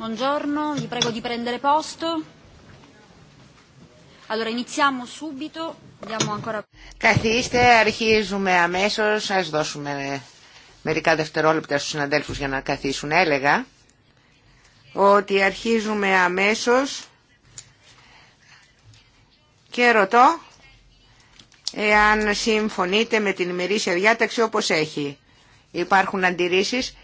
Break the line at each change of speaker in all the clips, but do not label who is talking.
Buongiorno,
Καθίστε, αρχίζουμε αμέσως. Ας δώσουμε μερικά δευτερόλεπτα στους συναδέλφους για να καθίσουν. Έλεγα ότι αρχίζουμε αμέσως και ρωτώ εάν συμφωνείτε με την ημερήσια διάταξη όπως έχει. Υπάρχουν αντιρρήσεις.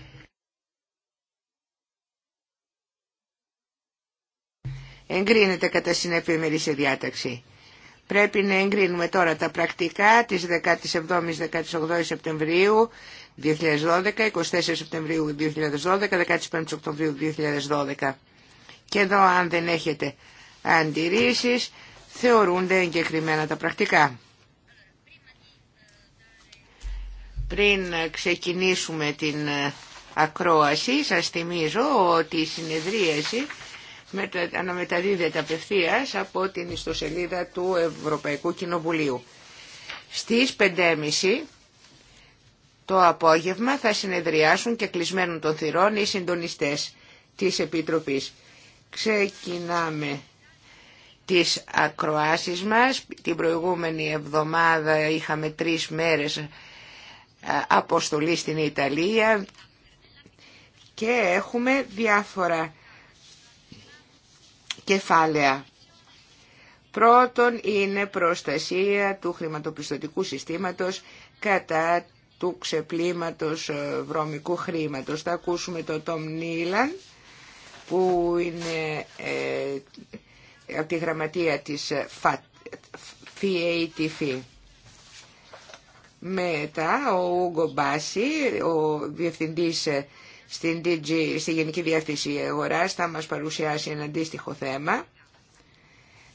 Εγκρίνεται κατά συνέπεια η σε διάταξη. Πρέπει να εγκρίνουμε τώρα τα πρακτικά της 17ης-18ης Σεπτεμβρίου 2012, 24 Σεπτεμβρίου 2012, 15 Οκτωβρίου 2012. Και εδώ αν δεν έχετε αντιρρήσεις θεωρούνται εγκεκριμένα τα πρακτικά. Πριν ξεκινήσουμε την ακρόαση σας θυμίζω ότι η συνεδρίαση αναμεταδίδεται απευθείας από την ιστοσελίδα του Ευρωπαϊκού Κοινοβουλίου. Στις 5.30 το απόγευμα θα συνεδριάσουν και κλεισμένων των θυρών οι συντονιστές της Επιτροπής. Ξεκινάμε τις ακροάσεις μας. Την προηγούμενη εβδομάδα είχαμε τρεις μέρες ε, αποστολή στην Ιταλία και έχουμε διάφορα κεφάλαια. Πρώτον είναι προστασία του χρηματοπιστωτικού συστήματος κατά του ξεπλήματος βρώμικου χρήματος. Θα ακούσουμε το Τόμ Νίλαν που είναι ε, από τη γραμματεία της FATF. Μετά ο Ούγκο Μπάση, ο διευθυντής στην DG, στη Γενική Διεύθυνση Αγοράς θα μας παρουσιάσει ένα αντίστοιχο θέμα,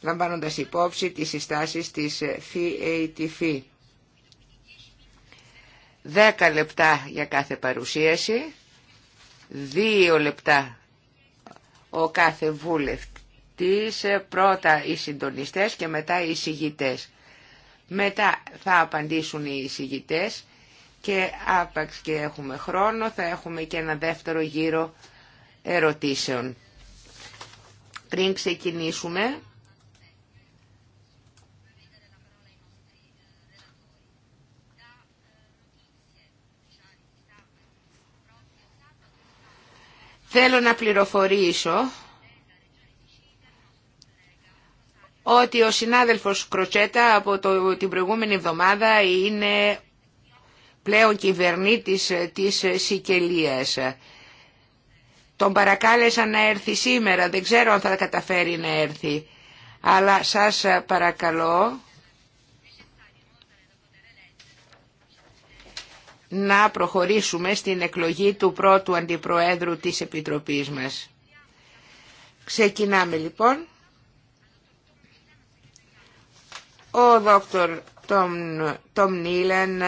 λαμβάνοντας υπόψη τις συστάσεις της FATF. Δέκα λεπτά για κάθε παρουσίαση, δύο λεπτά ο κάθε βουλευτής, πρώτα οι συντονιστές και μετά οι εισηγητές. Μετά θα απαντήσουν οι εισηγητές και άπαξ και έχουμε χρόνο θα έχουμε και ένα δεύτερο γύρο ερωτήσεων. Πριν ξεκινήσουμε, θέλω να πληροφορήσω ότι ο συνάδελφος Κροτσέτα από το, την προηγούμενη εβδομάδα είναι πλέον κυβερνήτης της Σικελίας. Τον παρακάλεσα να έρθει σήμερα, δεν ξέρω αν θα καταφέρει να έρθει, αλλά σας παρακαλώ να προχωρήσουμε στην εκλογή του πρώτου αντιπροέδρου της Επιτροπής μας. Ξεκινάμε λοιπόν. Ο δόκτωρ Τόμ Νίλαν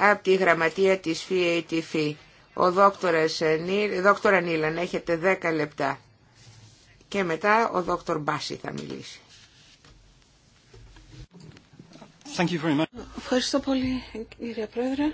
από τη γραμματεία της FATF. Ο δόκτωρας, δόκτωρα Νίλαν, έχετε 10 λεπτά. Και μετά ο δόκτωρ Μπάση θα μιλήσει.
Thank you very much.
Ευχαριστώ πολύ κύριε Πρόεδρε.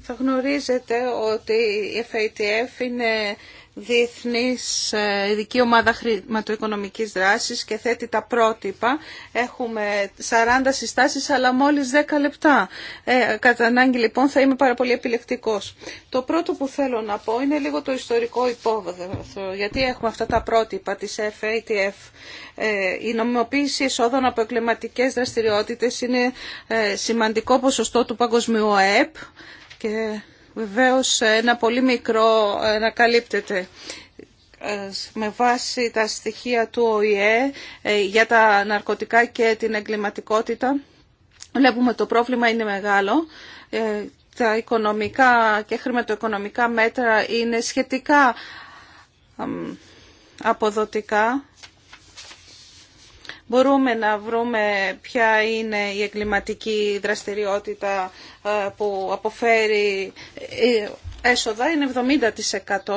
Θα γνωρίζετε ότι η FATF είναι Διεθνής ε, Ειδική Ομάδα Χρηματοοικονομικής Δράσης και θέτει τα πρότυπα. Έχουμε 40 συστάσεις αλλά μόλις 10 λεπτά. Ε, κατά ανάγκη λοιπόν θα είμαι πάρα πολύ επιλεκτικός. Το πρώτο που θέλω να πω είναι λίγο το ιστορικό υπόβαθρο. Γιατί έχουμε αυτά τα πρότυπα της FATF. Ε, η νομιμοποίηση εσόδων από εκκληματικές δραστηριότητες είναι ε, σημαντικό ποσοστό του παγκοσμίου ΑΕΠ και Βεβαίως ένα πολύ μικρό ανακαλύπτεται ε, ε, με βάση τα στοιχεία του ΟΗΕ ε, για τα ναρκωτικά και την εγκληματικότητα. Βλέπουμε το πρόβλημα είναι μεγάλο. Τα οικονομικά και χρηματοοικονομικά μέτρα είναι σχετικά αποδοτικά μπορούμε να βρούμε ποια είναι η εγκληματική δραστηριότητα ε, που αποφέρει ε, έσοδα, είναι 70%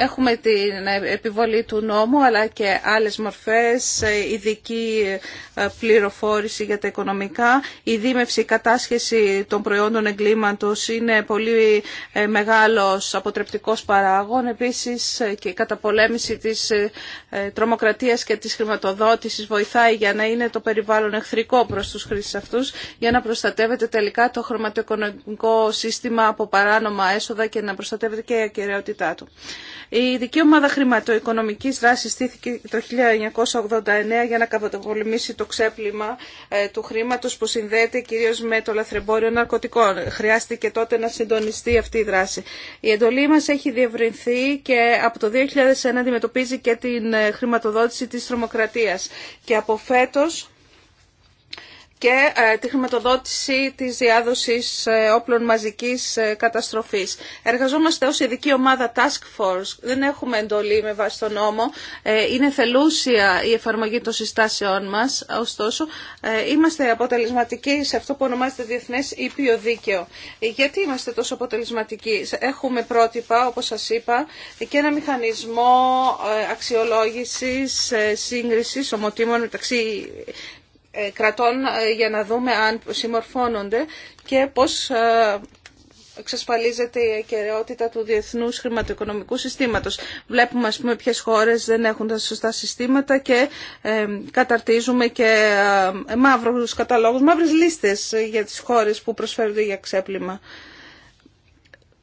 Έχουμε την επιβολή του νόμου αλλά και άλλες μορφές, ειδική ε, πληροφόρηση για τα οικονομικά. Η δίμευση, η κατάσχεση των προϊόντων εγκλήματος είναι πολύ ε, μεγάλος αποτρεπτικός παράγων. Επίσης ε, και η καταπολέμηση της τρομοκρατίας και της χρηματοδότησης βοηθάει για να είναι το περιβάλλον εχθρικό προς τους χρήστες αυτούς για να προστατεύεται τελικά το χρηματοοικονομικό σύστημα από παράνομα έσοδα και να προστατεύεται και η ακαιρεότητά του. Η Ειδική ομάδα χρηματοοικονομικής δράσης στήθηκε το 1989 για να καταπολεμήσει το ξέπλυμα ε, του χρήματος που συνδέεται κυρίως με το λαθρεμπόριο ναρκωτικών. Χρειάστηκε τότε να συντονιστεί αυτή η δράση. Η εντολή μας έχει διευρυνθεί και από το 2001 αντιμετωπίζει και την ε, χρηματοδότηση της τρομοκρατίας. Και από φέτος και ε, τη χρηματοδότηση της διάδοσης ε, όπλων μαζικής ε, καταστροφής. Εργαζόμαστε ως ειδική ομάδα Task Force. Δεν έχουμε εντολή με βάση τον νόμο. Είναι θελούσια η εφαρμογή των συστάσεών μας. Ωστόσο, είμαστε αποτελεσματικοί σε αυτό που ονομάζεται Διεθνές Ήπιο Δίκαιο. Γιατί είμαστε τόσο αποτελεσματικοί. Έχουμε πρότυπα, όπως σας είπα, και ένα μηχανισμό αξιολόγησης, σύγκρισης ομοτήμων μεταξύ ε, κρατών ε, για να δούμε αν συμμορφώνονται και πώς ε, εξασφαλίζεται η ακαιρεότητα του διεθνούς χρηματοοικονομικού συστήματος. Βλέπουμε, ας πούμε, ποιες χώρες δεν έχουν τα σωστά συστήματα και καταρτίζουμε και ε, μαύρους καταλόγους, μαύρες λίστες για τις χώρες που προσφέρονται για ξέπλυμα.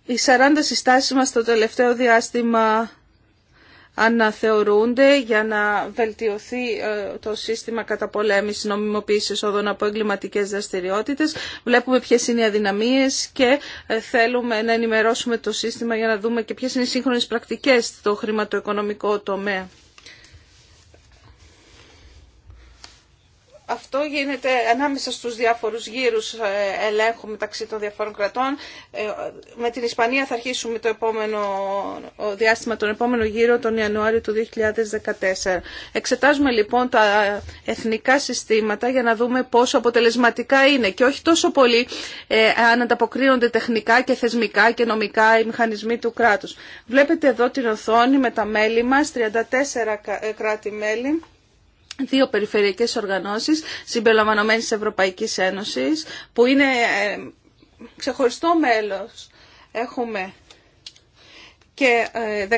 Οι 40 συστάσεις μας το τελευταίο διάστημα αναθεωρούνται για να βελτιωθεί ε, το σύστημα καταπολέμησης νομιμοποίησης όδων από εγκληματικέ δραστηριότητες. Βλέπουμε ποιες είναι οι αδυναμίες και ε, θέλουμε να ενημερώσουμε το σύστημα για να δούμε και ποιες είναι οι σύγχρονες πρακτικές στο χρηματοοικονομικό τομέα. Αυτό γίνεται ανάμεσα στους διάφορους γύρους ε, ελέγχου μεταξύ των διαφόρων κρατών. Ε, με την Ισπανία θα αρχίσουμε το επόμενο διάστημα, τον επόμενο γύρο, τον Ιανουάριο του 2014. Εξετάζουμε λοιπόν τα εθνικά συστήματα για να δούμε πόσο αποτελεσματικά είναι και όχι τόσο πολύ ε, αν ανταποκρίνονται τεχνικά και θεσμικά και νομικά οι μηχανισμοί του κράτους. Βλέπετε εδώ την οθόνη με τα μέλη μας, 34 κράτη-μέλη δύο περιφερειακές οργανώσεις συμπεριλαμβανομένης της Ευρωπαϊκής Ένωσης που είναι ε, ξεχωριστό μέλος. Έχουμε και 14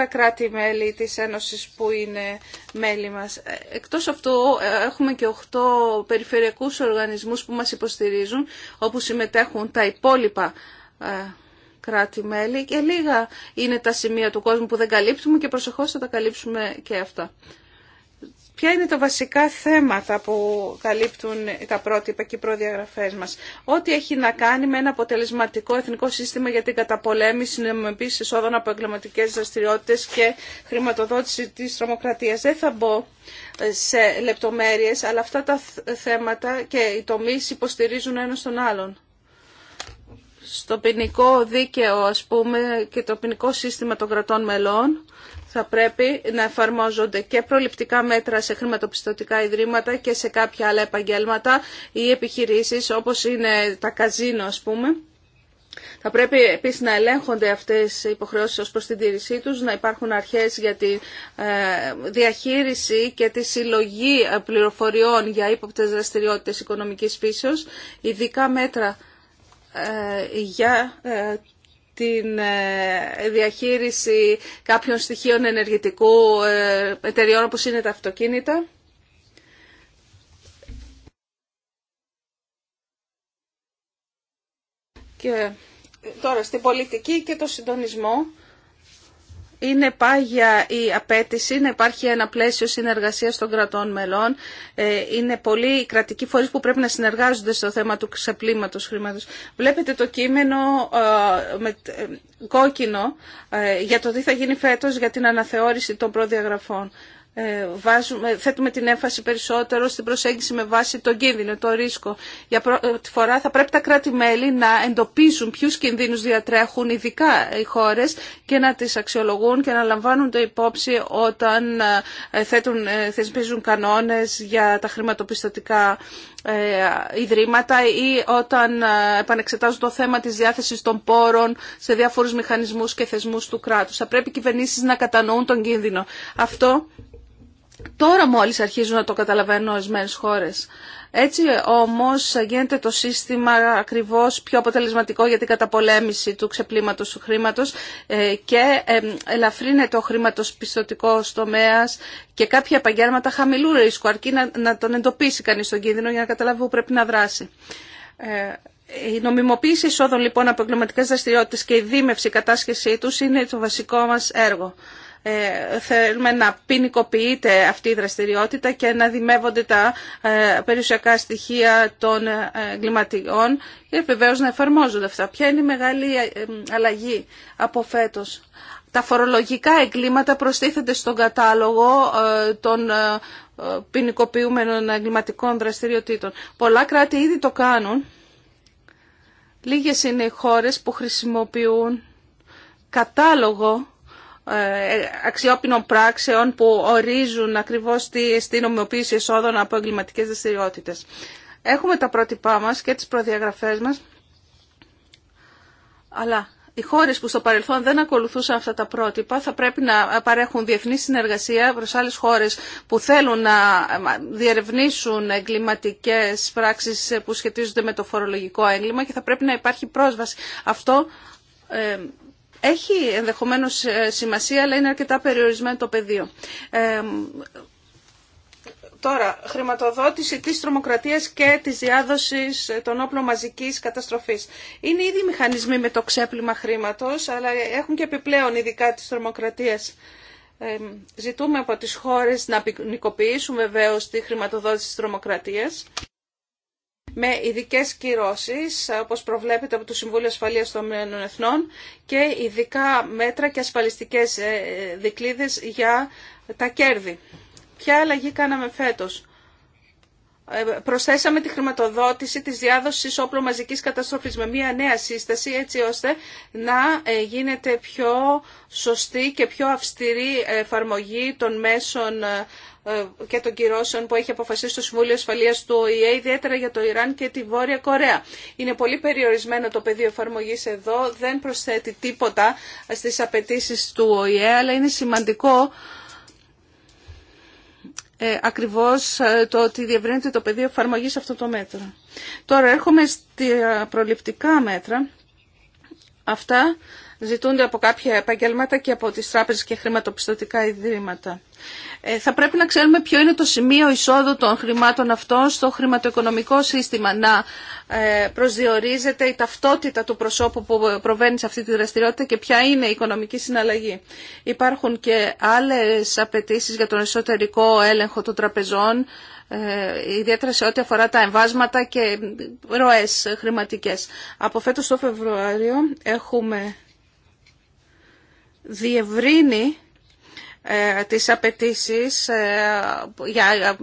ε, κράτη-μέλη της Ένωσης που είναι μέλη μας. Ε, εκτός αυτού έχουμε και 8 περιφερειακούς οργανισμούς που μας υποστηρίζουν, όπου συμμετέχουν τα υπόλοιπα κράτη-μέλη και λίγα είναι τα σημεία του κόσμου που δεν καλύπτουμε και προσεχώς θα τα καλύψουμε και αυτά. Ποια είναι τα βασικά θέματα που καλύπτουν τα πρότυπα και οι προδιαγραφές μας. Ό,τι έχει να κάνει με ένα αποτελεσματικό εθνικό σύστημα για την καταπολέμηση νομιμοποίησης εισόδων από εγκληματικέ δραστηριότητε και χρηματοδότηση της τρομοκρατίας. Δεν θα μπω ε, σε λεπτομέρειες, αλλά αυτά τα θέματα και οι τομείς υποστηρίζουν ένα τον άλλον στο ποινικό δίκαιο ας πούμε και το ποινικό σύστημα των κρατών μελών θα πρέπει να εφαρμόζονται και προληπτικά μέτρα σε χρηματοπιστωτικά ιδρύματα και σε κάποια άλλα επαγγέλματα ή επιχειρήσεις όπως είναι τα καζίνο ας πούμε. Θα πρέπει επίσης να ελέγχονται αυτές οι υποχρεώσεις ως προς την τήρησή τους, να υπάρχουν αρχές για τη ε, διαχείριση και τη συλλογή ε, πληροφοριών για ύποπτες δραστηριότητες οικονομικής φύσεως, ειδικά μέτρα ε, για την ε, διαχείριση κάποιων στοιχείων ενεργητικού ε, εταιριών όπως είναι τα αυτοκίνητα. Και τώρα στην πολιτική και το συντονισμό είναι πάγια η απέτηση να υπάρχει ένα πλαίσιο συνεργασίας των κρατών μελών. Ε, είναι πολλοί οι κρατικοί φορείς που πρέπει να συνεργάζονται στο θέμα του ξεπλήματος χρήματος. Βλέπετε το κείμενο ε, με ε, κόκκινο για το τι θα γίνει φέτος για την αναθεώρηση των προδιαγραφών. Ε, βάζουμε, θέτουμε την έμφαση περισσότερο στην προσέγγιση με βάση τον κίνδυνο, το ρίσκο. Για πρώτη φορά θα πρέπει τα κράτη-μέλη να εντοπίζουν ποιους κινδύνους διατρέχουν ειδικά οι χώρες και να τις αξιολογούν και να λαμβάνουν το υπόψη όταν ε, θέτουν, ε, θεσπίζουν κανόνες για τα χρηματοπιστωτικά ιδρύματα ή όταν επανεξετάζουν το θέμα της διάθεσης των πόρων σε διάφορους μηχανισμούς και θεσμούς του κράτους. Θα πρέπει οι να κατανοούν τον κίνδυνο. Αυτό Τώρα μόλις αρχίζουν να το καταλαβαίνουν ορισμένε χώρες. Έτσι όμως γίνεται το σύστημα ακριβώς πιο αποτελεσματικό για την καταπολέμηση του ξεπλήματος του χρήματος ε, και ελαφρύνεται ο πιστοτικός τομέα και κάποια επαγγέλματα χαμηλού ρίσκου αρκεί να, τον εντοπίσει κανείς τον κίνδυνο για να καταλάβει που πρέπει να δράσει. Ε, η νομιμοποίηση εισόδων λοιπόν από εγκληματικές δραστηριότητε και η δίμευση κατάσχεσή του είναι το βασικό μα έργο. Ε, θέλουμε να ποινικοποιείται αυτή η δραστηριότητα και να δημεύονται τα ε, περιουσιακά στοιχεία των ε, εγκληματιών και βεβαίω να εφαρμόζονται αυτά. Ποια είναι η μεγάλη αλλαγή από φέτος. Τα φορολογικά εγκλήματα προστίθενται στον κατάλογο των ποινικοποιούμενων εγκληματικών δραστηριοτήτων. Πολλά κράτη ήδη το κάνουν. Λίγες είναι οι χώρες που χρησιμοποιούν κατάλογο ε, αξιόπινων πράξεων που ορίζουν ακριβώς τι νομιμοποίηση εσόδων από εγκληματικές δραστηριότητε. Έχουμε τα πρότυπά μας και τις προδιαγραφές μας, αλλά οι χώρες που στο παρελθόν δεν ακολουθούσαν αυτά τα πρότυπα θα πρέπει να παρέχουν διεθνή συνεργασία προς άλλες χώρες που θέλουν να διερευνήσουν εγκληματικέ πράξεις που σχετίζονται με το φορολογικό έγκλημα και θα πρέπει να υπάρχει πρόσβαση. Αυτό ε, έχει ενδεχομένως ε, σημασία, αλλά είναι αρκετά περιορισμένο το πεδίο. Ε, τώρα, χρηματοδότηση της τρομοκρατίας και της διάδοσης ε, των όπλων μαζικής καταστροφής. Είναι ήδη μηχανισμοί με το ξέπλυμα χρήματος, αλλά έχουν και επιπλέον ειδικά της τρομοκρατίας. ζητούμε από τις χώρες να ποινικοποιήσουν βεβαίως τη χρηματοδότηση της τρομοκρατίας με ειδικέ κυρώσει, όπω προβλέπεται από το Συμβούλιο Ασφαλεία των Εθνών, και ειδικά μέτρα και ασφαλιστικέ ε, δικλείδε για τα κέρδη. Ποια αλλαγή κάναμε φέτος. Ε, προσθέσαμε τη χρηματοδότηση της διάδοσης όπλων μαζικής καταστροφής με μια νέα σύσταση έτσι ώστε να ε, γίνεται πιο σωστή και πιο αυστηρή εφαρμογή των μέσων ε, και των κυρώσεων που έχει αποφασίσει το Συμβούλιο ασφαλεία του ΟΗΕ, ιδιαίτερα για το Ιράν και τη Βόρεια Κορέα. Είναι πολύ περιορισμένο το πεδίο εφαρμογή εδώ, δεν προσθέτει τίποτα στι απαιτήσει του ΟΗΕ, αλλά είναι σημαντικό ε, ακριβώς ε, το ότι διευρύνεται το πεδίο εφαρμογή αυτό το μέτρο. Τώρα έρχομαι στα προληπτικά μέτρα. Αυτά ζητούνται από κάποια επαγγέλματα και από τις τράπεζες και χρηματοπιστωτικά ιδρύματα. Ε, θα πρέπει να ξέρουμε ποιο είναι το σημείο εισόδου των χρημάτων αυτών στο χρηματοοικονομικό σύστημα, να ε, προσδιορίζεται η ταυτότητα του προσώπου που προβαίνει σε αυτή τη δραστηριότητα και ποια είναι η οικονομική συναλλαγή. Υπάρχουν και άλλες απαιτήσει για τον εσωτερικό έλεγχο των τραπεζών, ε, ιδιαίτερα σε ό,τι αφορά τα εμβάσματα και ροές χρηματικές. Από φέτος το Φεβρουάριο έχουμε διευρύνει ε, τις απαιτήσει ε, για ε,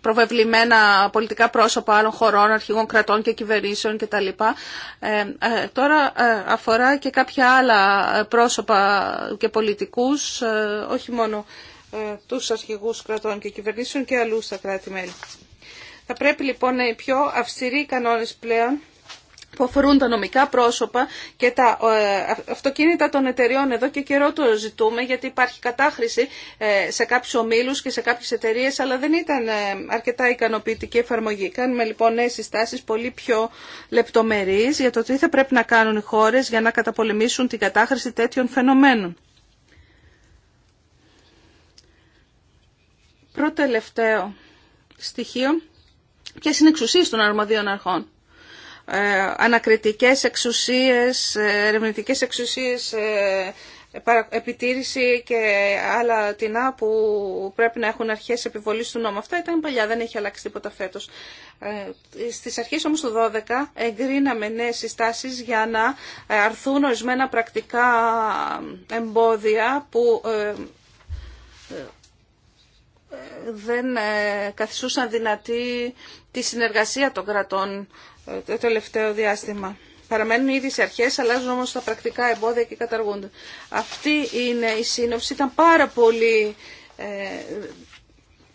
προβεβλημένα πολιτικά πρόσωπα άλλων χωρών, αρχηγών κρατών και κυβερνήσεων κτλ. Τώρα αφορά και κάποια άλλα πρόσωπα και πολιτικούς, όχι μόνο τους αρχηγούς κρατών και κυβερνήσεων και αλλού στα κράτη-μέλη. Θα πρέπει λοιπόν οι πιο αυστηροί κανόνες πλέον που αφορούν τα νομικά πρόσωπα και τα ε, αυτοκίνητα των εταιριών. Εδώ και καιρό το ζητούμε γιατί υπάρχει κατάχρηση ε, σε κάποιους ομίλους και σε κάποιες εταιρείες αλλά δεν ήταν ε, αρκετά ικανοποιητική εφαρμογή. Κάνουμε λοιπόν νέες συστάσεις πολύ πιο λεπτομερείς για το τι θα πρέπει να κάνουν οι χώρες για να καταπολεμήσουν την κατάχρηση τέτοιων φαινομένων. Πρώτο τελευταίο στοιχείο. Ποιε είναι εξουσίε των αρμοδίων αρχών. Ε, ανακριτικές εξουσίες, ε, ερευνητικέ εξουσίες, ε, επιτήρηση και άλλα τεινά που πρέπει να έχουν αρχές επιβολής του νόμου. Αυτά ήταν παλιά, δεν έχει αλλάξει τίποτα φέτος. Στις αρχές όμως του 2012 εγκρίναμε νέες συστάσεις για να αρθούν ορισμένα πρακτικά εμπόδια που δεν ε, καθισούσαν δυνατή τη συνεργασία των κρατών ε, το τελευταίο διάστημα. Παραμένουν ήδη σε αρχές, αλλάζουν όμως τα πρακτικά εμπόδια και καταργούνται. Αυτή είναι η σύνοψη. Ήταν πάρα πολύ ε,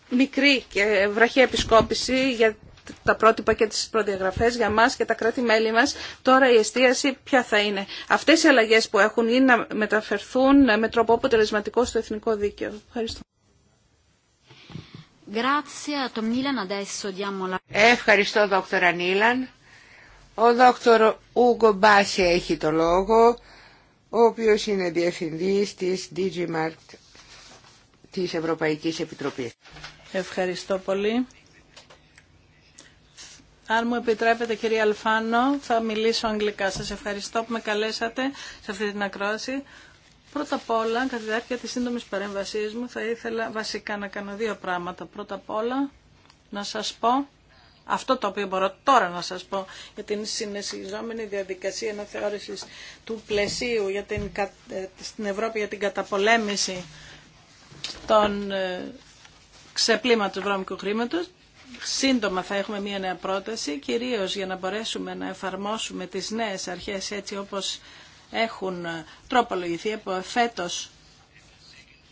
μικρή και βραχή επισκόπηση για τα πρότυπα και τις προδιαγραφές για μας και τα κράτη-μέλη μας, τώρα η εστίαση ποια θα είναι. Αυτές οι αλλαγές που έχουν είναι να μεταφερθούν με τρόπο αποτελεσματικό στο εθνικό δίκαιο. Ευχαριστώ.
Ευχαριστώ, δόκτωρα Νίλαν. Ο δόκτωρο Ούγκο
Μπάσια έχει το λόγο, ο οποίος είναι διευθυντής της Digimart της Ευρωπαϊκής Επιτροπής. Ευχαριστώ πολύ.
Αν μου επιτρέπετε κυρία Αλφάνο, θα μιλήσω αγγλικά. Σας ευχαριστώ που με καλέσατε σε αυτή την ακρόαση. Πρώτα απ' όλα, κατά τη διάρκεια της σύντομης παρέμβασής μου, θα ήθελα βασικά να κάνω δύο πράγματα. Πρώτα απ' όλα, να σας πω αυτό το οποίο μπορώ τώρα να σας πω για την συνεσυζόμενη διαδικασία αναθεώρησης του πλαισίου για την, ε, στην Ευρώπη για την καταπολέμηση των ε, ξεπλήματος βρώμικου χρήματος. Σύντομα θα έχουμε μία νέα πρόταση, κυρίως για να μπορέσουμε να εφαρμόσουμε τις νέες αρχές έτσι όπως έχουν τροπολογηθεί από φέτος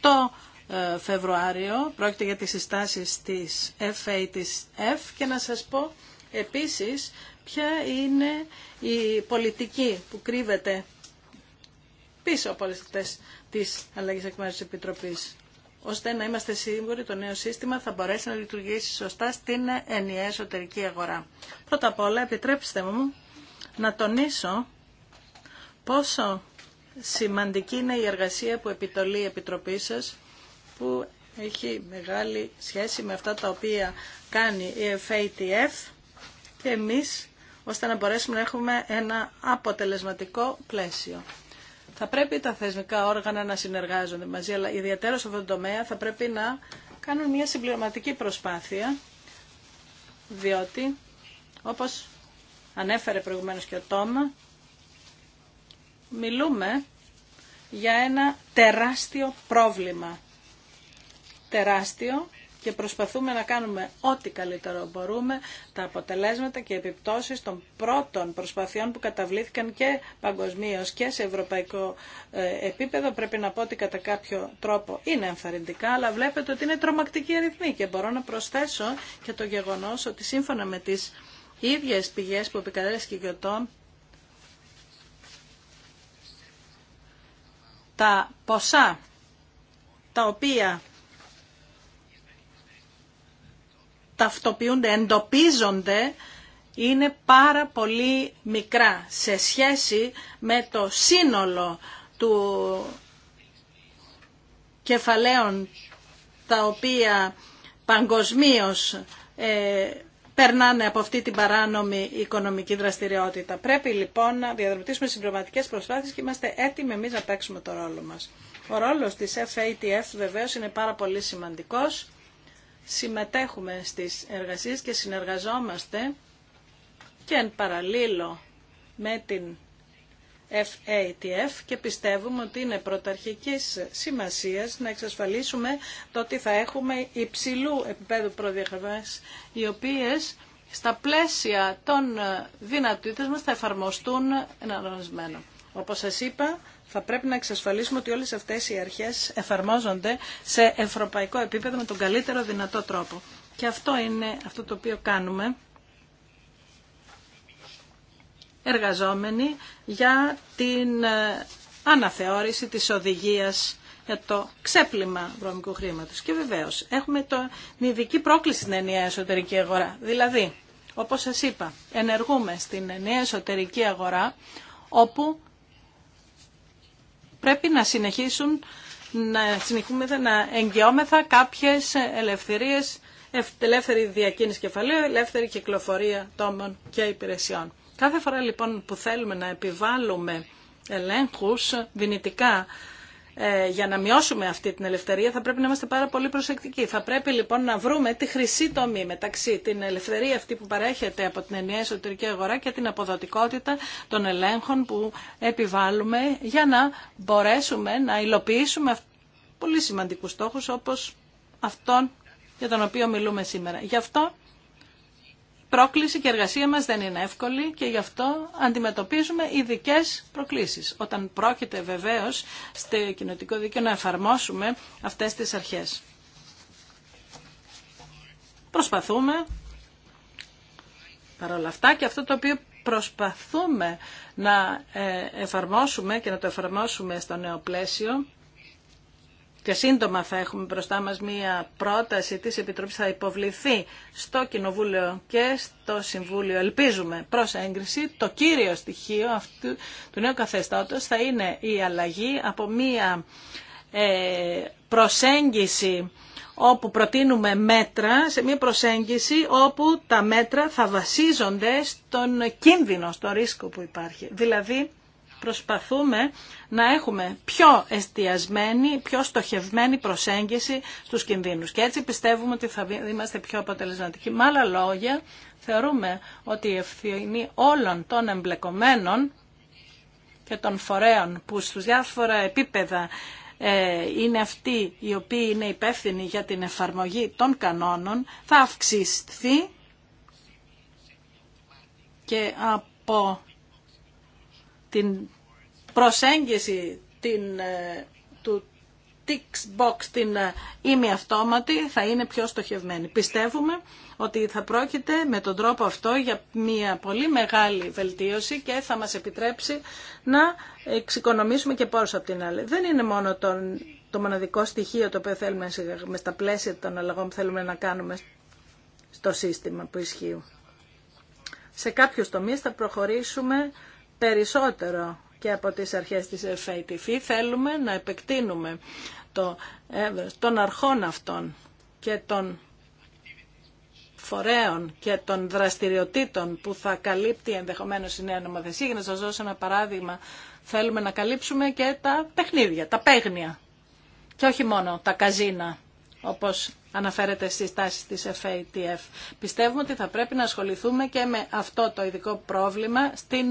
το ε, Φεβρουάριο. Πρόκειται για τις συστάσεις της FA της F και να σας πω επίσης ποια είναι η πολιτική που κρύβεται πίσω από όλες αυτές τις αλλαγές εκ μέρους της Επιτροπής ώστε να είμαστε σίγουροι το νέο σύστημα θα μπορέσει να λειτουργήσει σωστά στην ενιαία εσωτερική αγορά. Πρώτα απ' όλα επιτρέψτε μου να τονίσω πόσο σημαντική είναι η εργασία που επιτολεί η Επιτροπή σας, που έχει μεγάλη σχέση με αυτά τα οποία κάνει η FATF και εμείς, ώστε να μπορέσουμε να έχουμε ένα αποτελεσματικό πλαίσιο. Θα πρέπει τα θεσμικά όργανα να συνεργάζονται μαζί, αλλά ιδιαίτερα σε αυτό το τομέα θα πρέπει να κάνουν μια συμπληρωματική προσπάθεια, διότι, όπως ανέφερε προηγουμένως και ο Τόμα, μιλούμε για ένα τεράστιο πρόβλημα. Τεράστιο και προσπαθούμε να κάνουμε ό,τι καλύτερο μπορούμε τα αποτελέσματα και επιπτώσεις των πρώτων προσπαθειών που καταβλήθηκαν και παγκοσμίω και σε ευρωπαϊκό ε, επίπεδο. Πρέπει να πω ότι κατά κάποιο τρόπο είναι ενθαρρυντικά, αλλά βλέπετε ότι είναι τρομακτική αριθμή και μπορώ να προσθέσω και το γεγονός ότι σύμφωνα με τις ίδιες πηγές που επικαλέστηκε και ο τα ποσά τα οποία ταυτοποιούνται, εντοπίζονται, είναι πάρα πολύ μικρά σε σχέση με το σύνολο του κεφαλαίων τα οποία παγκοσμίως ε, περνάνε από αυτή την παράνομη οικονομική δραστηριότητα. Πρέπει λοιπόν να διαδρομητήσουμε συμπληρωματικέ προσπάθειες και είμαστε έτοιμοι εμεί να παίξουμε το ρόλο μα. Ο ρόλο τη FATF βεβαίω είναι πάρα πολύ σημαντικό. Συμμετέχουμε στι εργασίε και συνεργαζόμαστε και εν παραλίλω με την FATF και πιστεύουμε ότι είναι πρωταρχικής σημασίας να εξασφαλίσουμε το ότι θα έχουμε υψηλού επίπεδου προδιαγραφές οι οποίες στα πλαίσια των δυνατοτήτων μας θα εφαρμοστούν εναρρονισμένο. Όπως σας είπα, θα πρέπει να εξασφαλίσουμε ότι όλες αυτές οι αρχές εφαρμόζονται σε ευρωπαϊκό επίπεδο με τον καλύτερο δυνατό τρόπο. Και αυτό είναι αυτό το οποίο κάνουμε εργαζόμενοι για την ε, αναθεώρηση της οδηγίας για το ξέπλυμα βρώμικου χρήματος. Και βεβαίως έχουμε το, την ειδική πρόκληση στην ενιαία εσωτερική αγορά. Δηλαδή, όπως σας είπα, ενεργούμε στην ενιαία εσωτερική αγορά όπου πρέπει να συνεχίσουν να συνεχούμε να εγγυόμεθα κάποιες ελευθερίες, ελεύθερη διακίνηση κεφαλαίου, ελεύθερη κυκλοφορία τόμων και υπηρεσιών. Κάθε φορά λοιπόν που θέλουμε να επιβάλλουμε ελέγχους δυνητικά ε, για να μειώσουμε αυτή την ελευθερία θα πρέπει να είμαστε πάρα πολύ προσεκτικοί. Θα πρέπει λοιπόν να βρούμε τη χρυσή τομή μεταξύ την ελευθερία αυτή που παρέχεται από την ενιαία εσωτερική αγορά και την αποδοτικότητα των ελέγχων που επιβάλλουμε για να μπορέσουμε να υλοποιήσουμε πολύ σημαντικούς στόχους όπως αυτόν για τον οποίο μιλούμε σήμερα. Γι' αυτό πρόκληση και εργασία μας δεν είναι εύκολη και γι' αυτό αντιμετωπίζουμε ειδικέ προκλήσεις. Όταν πρόκειται βεβαίως στο κοινωτικό δίκαιο να εφαρμόσουμε αυτές τις αρχές. Προσπαθούμε παρόλα αυτά και αυτό το οποίο προσπαθούμε να ε, εφαρμόσουμε και να το εφαρμόσουμε στο νέο πλαίσιο και σύντομα θα έχουμε μπροστά μας μία πρόταση της Επιτροπής θα υποβληθεί στο Κοινοβούλιο και στο Συμβούλιο, ελπίζουμε, προς έγκριση. Το κύριο στοιχείο αυτού του νέου καθεστώτος θα είναι η αλλαγή από μία ε, προσέγγιση όπου προτείνουμε μέτρα, σε μία προσέγγιση όπου τα μέτρα θα βασίζονται στον κίνδυνο, στο ρίσκο που υπάρχει. Δηλαδή, προσπαθούμε να έχουμε πιο εστιασμένη, πιο στοχευμένη προσέγγιση στους κινδύνους. Και έτσι πιστεύουμε ότι θα είμαστε πιο αποτελεσματικοί. Με άλλα λόγια, θεωρούμε ότι η ευθύνη όλων των εμπλεκομένων και των φορέων που στους διάφορα επίπεδα ε, είναι αυτοί οι οποίοι είναι υπεύθυνοι για την εφαρμογή των κανόνων, θα αυξηθεί και από την προσέγγιση την, ε, του tick box την ημιαυτόματη ε, θα είναι πιο στοχευμένη. Πιστεύουμε ότι θα πρόκειται με τον τρόπο αυτό για μια πολύ μεγάλη βελτίωση και θα μας επιτρέψει να εξοικονομήσουμε και πόρους από την άλλη. Δεν είναι μόνο τον, το μοναδικό στοιχείο το οποίο θέλουμε με στα πλαίσια των αλλαγών που θέλουμε να κάνουμε στο σύστημα που ισχύει. Σε κάποιους τομείς θα προχωρήσουμε περισσότερο και από τις αρχές της FATF θέλουμε να επεκτείνουμε το ε, των αρχών αυτών και των φορέων και των δραστηριοτήτων που θα καλύπτει ενδεχομένως η νέα νομοθεσία. Για να σας δώσω ένα παράδειγμα, θέλουμε να καλύψουμε και τα παιχνίδια, τα παίγνια και όχι μόνο τα καζίνα όπως αναφέρεται στις τάσεις της FATF. Πιστεύουμε ότι θα πρέπει να ασχοληθούμε και με αυτό το ειδικό πρόβλημα στην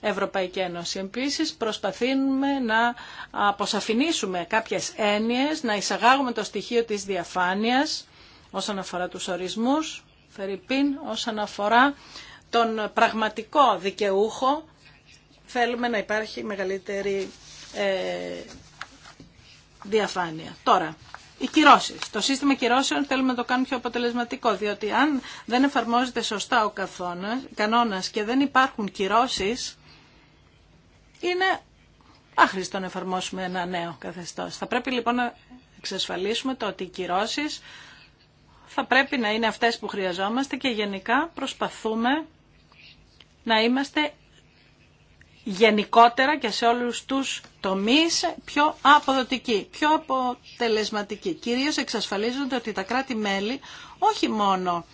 Ευρωπαϊκή Ένωση. Επίσης προσπαθούμε να αποσαφηνίσουμε κάποιες έννοιες, να εισαγάγουμε το στοιχείο της διαφάνειας όσον αφορά τους ορισμούς, όσον αφορά τον πραγματικό δικαιούχο, θέλουμε να υπάρχει μεγαλύτερη ε, διαφάνεια. Τώρα, οι κυρώσει. Το σύστημα κυρώσεων θέλουμε να το κάνουμε πιο αποτελεσματικό, διότι αν δεν εφαρμόζεται σωστά ο κανόνα και δεν υπάρχουν κυρώσει, είναι άχρηστο να εφαρμόσουμε ένα νέο καθεστώς. Θα πρέπει λοιπόν να εξασφαλίσουμε το ότι οι κυρώσει θα πρέπει να είναι αυτές που χρειαζόμαστε και γενικά προσπαθούμε να είμαστε γενικότερα και σε όλους τους τομείς πιο αποδοτικοί, πιο αποτελεσματικοί. Κυρίως εξασφαλίζονται ότι τα κράτη-μέλη όχι μόνο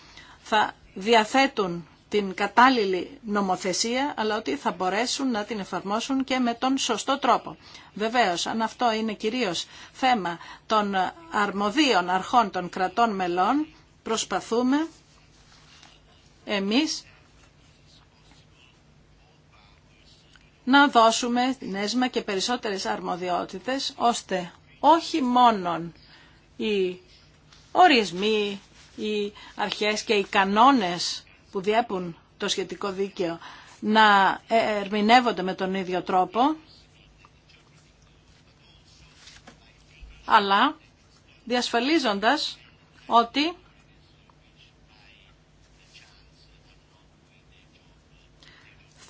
θα διαθέτουν την κατάλληλη νομοθεσία, αλλά ότι θα μπορέσουν να την εφαρμόσουν και με τον σωστό τρόπο. Βεβαίως, αν αυτό είναι κυρίως θέμα των αρμοδίων αρχών των κρατών μελών, προσπαθούμε εμείς να δώσουμε την ΕΣΜΑ και περισσότερες αρμοδιότητες, ώστε όχι μόνον οι ορισμοί, οι αρχές και οι κανόνες που διέπουν το σχετικό δίκαιο να ερμηνεύονται με τον ίδιο τρόπο, αλλά διασφαλίζοντας ότι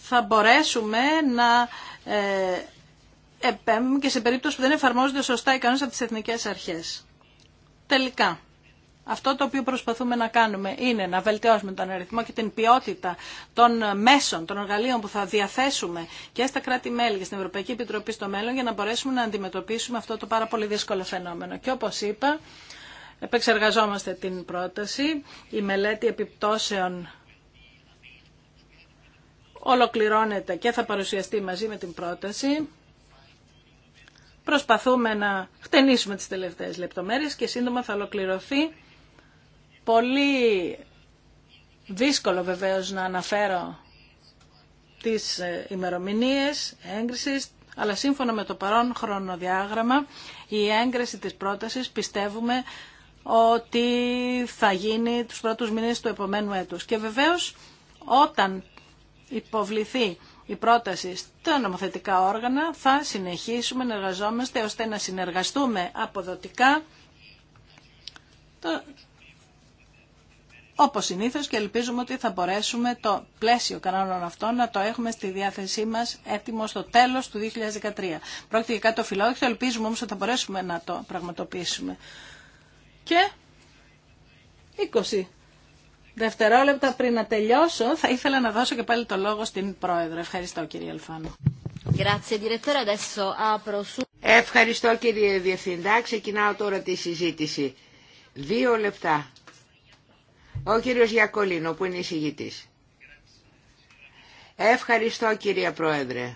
θα μπορέσουμε να ε, επέμβουμε και σε περίπτωση που δεν εφαρμόζονται σωστά οι κανόνες από τις εθνικές αρχές. Τελικά, αυτό το οποίο προσπαθούμε να κάνουμε είναι να βελτιώσουμε τον αριθμό και την ποιότητα των μέσων, των εργαλείων που θα διαθέσουμε και στα κράτη-μέλη και στην Ευρωπαϊκή Επιτροπή στο μέλλον για να μπορέσουμε να αντιμετωπίσουμε αυτό το πάρα πολύ δύσκολο φαινόμενο. Και όπως είπα, επεξεργαζόμαστε την πρόταση. Η μελέτη επιπτώσεων ολοκληρώνεται και θα παρουσιαστεί μαζί με την πρόταση. Προσπαθούμε να χτενίσουμε τις τελευταίες λεπτομέρειες και σύντομα θα ολοκληρωθεί Πολύ δύσκολο βεβαίως να αναφέρω τις ε, ημερομηνίες έγκρισης, αλλά σύμφωνα με το παρόν χρονοδιάγραμμα, η έγκριση της πρότασης πιστεύουμε ότι θα γίνει τους πρώτους μήνες του επομένου έτους. Και βεβαίως όταν υποβληθεί η πρόταση στα νομοθετικά όργανα θα συνεχίσουμε να εργαζόμαστε ώστε να συνεργαστούμε αποδοτικά όπως συνήθως και ελπίζουμε ότι θα μπορέσουμε το πλαίσιο κανόνων αυτών να το έχουμε στη διάθεσή μας έτοιμο στο τέλος του 2013. Πρόκειται για κάτι το ελπίζουμε όμως ότι θα μπορέσουμε να το πραγματοποιήσουμε. Και 20 δευτερόλεπτα πριν να τελειώσω θα ήθελα να δώσω και πάλι το λόγο στην Πρόεδρο. Ευχαριστώ κύριε Αλφάνο.
Ευχαριστώ κύριε
Διευθυντά.
Ξεκινάω τώρα τη συζήτηση. Δύο λεπτά ο κύριος Γιακολίνο που είναι εισηγητής. Ευχαριστώ κύριε Πρόεδρε.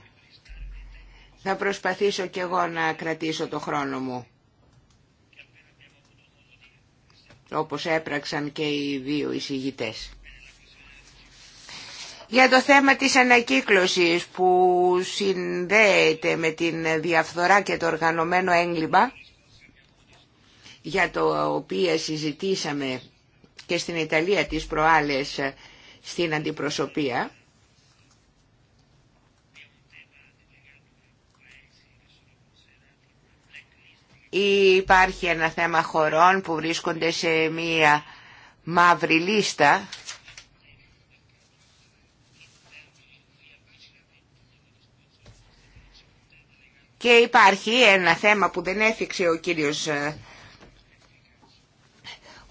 Θα προσπαθήσω κι εγώ να κρατήσω το χρόνο μου. Όπως έπραξαν και οι δύο εισηγητές. Για το θέμα της ανακύκλωσης που συνδέεται με την διαφθορά και το οργανωμένο έγκλημα για το οποίο συζητήσαμε και στην Ιταλία τις προάλλες στην αντιπροσωπεία. Υπάρχει ένα θέμα χωρών που βρίσκονται σε μία μαύρη λίστα. Και υπάρχει ένα θέμα που δεν έφυξε ο κύριος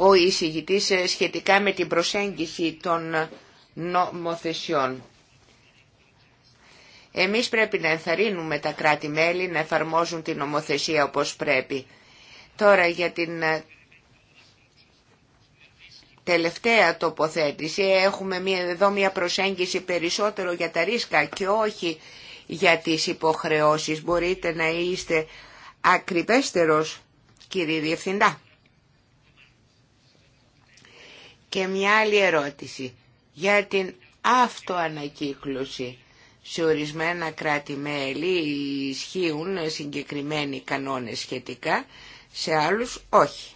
ο εισηγητής ε, σχετικά με την προσέγγιση των νομοθεσιών. Εμείς πρέπει να ενθαρρύνουμε τα κράτη-μέλη να εφαρμόζουν την νομοθεσία όπως πρέπει. Τώρα για την ε, τελευταία τοποθέτηση έχουμε μια, εδώ μια προσέγγιση περισσότερο για τα ρίσκα και όχι για τις υποχρεώσεις. Μπορείτε να είστε ακριβέστερος κύριε Διευθυντά. Και μια άλλη ερώτηση για την αυτοανακύκλωση. Σε ορισμένα κράτη-μέλη ισχύουν συγκεκριμένοι κανόνες σχετικά, σε άλλους όχι.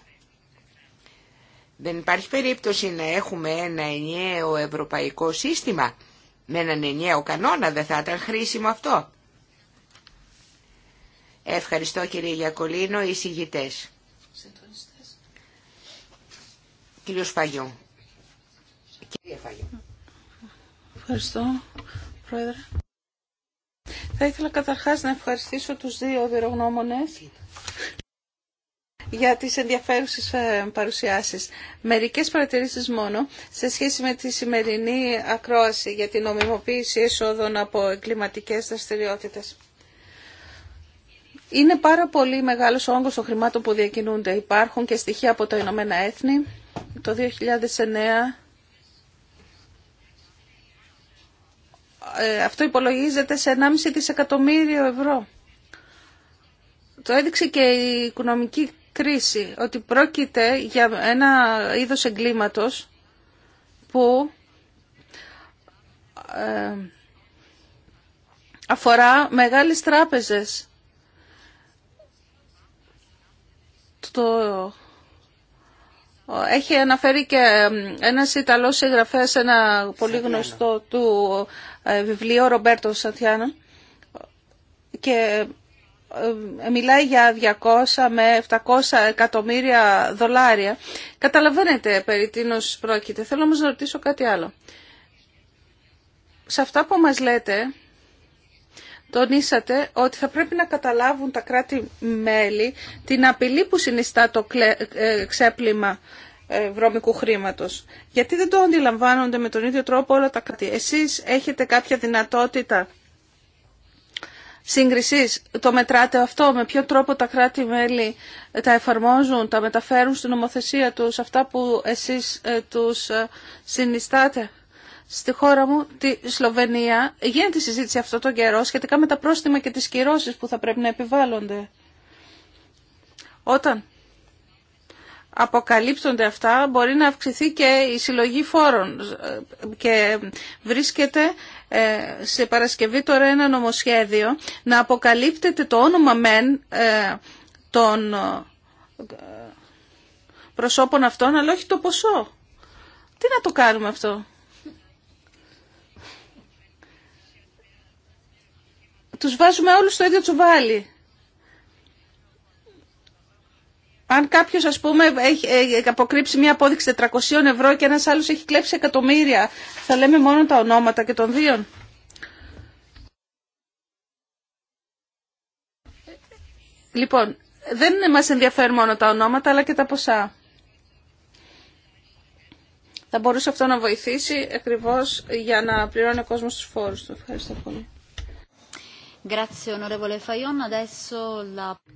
Δεν υπάρχει περίπτωση να έχουμε ένα ενιαίο ευρωπαϊκό σύστημα με έναν ενιαίο κανόνα, δεν θα ήταν χρήσιμο αυτό. Ευχαριστώ κύριε Γιακολίνο, οι Κύριο Σπαγιόν.
Ευχαριστώ, Πρόεδρε. Θα ήθελα καταρχάς να ευχαριστήσω τους δύο εμπειρογνώμονες για τις ενδιαφέρουσες ε, παρουσιάσεις. Μερικές παρατηρήσεις μόνο σε σχέση με τη σημερινή ακρόαση για την νομιμοποίηση έσοδων από εγκληματικέ δραστηριότητε. Είναι πάρα πολύ μεγάλος ο όγκος των χρημάτων που διακινούνται. Υπάρχουν και στοιχεία από τα Ηνωμένα Έθνη. Το 2009 Ε, αυτό υπολογίζεται σε 1,5 δισεκατομμύριο ευρώ. Το έδειξε και η οικονομική κρίση, ότι πρόκειται για ένα είδος εγκλήματος που ε, αφορά μεγάλες τράπεζες. Το έχει αναφέρει και ένας Ιταλός συγγραφέας, ένα πολύ γνωστό του ε, βιβλίο, Ρομπέρτο Σαντιάνο, και ε, μιλάει για 200 με 700 εκατομμύρια δολάρια. Καταλαβαίνετε περί τίνος πρόκειται. Θέλω όμως να ρωτήσω κάτι άλλο. Σε αυτά που μας λέτε, τονίσατε ότι θα πρέπει να καταλάβουν τα κράτη-μέλη την απειλή που συνιστά το ε, ξέπλυμα ε, βρώμικου χρήματος. Γιατί δεν το αντιλαμβάνονται με τον ίδιο τρόπο όλα τα κράτη. Εσείς έχετε κάποια δυνατότητα σύγκρισης. Το μετράτε αυτό, με ποιο τρόπο τα κράτη-μέλη τα εφαρμόζουν, τα μεταφέρουν στην νομοθεσία τους, αυτά που εσείς ε, τους συνιστάτε στη χώρα μου, τη Σλοβενία, γίνεται συζήτηση αυτό το καιρό σχετικά με τα πρόστιμα και τις κυρώσεις που θα πρέπει να επιβάλλονται. Όταν αποκαλύπτονται αυτά, μπορεί να αυξηθεί και η συλλογή φόρων και βρίσκεται ε, σε Παρασκευή τώρα ένα νομοσχέδιο να αποκαλύπτεται το όνομα μεν ε, των ε, προσώπων αυτών, αλλά όχι το ποσό. Τι να το κάνουμε αυτό. τους βάζουμε όλους στο ίδιο τσουβάλι. Αν κάποιο, α πούμε, έχει αποκρύψει μια απόδειξη 400 ευρώ και ένα άλλο έχει κλέψει εκατομμύρια, θα λέμε μόνο τα ονόματα και των δύο. Λοιπόν, δεν μας ενδιαφέρουν μόνο τα ονόματα, αλλά και τα ποσά. Θα μπορούσε αυτό να βοηθήσει ακριβώς για να πληρώνει ο κόσμος τους φόρους του. Ευχαριστώ πολύ.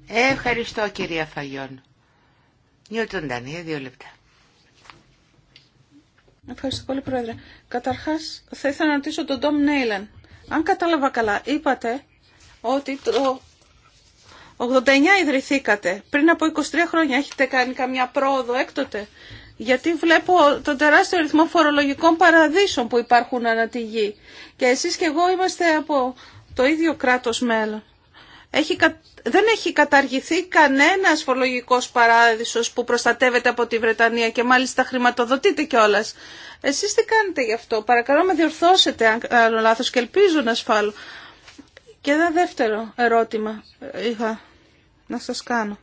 Ευχαριστώ κυρία Φαγιόν. Νιούτον Ντανία, δύο λεπτά.
Ευχαριστώ
πολύ πρόεδρε. Καταρχάς θα ήθελα να ρωτήσω τον Ντόμ Νέιλεν. Αν κατάλαβα καλά, είπατε ότι το 89 ιδρυθήκατε. Πριν από 23 χρόνια έχετε κάνει καμιά πρόοδο έκτοτε. Γιατί βλέπω τον τεράστιο ρυθμό φορολογικών παραδείσων που υπάρχουν ανά τη γη. Και εσείς και εγώ είμαστε από το ίδιο κράτος μέλλον. Έχει, δεν έχει καταργηθεί κανένας φορολογικός παράδεισος που προστατεύεται από τη Βρετανία και μάλιστα χρηματοδοτείται κιόλα. Εσείς τι κάνετε γι' αυτό. Παρακαλώ με διορθώσετε αν κάνω λάθος και ελπίζω να ασφάλω. Και ένα δεύτερο ερώτημα είχα να σας κάνω.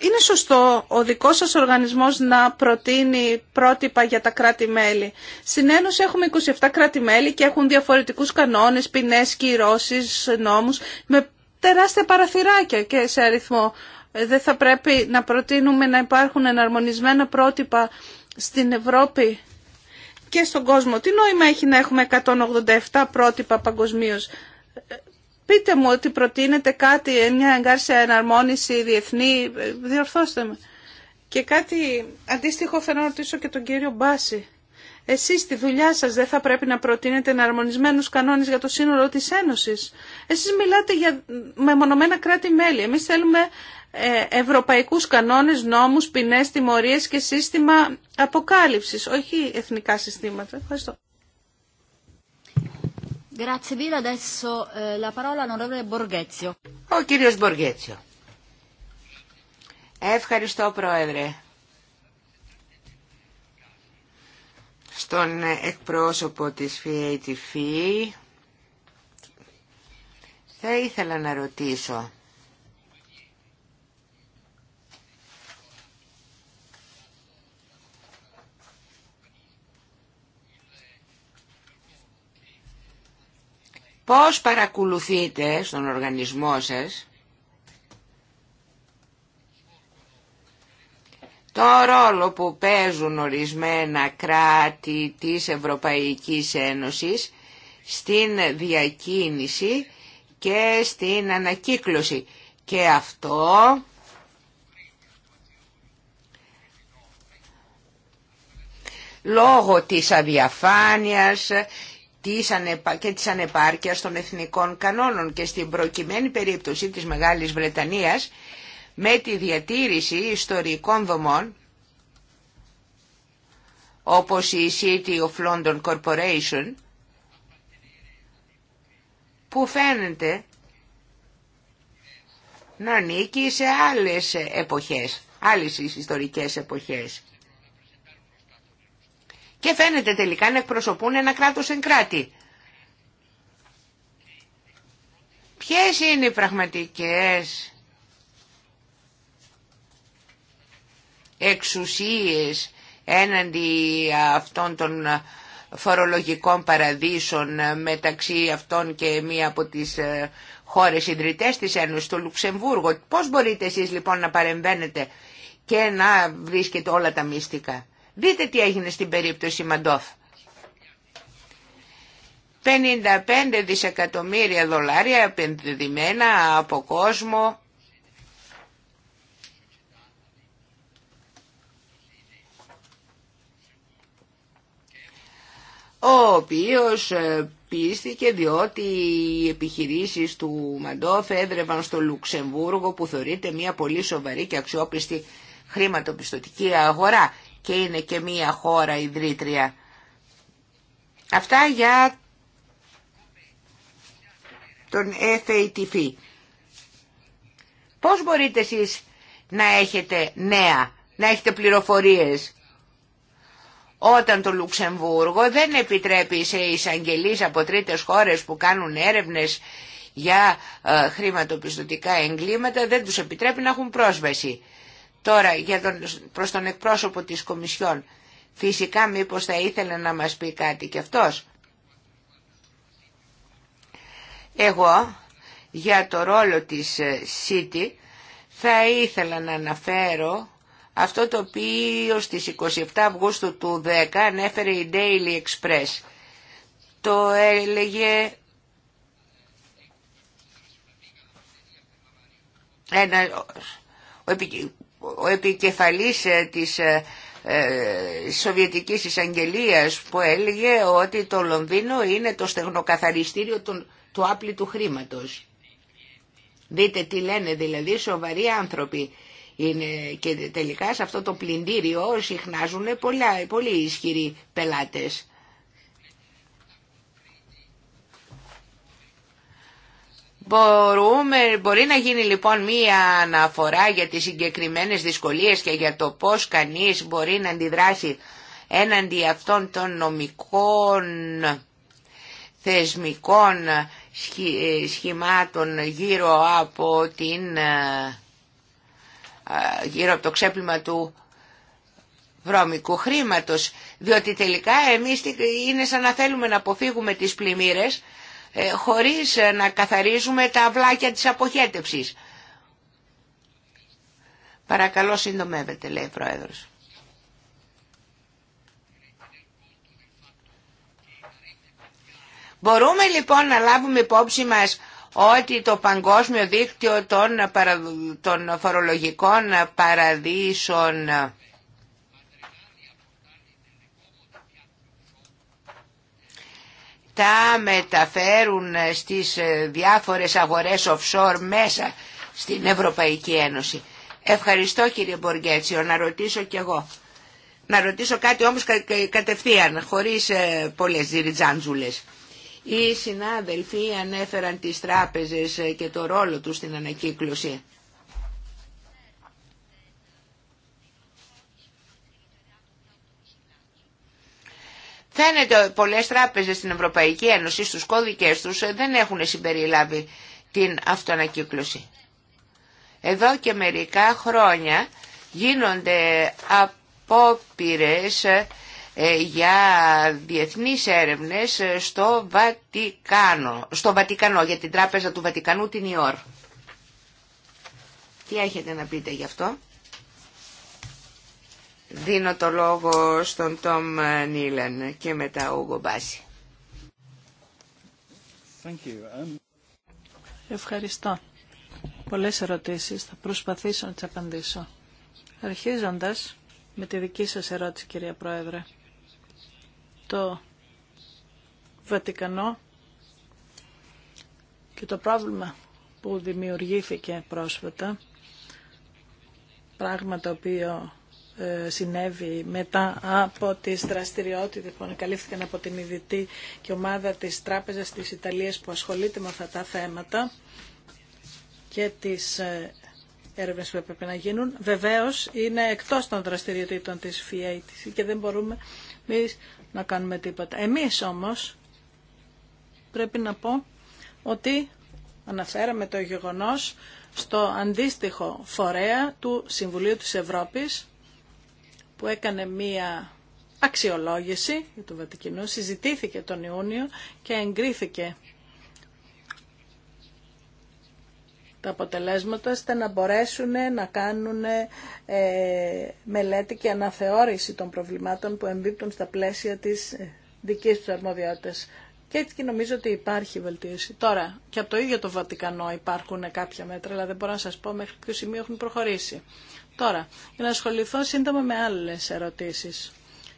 Είναι σωστό ο δικός σας οργανισμός να προτείνει πρότυπα για τα κράτη-μέλη. Στην Ένωση έχουμε 27 κράτη-μέλη και έχουν διαφορετικούς κανόνες, ποινές, κυρώσεις, νόμους, με τεράστια παραθυράκια και σε αριθμό. Δεν θα πρέπει να προτείνουμε να υπάρχουν εναρμονισμένα πρότυπα στην Ευρώπη και στον κόσμο. Τι νόημα έχει να έχουμε 187 πρότυπα παγκοσμίω πείτε μου ότι προτείνετε κάτι, μια εγκάρσια εναρμόνιση διεθνή, διορθώστε με. Και κάτι αντίστοιχο θέλω να ρωτήσω και τον κύριο Μπάση. Εσείς στη δουλειά σας δεν θα πρέπει να προτείνετε εναρμονισμένους κανόνες για το σύνολο της Ένωσης. Εσείς μιλάτε για μεμονωμένα κράτη-μέλη. Εμείς θέλουμε ε, ευρωπαϊκούς κανόνες, νόμους, ποινές, τιμωρίες και σύστημα αποκάλυψης, όχι
εθνικά συστήματα. Ευχαριστώ. Eh, Ο
κύριος Μποργέτσιο. Ευχαριστώ Πρόεδρε. Στον εκπρόσωπο της ΦΙΕΤΙΦΗ θα ήθελα να ρωτήσω Πώς παρακολουθείτε στον οργανισμό σας το ρόλο που παίζουν ορισμένα κράτη της Ευρωπαϊκής Ένωσης στην διακίνηση και στην ανακύκλωση. Και αυτό λόγω της αδιαφάνειας και της ανεπάρκειας των εθνικών κανόνων και στην προκειμένη περίπτωση της Μεγάλης Βρετανίας με τη διατήρηση ιστορικών δομών όπως η City of London Corporation που φαίνεται να ανήκει σε άλλες εποχές, άλλες ιστορικές εποχές και φαίνεται τελικά να εκπροσωπούν ένα κράτος εν κράτη. Ποιες είναι οι πραγματικές εξουσίες έναντι αυτών των φορολογικών παραδείσων μεταξύ αυτών και μία από τις ε, χώρες ιδρυτές της Ένωσης, το Λουξεμβούργο. Πώς μπορείτε εσείς λοιπόν να παρεμβαίνετε και να βρίσκετε όλα τα μυστικά. Δείτε τι έγινε στην περίπτωση Μαντόφ. 55 δισεκατομμύρια δολάρια επενδυμένα από κόσμο ο οποίος ε, πίστηκε διότι οι επιχειρήσεις του Μαντόφ έδρευαν στο Λουξεμβούργο που θεωρείται μια πολύ σοβαρή και αξιόπιστη χρηματοπιστωτική αγορά και είναι και μία χώρα ιδρύτρια. Αυτά για τον FATF. Πώς μπορείτε εσείς να έχετε νέα, να έχετε πληροφορίες όταν το Λουξεμβούργο δεν επιτρέπει σε εισαγγελείς από τρίτες χώρες που κάνουν έρευνες για ε, χρηματοπιστωτικά εγκλήματα, δεν τους επιτρέπει να έχουν πρόσβαση. Τώρα για τον, προς τον εκπρόσωπο της Κομισιόν. Φυσικά μήπως θα ήθελε να μας πει κάτι και αυτός. Εγώ για το ρόλο της ε, City θα ήθελα να αναφέρω αυτό το οποίο στις 27 Αυγούστου του 10 ανέφερε η Daily Express. Το έλεγε ένα, ο επικεφαλής ε, της ε, ε, Σοβιετικής Εισαγγελίας που έλεγε ότι το Λονδίνο είναι το στεγνοκαθαριστήριο του άπλητου χρήματος. Δείτε τι λένε δηλαδή σοβαροί άνθρωποι. Είναι, και τελικά σε αυτό το πλυντήριο συχνάζουν πολλά, πολύ ισχυροί πελάτες. Μπορούμε, μπορεί να γίνει λοιπόν μία αναφορά για τις συγκεκριμένες δυσκολίες και για το πώς κανείς μπορεί να αντιδράσει έναντι αυτών των νομικών θεσμικών ε, σχημάτων γύρω από, την, ε, ε, γύρω από το ξέπλυμα του βρώμικου χρήματος. Διότι τελικά εμείς είναι σαν να θέλουμε να αποφύγουμε τις πλημμύρες ε, χωρίς ε, να καθαρίζουμε τα αυλάκια της αποχέτευσης. Παρακαλώ συντομεύετε λέει ο Πρόεδρος. Μπορούμε λοιπόν να λάβουμε υπόψη μας ότι το παγκόσμιο δίκτυο των, παρα... των φορολογικών παραδείσων τα μεταφέρουν στις ε, διάφορες αγορές offshore μέσα στην Ευρωπαϊκή Ένωση. Ευχαριστώ κύριε Μποργέτσιο, να ρωτήσω κι εγώ. Να ρωτήσω κάτι όμως κατευθείαν, χωρίς ε, πολλές ζυριτζάντζουλες. Οι συνάδελφοι ανέφεραν τις τράπεζες ε, και το ρόλο τους στην ανακύκλωση. Φαίνεται πολλές τράπεζες στην Ευρωπαϊκή Ένωση στους κώδικες τους ε, δεν έχουν συμπεριλάβει την αυτοανακύκλωση. Εδώ και μερικά χρόνια γίνονται απόπειρες ε, για διεθνείς έρευνες στο Βατικάνο, στο Βατικανό, για την τράπεζα του Βατικανού, την ΙΟΡ. Τι έχετε να πείτε γι' αυτό. Δίνω το λόγο στον Τόμ Νίλεν και μετά ο Γκομπάση.
Um,
Ευχαριστώ. Πολλές ερωτήσεις. Θα προσπαθήσω να τις απαντήσω. Αρχίζοντας με τη δική σας ερώτηση, κυρία Πρόεδρε. Το Βατικανό και το πρόβλημα που δημιουργήθηκε πρόσφατα, πράγμα το οποίο ε, συνέβη μετά από τις δραστηριότητες που ανακαλύφθηκαν από την ειδητή και ομάδα της Τράπεζα της Ιταλίας που ασχολείται με αυτά τα θέματα και τις ε, έρευνες που έπρεπε να γίνουν. Βεβαίως είναι εκτός των δραστηριοτήτων της ΦΙΑΙΤ και δεν μπορούμε εμεί να κάνουμε τίποτα. Εμείς όμως πρέπει να πω ότι αναφέραμε το γεγονός στο αντίστοιχο φορέα του Συμβουλίου της Ευρώπης που έκανε μία αξιολόγηση του Βατικινού, συζητήθηκε τον Ιούνιο και εγκρίθηκε τα αποτελέσματα ώστε να μπορέσουν να κάνουν ε, μελέτη και αναθεώρηση των προβλημάτων που εμπίπτουν στα πλαίσια της δικής τους αρμοδιότητας. Και έτσι και νομίζω ότι υπάρχει βελτίωση. Τώρα, και από το ίδιο το Βατικανό υπάρχουν κάποια μέτρα, αλλά δεν μπορώ να σα πω μέχρι ποιο σημείο έχουν προχωρήσει. Τώρα, για να ασχοληθώ σύντομα με άλλε ερωτήσει.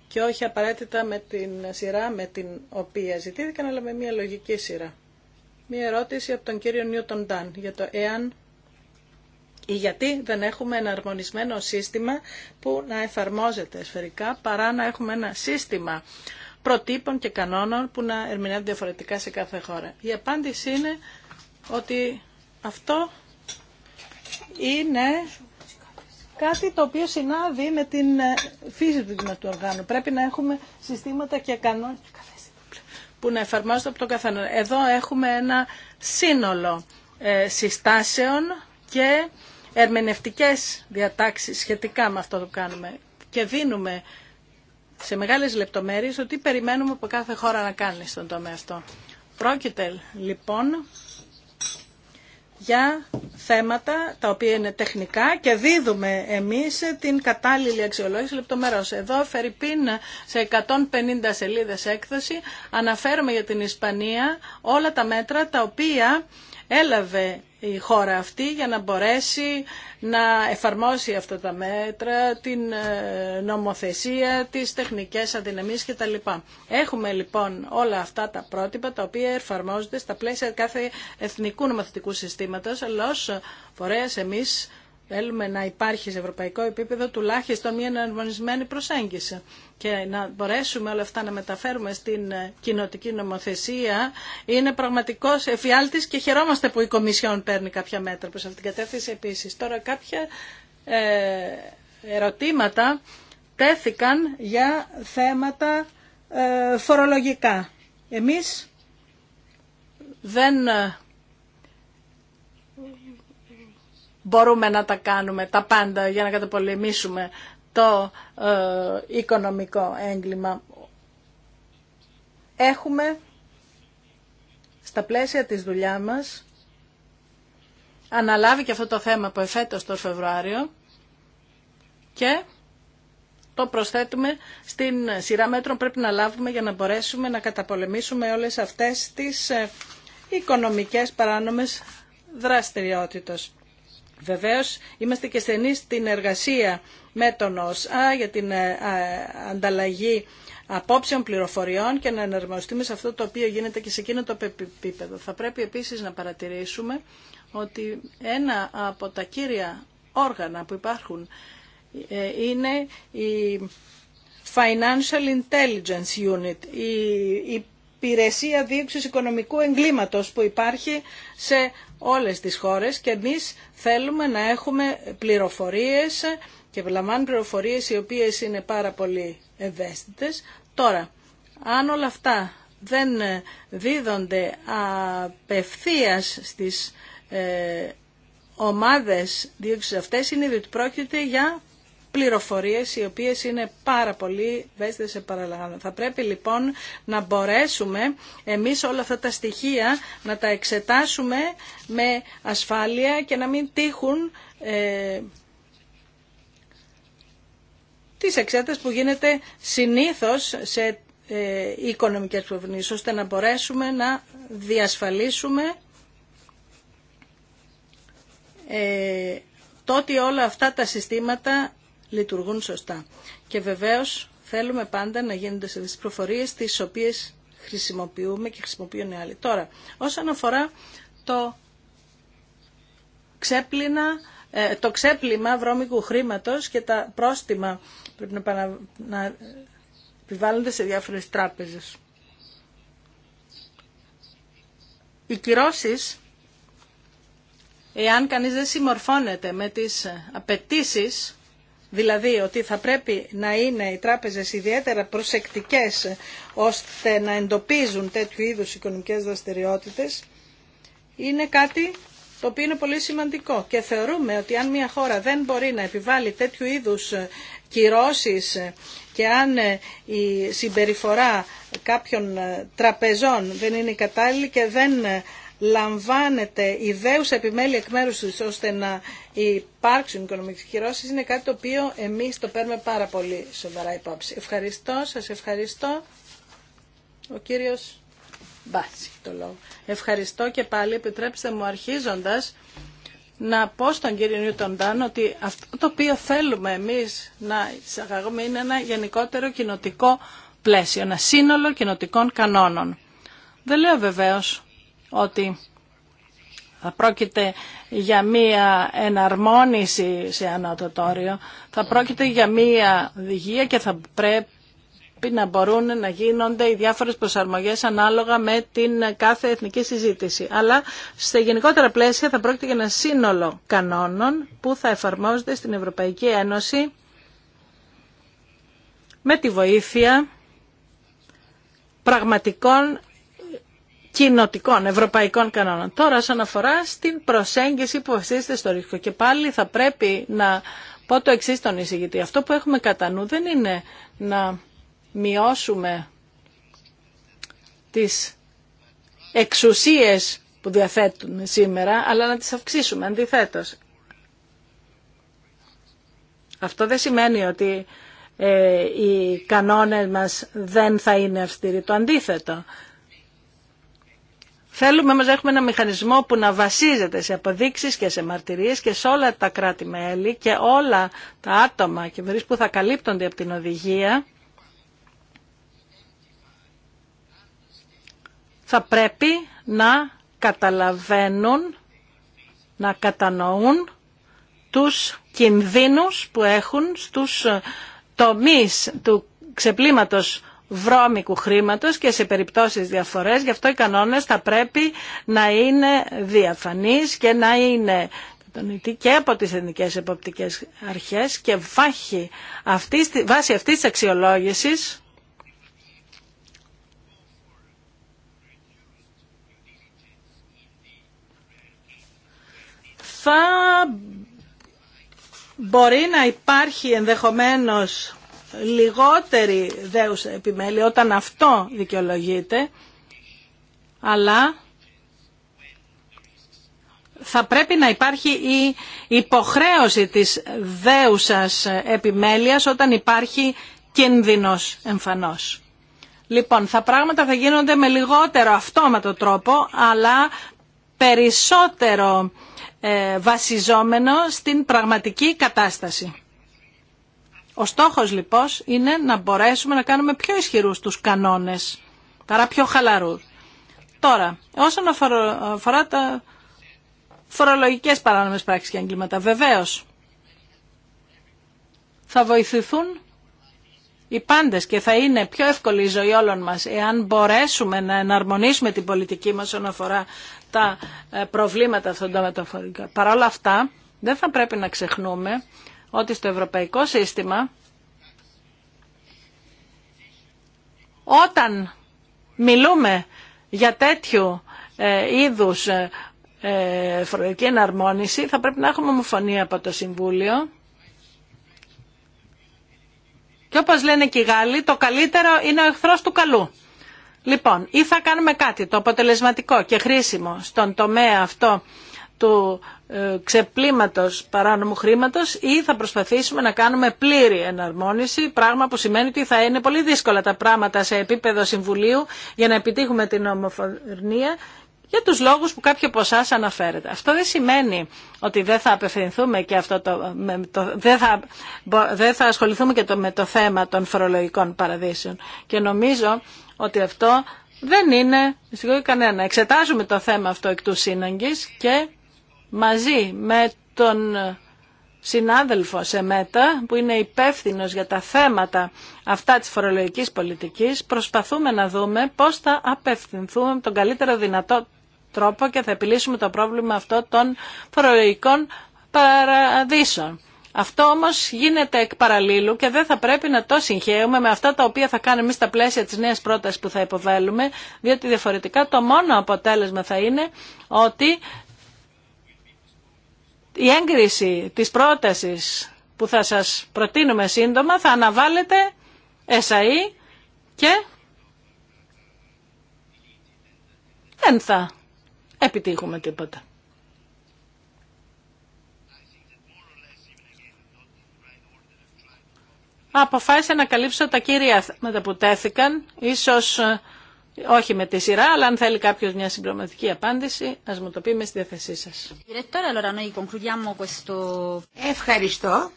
και όχι απαραίτητα με την σειρά με την οποία ζητήθηκαν, αλλά με μια λογική σειρά. Μια ερώτηση από τον κύριο Νιούτον Ντάν για το εάν ή γιατί δεν έχουμε ένα αρμονισμένο σύστημα που να εφαρμόζεται σφαιρικά παρά να έχουμε ένα σύστημα προτύπων και κανόνων που να ερμηνεύονται διαφορετικά σε κάθε χώρα. Η απάντηση είναι ότι αυτό είναι κάτι το οποίο συνάδει με την ε, φύση του οργάνου. Πρέπει να έχουμε συστήματα και κανόνες που να εφαρμόζονται από τον καθένα. Εδώ έχουμε ένα σύνολο ε, συστάσεων και ερμηνευτικές διατάξεις σχετικά με αυτό που κάνουμε και δίνουμε σε μεγάλες λεπτομέρειες ότι περιμένουμε από κάθε χώρα να κάνει στον τομέα αυτό. Πρόκειται λοιπόν για θέματα τα οποία είναι τεχνικά και δίδουμε εμείς την κατάλληλη αξιολόγηση λεπτομέρως. Εδώ Φερρυπίν σε 150 σελίδες έκθεση αναφέρουμε για την Ισπανία όλα τα μέτρα τα οποία έλαβε η χώρα αυτή για να μπορέσει να εφαρμόσει αυτά τα μέτρα, την ε, νομοθεσία, τις τεχνικές αδυναμίες κτλ. Έχουμε λοιπόν όλα αυτά τα πρότυπα τα οποία εφαρμόζονται στα πλαίσια κάθε εθνικού νομοθετικού συστήματος, αλλά ως φορέας εμείς Θέλουμε να υπάρχει σε ευρωπαϊκό επίπεδο τουλάχιστον μια εναρμονισμένη προσέγγιση και να μπορέσουμε όλα αυτά να μεταφέρουμε στην ε, κοινοτική νομοθεσία είναι πραγματικό εφιάλτης και χαιρόμαστε που η Κομισιόν παίρνει κάποια μέτρα προς αυτήν την κατεύθυνση επίσης. Τώρα κάποια ε, ερωτήματα τέθηκαν για θέματα ε, φορολογικά. Εμείς δεν μπορούμε να τα κάνουμε τα πάντα για να καταπολεμήσουμε το ε, οικονομικό έγκλημα. Έχουμε στα πλαίσια της δουλειά μας αναλάβει και αυτό το θέμα που εφέτος το Φεβρουάριο και το προσθέτουμε στην σειρά μέτρων πρέπει να λάβουμε για να μπορέσουμε να καταπολεμήσουμε όλες αυτές τις ε, οικονομικές παράνομες δραστηριότητες. Βεβαίως είμαστε και στενοί στην εργασία με τον ΩΣΑ για την ε, ανταλλαγή απόψεων πληροφοριών και να εναρμοστούμε σε αυτό το οποίο γίνεται και σε εκείνο το επίπεδο. Θα πρέπει επίσης να παρατηρήσουμε ότι ένα από τα κύρια όργανα που υπάρχουν ε, είναι η Financial Intelligence Unit, η υπηρεσία δίωξης οικονομικού εγκλήματος που υπάρχει σε όλες τις χώρες και εμείς θέλουμε να έχουμε πληροφορίες και λαμβάνουν πληροφορίες οι οποίες είναι πάρα πολύ ευαίσθητες. Τώρα, αν όλα αυτά δεν δίδονται απευθείας στις ε, ομάδες δίωξης αυτές, είναι διότι πρόκειται για πληροφορίες οι οποίες είναι πάρα πολύ βέστες σε παραλαμβάνω. Θα πρέπει λοιπόν να μπορέσουμε εμείς όλα αυτά τα στοιχεία να τα εξετάσουμε με ασφάλεια και να μην τύχουν ε, τις εξέτασεις που γίνεται συνήθως σε ε, οικονομικές προβλήσεις, ώστε να μπορέσουμε να διασφαλίσουμε ε, όλα αυτά τα συστήματα λειτουργούν σωστά. Και βεβαίως θέλουμε πάντα να γίνονται σε τις προφορίες τις οποίες χρησιμοποιούμε και χρησιμοποιούν οι άλλοι. Τώρα, όσον αφορά το ξέπλυνα, ε, το ξέπλυμα βρώμικου χρήματος και τα πρόστιμα πρέπει να, να επιβάλλονται σε διάφορες τράπεζες. Οι κυρώσεις, εάν κανείς δεν συμμορφώνεται με τις απαιτήσει δηλαδή ότι θα πρέπει να είναι οι τράπεζες ιδιαίτερα προσεκτικές ώστε να εντοπίζουν τέτοιου είδους οικονομικές δραστηριότητες, είναι κάτι το οποίο είναι πολύ σημαντικό και θεωρούμε ότι αν μια χώρα δεν μπορεί να επιβάλλει τέτοιου είδους κυρώσεις και αν ε, η συμπεριφορά κάποιων ε, τραπεζών δεν είναι κατάλληλη και δεν ε, λαμβάνεται ιδέους επιμέλεια εκ μέρους τους ώστε να υπάρξουν οικονομικές κυρώσεις είναι κάτι το οποίο εμείς το παίρνουμε πάρα πολύ σοβαρά υπόψη. Ευχαριστώ, σας ευχαριστώ. Ο κύριος Μπάση το λόγο. Ευχαριστώ και πάλι επιτρέψτε μου αρχίζοντας να πω στον κύριο Νιούτον Τάν ότι αυτό το οποίο θέλουμε εμείς να εισαγαγούμε είναι ένα γενικότερο κοινοτικό πλαίσιο, ένα σύνολο κοινοτικών κανόνων. Δεν λέω βεβαίως ότι θα πρόκειται για μία εναρμόνιση σε ανατοτόριο, θα πρόκειται για μία οδηγία και θα πρέπει να μπορούν να γίνονται οι διάφορες προσαρμογές ανάλογα με την κάθε εθνική συζήτηση. Αλλά σε γενικότερα πλαίσια θα πρόκειται για ένα σύνολο κανόνων που θα εφαρμόζονται στην Ευρωπαϊκή Ένωση με τη βοήθεια πραγματικών κοινοτικών, ευρωπαϊκών κανόνων. Τώρα, όσον αφορά στην προσέγγιση που βασίζεται στο ρίσκο. Και πάλι θα πρέπει να πω το εξή στον εισηγητή. Αυτό που έχουμε κατά νου δεν είναι να μειώσουμε τις εξουσίες που διαθέτουν σήμερα, αλλά να τις αυξήσουμε αντιθέτως. Αυτό δεν σημαίνει ότι ε, οι κανόνες μας δεν θα είναι αυστηροί. Το αντίθετο. Θέλουμε όμω να έχουμε ένα μηχανισμό που να βασίζεται σε αποδείξει και σε μαρτυρίες και σε όλα τα κράτη-μέλη και όλα τα άτομα και βερίς που θα καλύπτονται από την οδηγία θα πρέπει να καταλαβαίνουν, να κατανοούν τους κινδύνους που έχουν στους τομείς του ξεπλήματος βρώμικου χρήματος και σε περιπτώσεις διαφορές. Γι' αυτό οι κανόνες θα πρέπει να είναι διαφανείς και να είναι και από τις εθνικές εποπτικές αρχές και βάσει αυτής της αξιολόγησης θα μπορεί να υπάρχει ενδεχομένως λιγότερη δέουσα επιμέλεια όταν αυτό δικαιολογείται, αλλά θα πρέπει να υπάρχει η υποχρέωση της δέουσας επιμέλειας όταν υπάρχει κίνδυνος εμφανός. Λοιπόν, τα πράγματα θα γίνονται με λιγότερο αυτόματο τρόπο, αλλά περισσότερο ε, βασιζόμενο στην πραγματική κατάσταση. Ο στόχος λοιπόν είναι να μπορέσουμε να κάνουμε πιο ισχυρούς τους κανόνες, παρά πιο χαλαρούς. Τώρα, όσον αφορά τα φορολογικές παράνομες πράξεις και εγκλήματα, βεβαίως θα βοηθηθούν οι πάντες και θα είναι πιο εύκολη η ζωή όλων μας εάν μπορέσουμε να εναρμονίσουμε την πολιτική μας όσον αφορά τα ε, προβλήματα αυτών των μεταφορικών. Παρ' όλα αυτά δεν θα πρέπει να ξεχνούμε ότι στο ευρωπαϊκό σύστημα όταν μιλούμε για τέτοιου ε, είδους ε, ε, φορολογική εναρμόνιση θα πρέπει να έχουμε ομοφωνία από το Συμβούλιο και όπως λένε και οι Γάλλοι το καλύτερο είναι ο εχθρός του καλού. Λοιπόν, ή θα κάνουμε κάτι το αποτελεσματικό και χρήσιμο στον τομέα αυτό του ε, ξεπλήματος παράνομου χρήματος ή θα προσπαθήσουμε να κάνουμε πλήρη εναρμόνιση, πράγμα που σημαίνει ότι θα είναι πολύ δύσκολα τα πράγματα σε επίπεδο Συμβουλίου για να επιτύχουμε την ομοφωνία για τους λόγους που κάποιοι από εσά αναφέρετε. Αυτό δεν σημαίνει ότι δεν θα απευθυνθούμε και αυτό το, δεν, θα, δεν θα ασχοληθούμε και με το θέμα των φορολογικών παραδείσεων. Και νομίζω ότι αυτό δεν είναι, συγγνώμη κανένα, εξετάζουμε το θέμα αυτό εκ του και μαζί με τον συνάδελφο σε μέτα που είναι υπεύθυνο για τα θέματα αυτά της φορολογικής πολιτικής προσπαθούμε να δούμε πώς θα απευθυνθούμε με τον καλύτερο δυνατό τρόπο και θα επιλύσουμε το πρόβλημα αυτό των φορολογικών παραδείσων. Αυτό όμως γίνεται εκ παραλίλου και δεν θα πρέπει να το συγχαίουμε με αυτά τα οποία θα κάνουμε εμείς στα πλαίσια της νέας πρότασης που θα υποβέλουμε, διότι διαφορετικά το μόνο αποτέλεσμα θα είναι ότι η έγκριση της πρότασης που θα σας προτείνουμε σύντομα θα αναβάλλεται ΕΣΑΗ και δεν θα επιτύχουμε τίποτα. Αποφάσισα να καλύψω τα κύρια θέματα που τέθηκαν, ίσως ε, όχι με τη σειρά, αλλά αν θέλει κάποιο μια συμπληρωματική απάντηση, ας μου το πει, με στη διάθεσή σα.
Ευχαριστώ.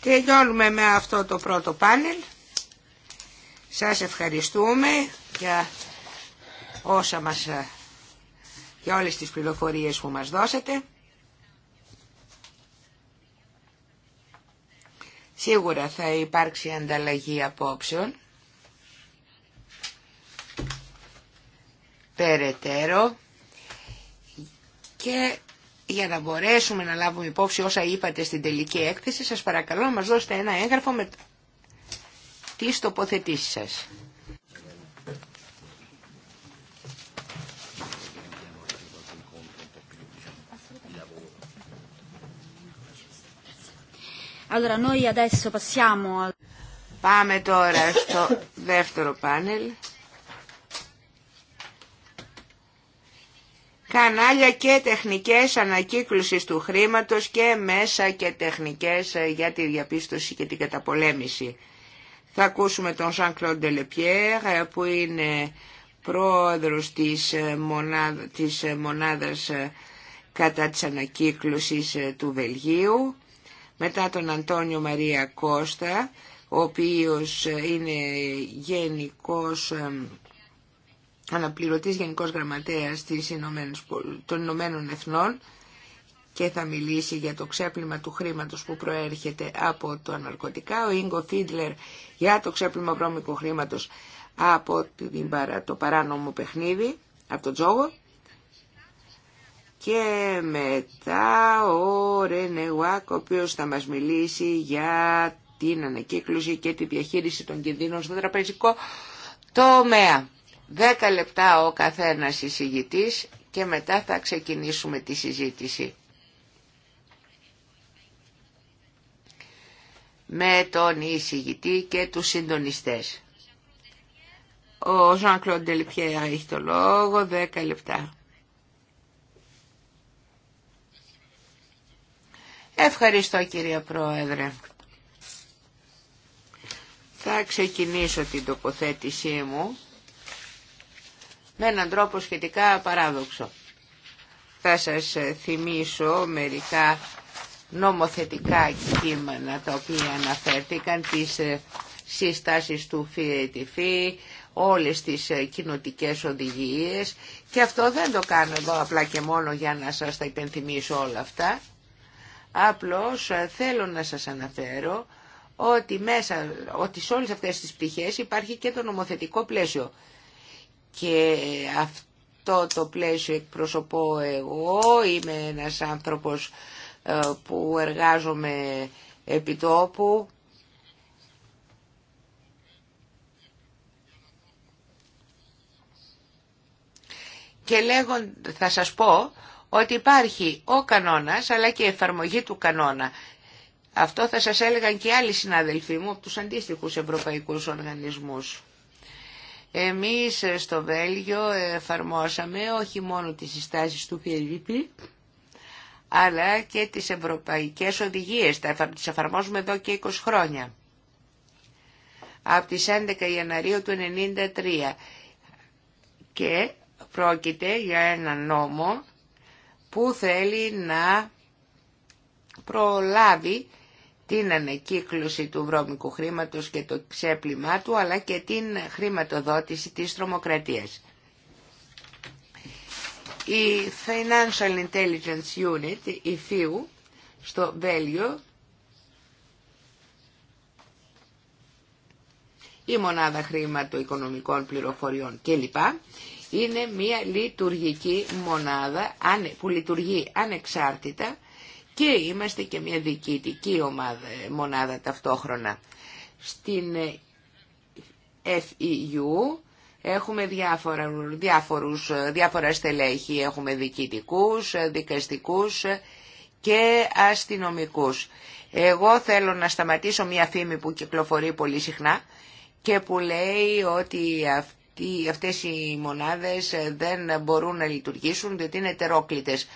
Τελειώνουμε με αυτό το πρώτο πάνελ. Σας ευχαριστούμε για όσα μας και ε, όλες τις πληροφορίες που μας δώσατε. Σίγουρα θα υπάρξει ανταλλαγή απόψεων. περαιτέρω και για να μπορέσουμε να λάβουμε υπόψη όσα είπατε στην τελική έκθεση, σας παρακαλώ να μας δώσετε ένα έγγραφο με τις τοποθετήσεις σας.
Allora, noi adesso passiamo... Πάμε τώρα στο δεύτερο πάνελ.
κανάλια και τεχνικές ανακύκλωσης του χρήματος και μέσα και τεχνικές ε, για τη διαπίστωση και την καταπολέμηση. Θα ακούσουμε τον Σαν Κλοντ ε, που είναι πρόεδρος της, ε, μονάδα, της μονάδας κατά της ανακύκλωσης του Βελγίου. Μετά τον Αντώνιο Μαρία Κώστα, ο οποίος είναι γενικός αναπληρωτής Γενικός Γραμματέας των Ηνωμένων Εθνών και θα μιλήσει για το ξέπλυμα του χρήματος που προέρχεται από το ναρκωτικά. Ο Ίγκο Φίντλερ για το ξέπλυμα βρώμικου χρήματος από το παράνομο παιχνίδι, από τον τζόγο. Και μετά ο Ρενεουάκ, ο οποίος θα μας μιλήσει για την ανακύκλωση και τη διαχείριση των κινδύνων στο τραπεζικό τομέα. Δέκα λεπτά ο καθένας εισηγητής και μετά θα ξεκινήσουμε τη συζήτηση. με τον εισηγητή και τους συντονιστές. Ο Ζαν έχει το λόγο, 10 λεπτά. Ευχαριστώ κυρία Πρόεδρε. Θα ξεκινήσω την τοποθέτησή μου με έναν τρόπο σχετικά παράδοξο. Θα σας θυμίσω μερικά νομοθετικά κείμενα τα οποία αναφέρθηκαν, τις ε, συστάσεις του ΦΙΕΤΙΦΗ, όλες τις ε, κοινοτικές οδηγίες και αυτό δεν το κάνω εδώ απλά και μόνο για να σας τα υπενθυμίσω όλα αυτά. Απλώς ε, θέλω να σας αναφέρω ότι, μέσα, ότι σε όλες αυτές τις πτυχές υπάρχει και το νομοθετικό πλαίσιο και αυτό το πλαίσιο εκπροσωπώ εγώ, είμαι ένας άνθρωπος ε, που εργάζομαι επί τόπου. Και λέγω, θα σας πω ότι υπάρχει ο κανόνας αλλά και η εφαρμογή του κανόνα. Αυτό θα σας έλεγαν και άλλοι συναδελφοί μου από τους αντίστοιχους ευρωπαϊκούς οργανισμούς. Εμείς ε, στο Βέλγιο εφαρμόσαμε όχι μόνο τις συστάσεις του Φιλίππη, αλλά και τις ευρωπαϊκές οδηγίες. Τις εφαρμόζουμε εδώ και 20 χρόνια. Από τις 11 Ιανουαρίου του 1993. Και πρόκειται για ένα νόμο που θέλει να προλάβει την ανακύκλωση του βρώμικου χρήματος και το ξέπλυμά του, αλλά και την χρηματοδότηση της τρομοκρατίας. Η Financial Intelligence Unit, η FIU, στο Βέλγιο, η Μονάδα Χρήματο-Οικονομικών Πληροφοριών κλπ. Είναι μια λειτουργική μονάδα που λειτουργεί ανεξάρτητα και είμαστε και μια διοικητική ομάδα, μονάδα ταυτόχρονα. Στην ε, FEU έχουμε διάφορα, διάφορους, ε, διάφορα στελέχη, έχουμε διοικητικούς, ε, δικαστικούς και αστυνομικούς. Εγώ θέλω να σταματήσω μια φήμη που κυκλοφορεί πολύ συχνά και που λέει ότι αυτοί, αυτές οι μονάδες δεν μπορούν να λειτουργήσουν διότι είναι ετερόκλητες.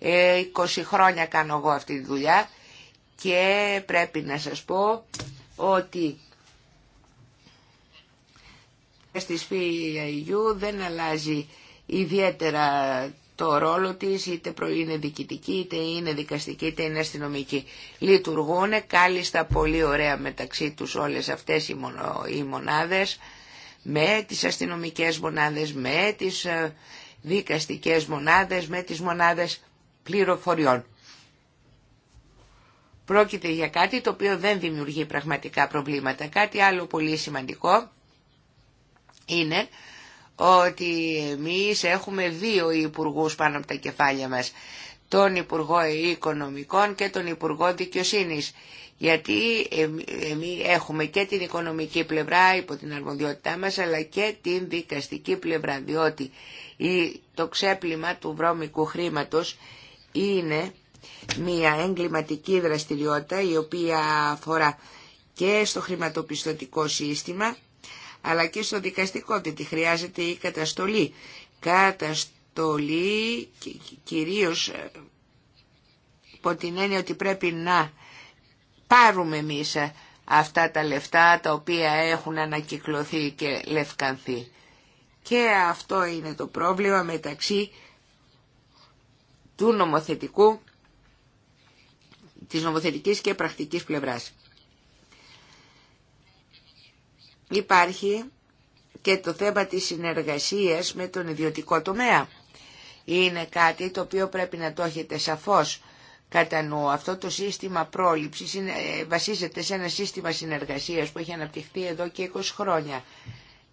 20 ε, χρόνια κάνω εγώ αυτή τη δουλειά και πρέπει να σας πω ότι στις ΦΙΑΙΟΥ δεν αλλάζει ιδιαίτερα το ρόλο της, είτε είναι διοικητική, είτε είναι δικαστική, είτε είναι αστυνομική. Λειτουργούν κάλλιστα πολύ ωραία μεταξύ τους όλες αυτές οι μονάδες, με τις αστυνομικές μονάδες, με τις ε, δικαστικές μονάδες, με τις μονάδες πληροφοριών. Πρόκειται για κάτι το οποίο δεν δημιουργεί πραγματικά προβλήματα. Κάτι άλλο πολύ σημαντικό είναι ότι εμείς έχουμε δύο υπουργούς πάνω από τα κεφάλια μας. Τον Υπουργό Οικονομικών και τον Υπουργό Δικαιοσύνης. Γιατί εμείς έχουμε και την οικονομική πλευρά υπό την αρμοδιότητά μας αλλά και την δικαστική πλευρά διότι το ξέπλυμα του βρώμικου χρήματος είναι μια εγκληματική δραστηριότητα η οποία αφορά και στο χρηματοπιστωτικό σύστημα αλλά και στο δικαστικό διότι χρειάζεται η καταστολή. Καταστολή κυρίως ε, υπό την έννοια ότι πρέπει να πάρουμε εμείς ε, αυτά τα λεφτά τα οποία έχουν ανακυκλωθεί και λευκανθεί. Και αυτό είναι το πρόβλημα μεταξύ του νομοθετικού, της νομοθετικής και πρακτικής πλευράς. Υπάρχει και το θέμα της συνεργασίας με τον ιδιωτικό τομέα. Είναι κάτι το οποίο πρέπει να το έχετε σαφώς κατά νου. Αυτό το σύστημα πρόληψης ε, βασίζεται σε ένα σύστημα συνεργασίας που έχει αναπτυχθεί εδώ και 20 χρόνια.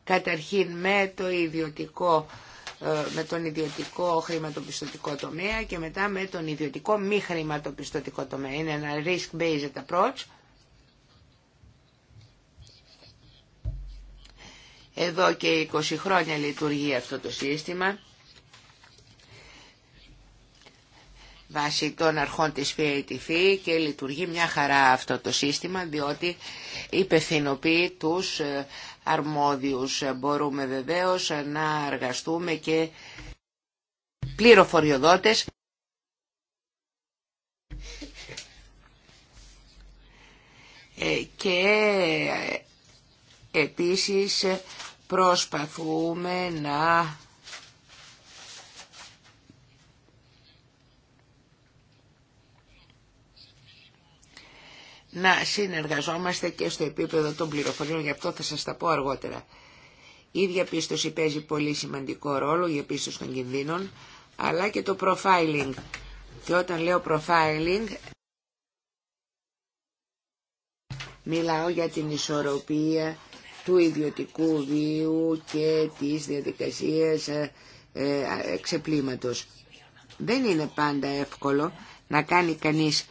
Καταρχήν με το ιδιωτικό ε, με τον ιδιωτικό χρηματοπιστωτικό τομέα και μετά με τον ιδιωτικό μη χρηματοπιστωτικό τομέα. Είναι ένα risk-based approach. Εδώ και 20 χρόνια λειτουργεί αυτό το σύστημα. βάσει των αρχών της ΦΕΙΤΙΦΗ και λειτουργεί μια χαρά αυτό το σύστημα διότι υπευθυνοποιεί τους ε, αρμόδιους. Μπορούμε βεβαίως να εργαστούμε και πληροφοριοδότες ε, και επίσης προσπαθούμε να να συνεργαζόμαστε και στο επίπεδο των πληροφοριών, γι' αυτό θα σας τα πω αργότερα. Η διαπίστωση παίζει πολύ σημαντικό ρόλο, η διαπίστωση των κινδύνων, αλλά και το profiling. Και όταν λέω profiling, μιλάω για την ισορροπία του ιδιωτικού βίου και της διαδικασίας ε, ε, εξεπλήματος. Δεν είναι πάντα εύκολο να κάνει κανείς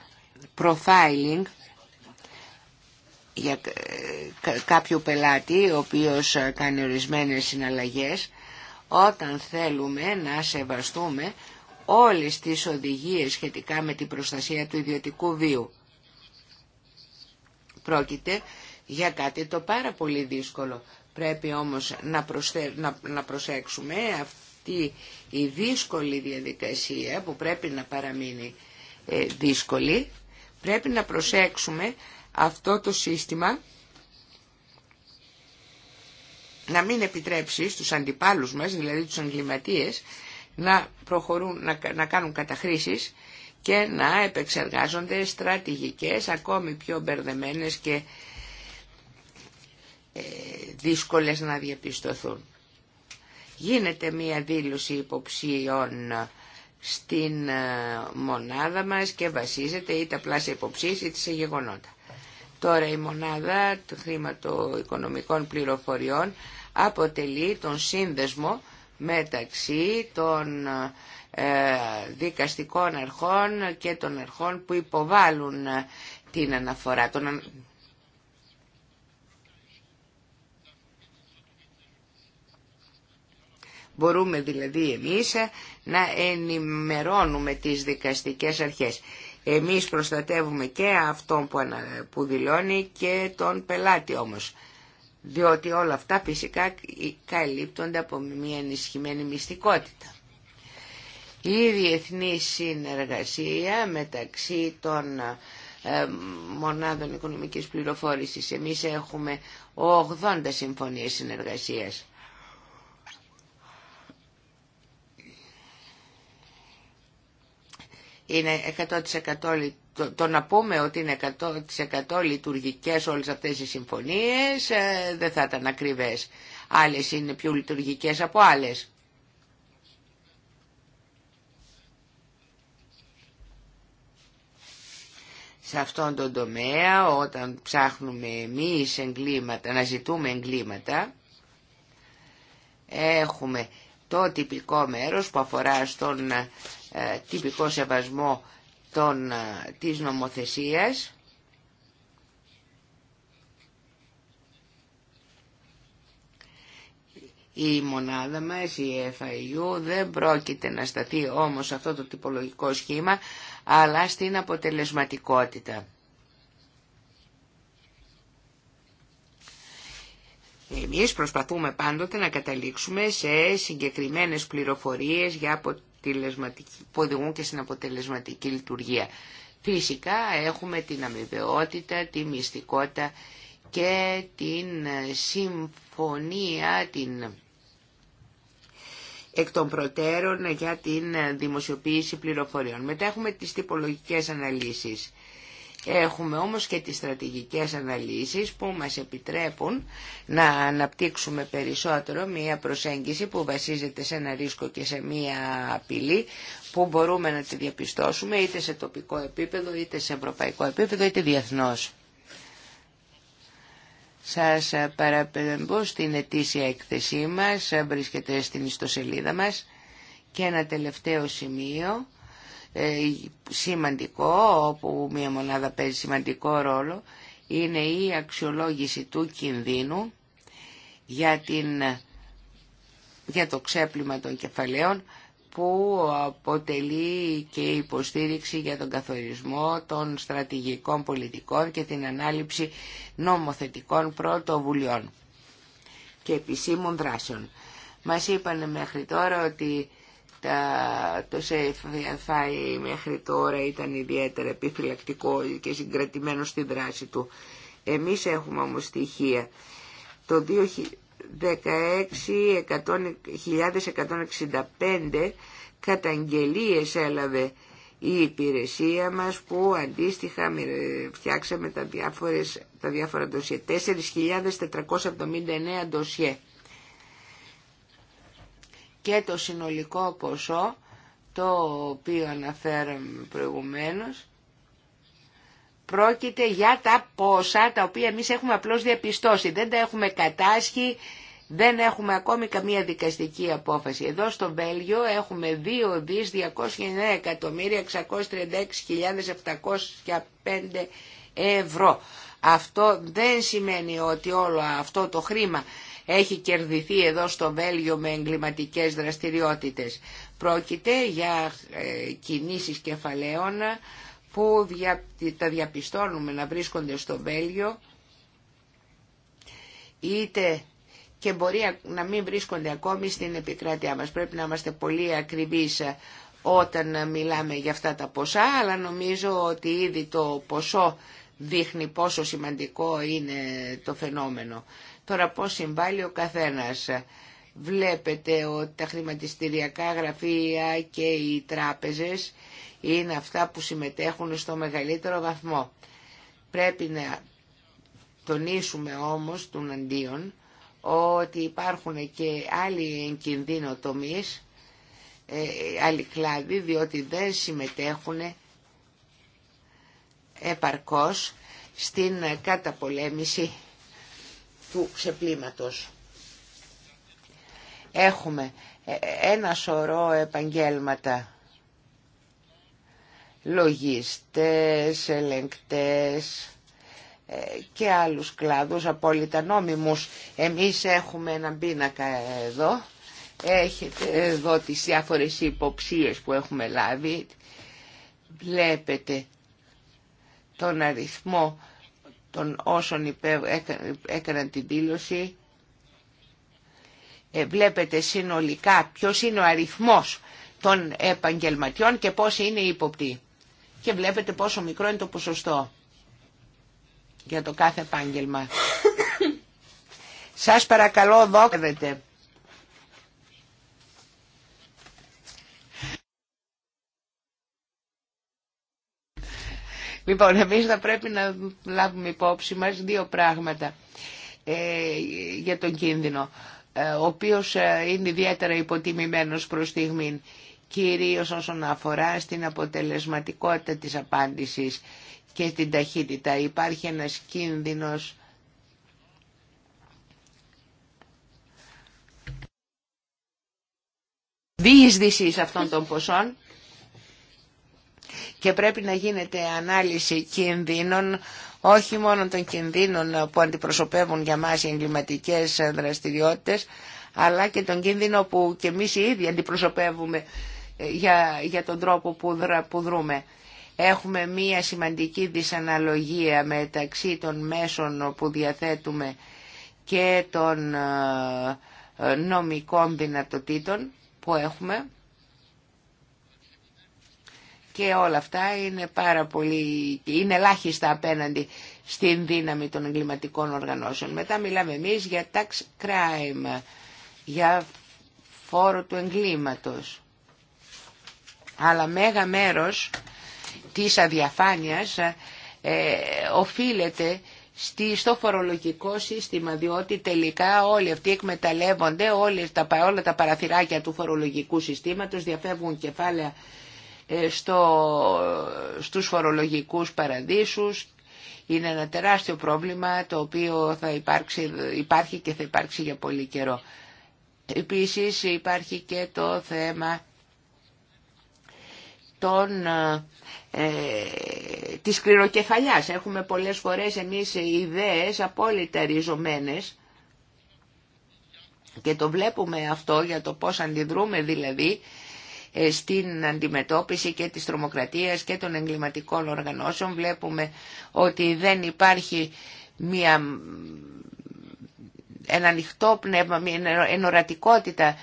profiling για ε, κάποιο πελάτη ο οποίος ε, κάνει ορισμένες συναλλαγές όταν θέλουμε να σεβαστούμε όλες τις οδηγίες σχετικά με την προστασία του ιδιωτικού βίου. Πρόκειται για κάτι το πάρα πολύ δύσκολο. Πρέπει όμως να, να προσέξουμε αυτή η δύσκολη διαδικασία που πρέπει να παραμείνει ε, δύσκολη. Πρέπει να προσέξουμε αυτό το σύστημα να μην επιτρέψει στους αντιπάλους μας, δηλαδή τους εγκληματίες, να προχωρούν, να, κάνουν καταχρήσεις και να επεξεργάζονται στρατηγικές, ακόμη πιο μπερδεμένε και ε, δύσκολες να διαπιστωθούν. Γίνεται μία δήλωση υποψίων στην ε, μονάδα μας και βασίζεται είτε απλά σε υποψίες είτε σε γεγονότα. Τώρα η μονάδα του οικονομικών πληροφοριών αποτελεί τον σύνδεσμο μεταξύ των ε, δικαστικών αρχών και των αρχών που υποβάλλουν ε, την αναφορά. Μπορούμε δηλαδή εμείς ε, να ενημερώνουμε τις δικαστικές αρχές. Εμείς προστατεύουμε και αυτόν που δηλώνει και τον πελάτη όμως. Διότι όλα αυτά φυσικά καλύπτονται από μια ενισχυμένη μυστικότητα. Η διεθνή συνεργασία μεταξύ των ε, μονάδων οικονομικής πληροφόρησης. Εμείς έχουμε 80 συμφωνίες συνεργασίας. είναι 100% το, να πούμε ότι είναι 100% λειτουργικές όλες αυτές οι συμφωνίες ε, δεν θα ήταν ακριβές. Άλλες είναι πιο λειτουργικές από άλλες. Σε αυτόν τον τομέα όταν ψάχνουμε εμείς εγκλήματα, να ζητούμε εγκλήματα, έχουμε το τυπικό μέρος που αφορά στον ε, τυπικό σεβασμό των, ε, της νομοθεσίας Η μονάδα μας, η FIU, δεν πρόκειται να σταθεί όμως αυτό το τυπολογικό σχήμα, αλλά στην αποτελεσματικότητα. Εμείς προσπαθούμε πάντοτε να καταλήξουμε σε συγκεκριμένες πληροφορίες για αποτελεσματική, που οδηγούν και στην αποτελεσματική λειτουργία. Φυσικά έχουμε την αμοιβαιότητα, τη μυστικότητα και την ε, συμφωνία την εκ των προτέρων για την ε, δημοσιοποίηση πληροφοριών. Μετά έχουμε τις τυπολογικές αναλύσεις. Έχουμε όμως και τις στρατηγικές αναλύσεις που μας επιτρέπουν να αναπτύξουμε περισσότερο μία προσέγγιση που βασίζεται σε ένα ρίσκο και σε μία απειλή που μπορούμε να τη διαπιστώσουμε είτε σε τοπικό επίπεδο, είτε σε ευρωπαϊκό επίπεδο, είτε διεθνώς. Σας παραπέμπω στην ετήσια εκθεσή μας, βρίσκεται στην ιστοσελίδα μας. Και ένα τελευταίο σημείο ε, σημαντικό, όπου μία μονάδα παίζει σημαντικό ρόλο, είναι η αξιολόγηση του κινδύνου για, την, για το ξέπλυμα των κεφαλαίων που αποτελεί και υποστήριξη για τον καθορισμό των στρατηγικών πολιτικών και την ανάληψη νομοθετικών πρωτοβουλειών και επισήμων δράσεων. Μας είπαν μέχρι τώρα ότι το ΣΕΦΑΙ μέχρι τώρα ήταν ιδιαίτερα επιφυλακτικό και συγκρατημένο στη δράση του. Εμείς έχουμε όμως στοιχεία. Το 2016 1.165 καταγγελίες έλαβε η υπηρεσία μας που αντίστοιχα φτιάξαμε τα, διάφορες, τα διάφορα ντοσιέ. 4.479 ντοσιέ και το συνολικό ποσό το οποίο αναφέραμε προηγουμένως πρόκειται για τα ποσά τα οποία εμείς έχουμε απλώς διαπιστώσει. Δεν τα έχουμε κατάσχει, δεν έχουμε ακόμη καμία δικαστική απόφαση. Εδώ στο Βέλγιο έχουμε 2 δις ευρώ. Αυτό δεν σημαίνει ότι όλο αυτό το χρήμα έχει κερδιθεί εδώ στο Βέλγιο με εγκληματικές δραστηριότητες. Πρόκειται για ε, κινήσεις κεφαλαίων που τα διαπιστώνουμε να βρίσκονται στο Βέλγιο είτε και μπορεί να μην βρίσκονται ακόμη στην επικράτειά μας. Πρέπει να είμαστε πολύ ακριβείς ε, όταν μιλάμε για αυτά τα ποσά, αλλά νομίζω ότι ήδη το ποσό δείχνει πόσο σημαντικό είναι το φαινόμενο. Τώρα πώς συμβάλλει ο καθένας. Βλέπετε ότι τα χρηματιστηριακά γραφεία και οι τράπεζες είναι αυτά που συμμετέχουν στο μεγαλύτερο βαθμό. Πρέπει να τονίσουμε όμως των αντίον ότι υπάρχουν και άλλοι εγκινδύνο τομείς, ε, άλλοι κλάδοι, διότι δεν συμμετέχουν επαρκώς στην καταπολέμηση του ξεπλήματος. Έχουμε ε, ε, ένα σωρό επαγγέλματα. Λογιστές, ελεγκτές ε, και άλλους κλάδους απόλυτα νόμιμους. Εμείς έχουμε έναν πίνακα εδώ. Έχετε εδώ τις διάφορες υποψίες που έχουμε λάβει. Βλέπετε τον αριθμό των όσων έκαναν την δήλωση. Ε, βλέπετε συνολικά ποιος είναι ο αριθμός των επαγγελματιών και πόσοι είναι οι υποπτοί. Και βλέπετε πόσο μικρό είναι το ποσοστό για το κάθε επάγγελμα. Σας παρακαλώ δόκρετε. Λοιπόν, εμείς θα πρέπει να λάβουμε υπόψη μας δύο πράγματα ε, για τον κίνδυνο, ε, ο οποίος ε, είναι ιδιαίτερα υποτιμημένος προς στιγμήν, κυρίως όσον αφορά στην αποτελεσματικότητα της απάντησης και στην ταχύτητα. Υπάρχει ένας κίνδυνος διείσδυσης αυτών των ποσών και πρέπει να γίνεται ανάλυση κινδύνων όχι μόνο των κινδύνων που αντιπροσωπεύουν για μας οι εγκληματικές δραστηριότητες αλλά και τον κίνδυνο που και εμείς οι ίδιοι αντιπροσωπεύουμε ε, για, τον τρόπο που, που δρούμε. Έχουμε μία σημαντική δυσαναλογία μεταξύ των μέσων που διαθέτουμε και των ε, νομικών δυνατοτήτων που έχουμε και όλα αυτά είναι πάρα πολύ, είναι ελάχιστα απέναντι στην δύναμη των εγκληματικών οργανώσεων. Μετά μιλάμε εμείς για tax crime, για φόρο του εγκλήματος. Αλλά μέγα μέρος της αδιαφάνειας ε, οφείλεται στο φορολογικό σύστημα, διότι τελικά όλοι αυτοί εκμεταλλεύονται όλα τα παραθυράκια του φορολογικού συστήματος, διαφεύγουν κεφάλαια ε, στο, στους φορολογικούς παραδείσους. Είναι ένα τεράστιο πρόβλημα το οποίο θα υπάρξει, υπάρχει και θα υπάρξει για πολύ καιρό. Επίσης υπάρχει και το θέμα των, ε, της κληροκεφαλιάς. Έχουμε πολλές φορές εμείς ιδέες απόλυτα ριζωμένες και το βλέπουμε αυτό για το πώς αντιδρούμε δηλαδή στην αντιμετώπιση και της τρομοκρατίας και των εγκληματικών οργανώσεων. Βλέπουμε ότι δεν υπάρχει μια, ένα ανοιχτό πνεύμα, μια ενορατικότητα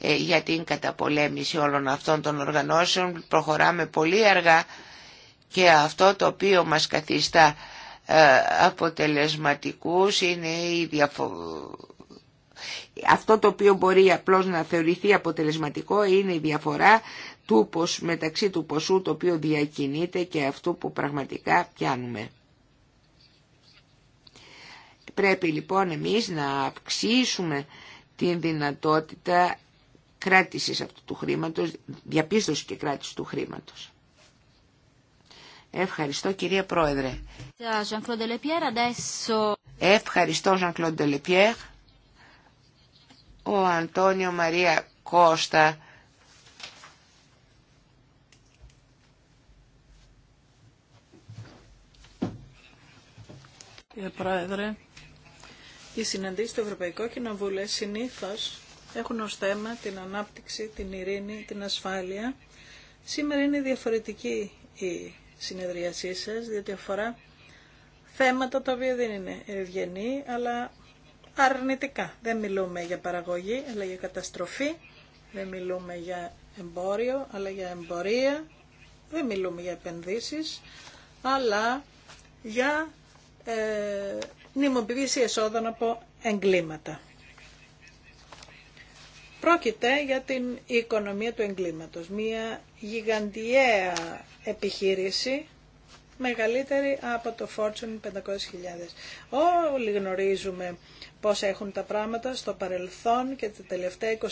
ε, για την καταπολέμηση όλων αυτών των οργανώσεων. Προχωράμε πολύ αργά και αυτό το οποίο μας καθιστά ε, αποτελεσματικούς είναι η διαφορά αυτό το οποίο μπορεί απλώς να θεωρηθεί αποτελεσματικό είναι η διαφορά του, μεταξύ του ποσού το οποίο διακινείται και αυτού που πραγματικά πιάνουμε. Πρέπει λοιπόν εμείς να αυξήσουμε την δυνατότητα κράτησης αυτού του χρήματος, διαπίστωση και κράτηση του χρήματος. Ευχαριστώ κυρία Πρόεδρε. Ευχαριστώ Jean-Claude ο Αντώνιο Μαρία Κώστα
Κύριε Πρόεδρε, οι συναντήσεις του Ευρωπαϊκού Κοινοβούλου συνήθως έχουν ως θέμα την ανάπτυξη, την ειρήνη, την ασφάλεια. Σήμερα είναι διαφορετική η συνεδριασή σας, διότι αφορά θέματα τα οποία δεν είναι ευγενή, αλλά αρνητικά. Δεν μιλούμε για παραγωγή, αλλά για καταστροφή. Δεν μιλούμε για εμπόριο, αλλά για εμπορία. Δεν μιλούμε για επενδύσεις, αλλά για ε, νημοποίηση εσόδων από εγκλήματα. Πρόκειται για την οικονομία του εγκλήματος, μια γιγαντιαία επιχείρηση μεγαλύτερη από το Fortune 500.000. Όλοι γνωρίζουμε πώς έχουν τα πράγματα στο παρελθόν και τα τελευταία 25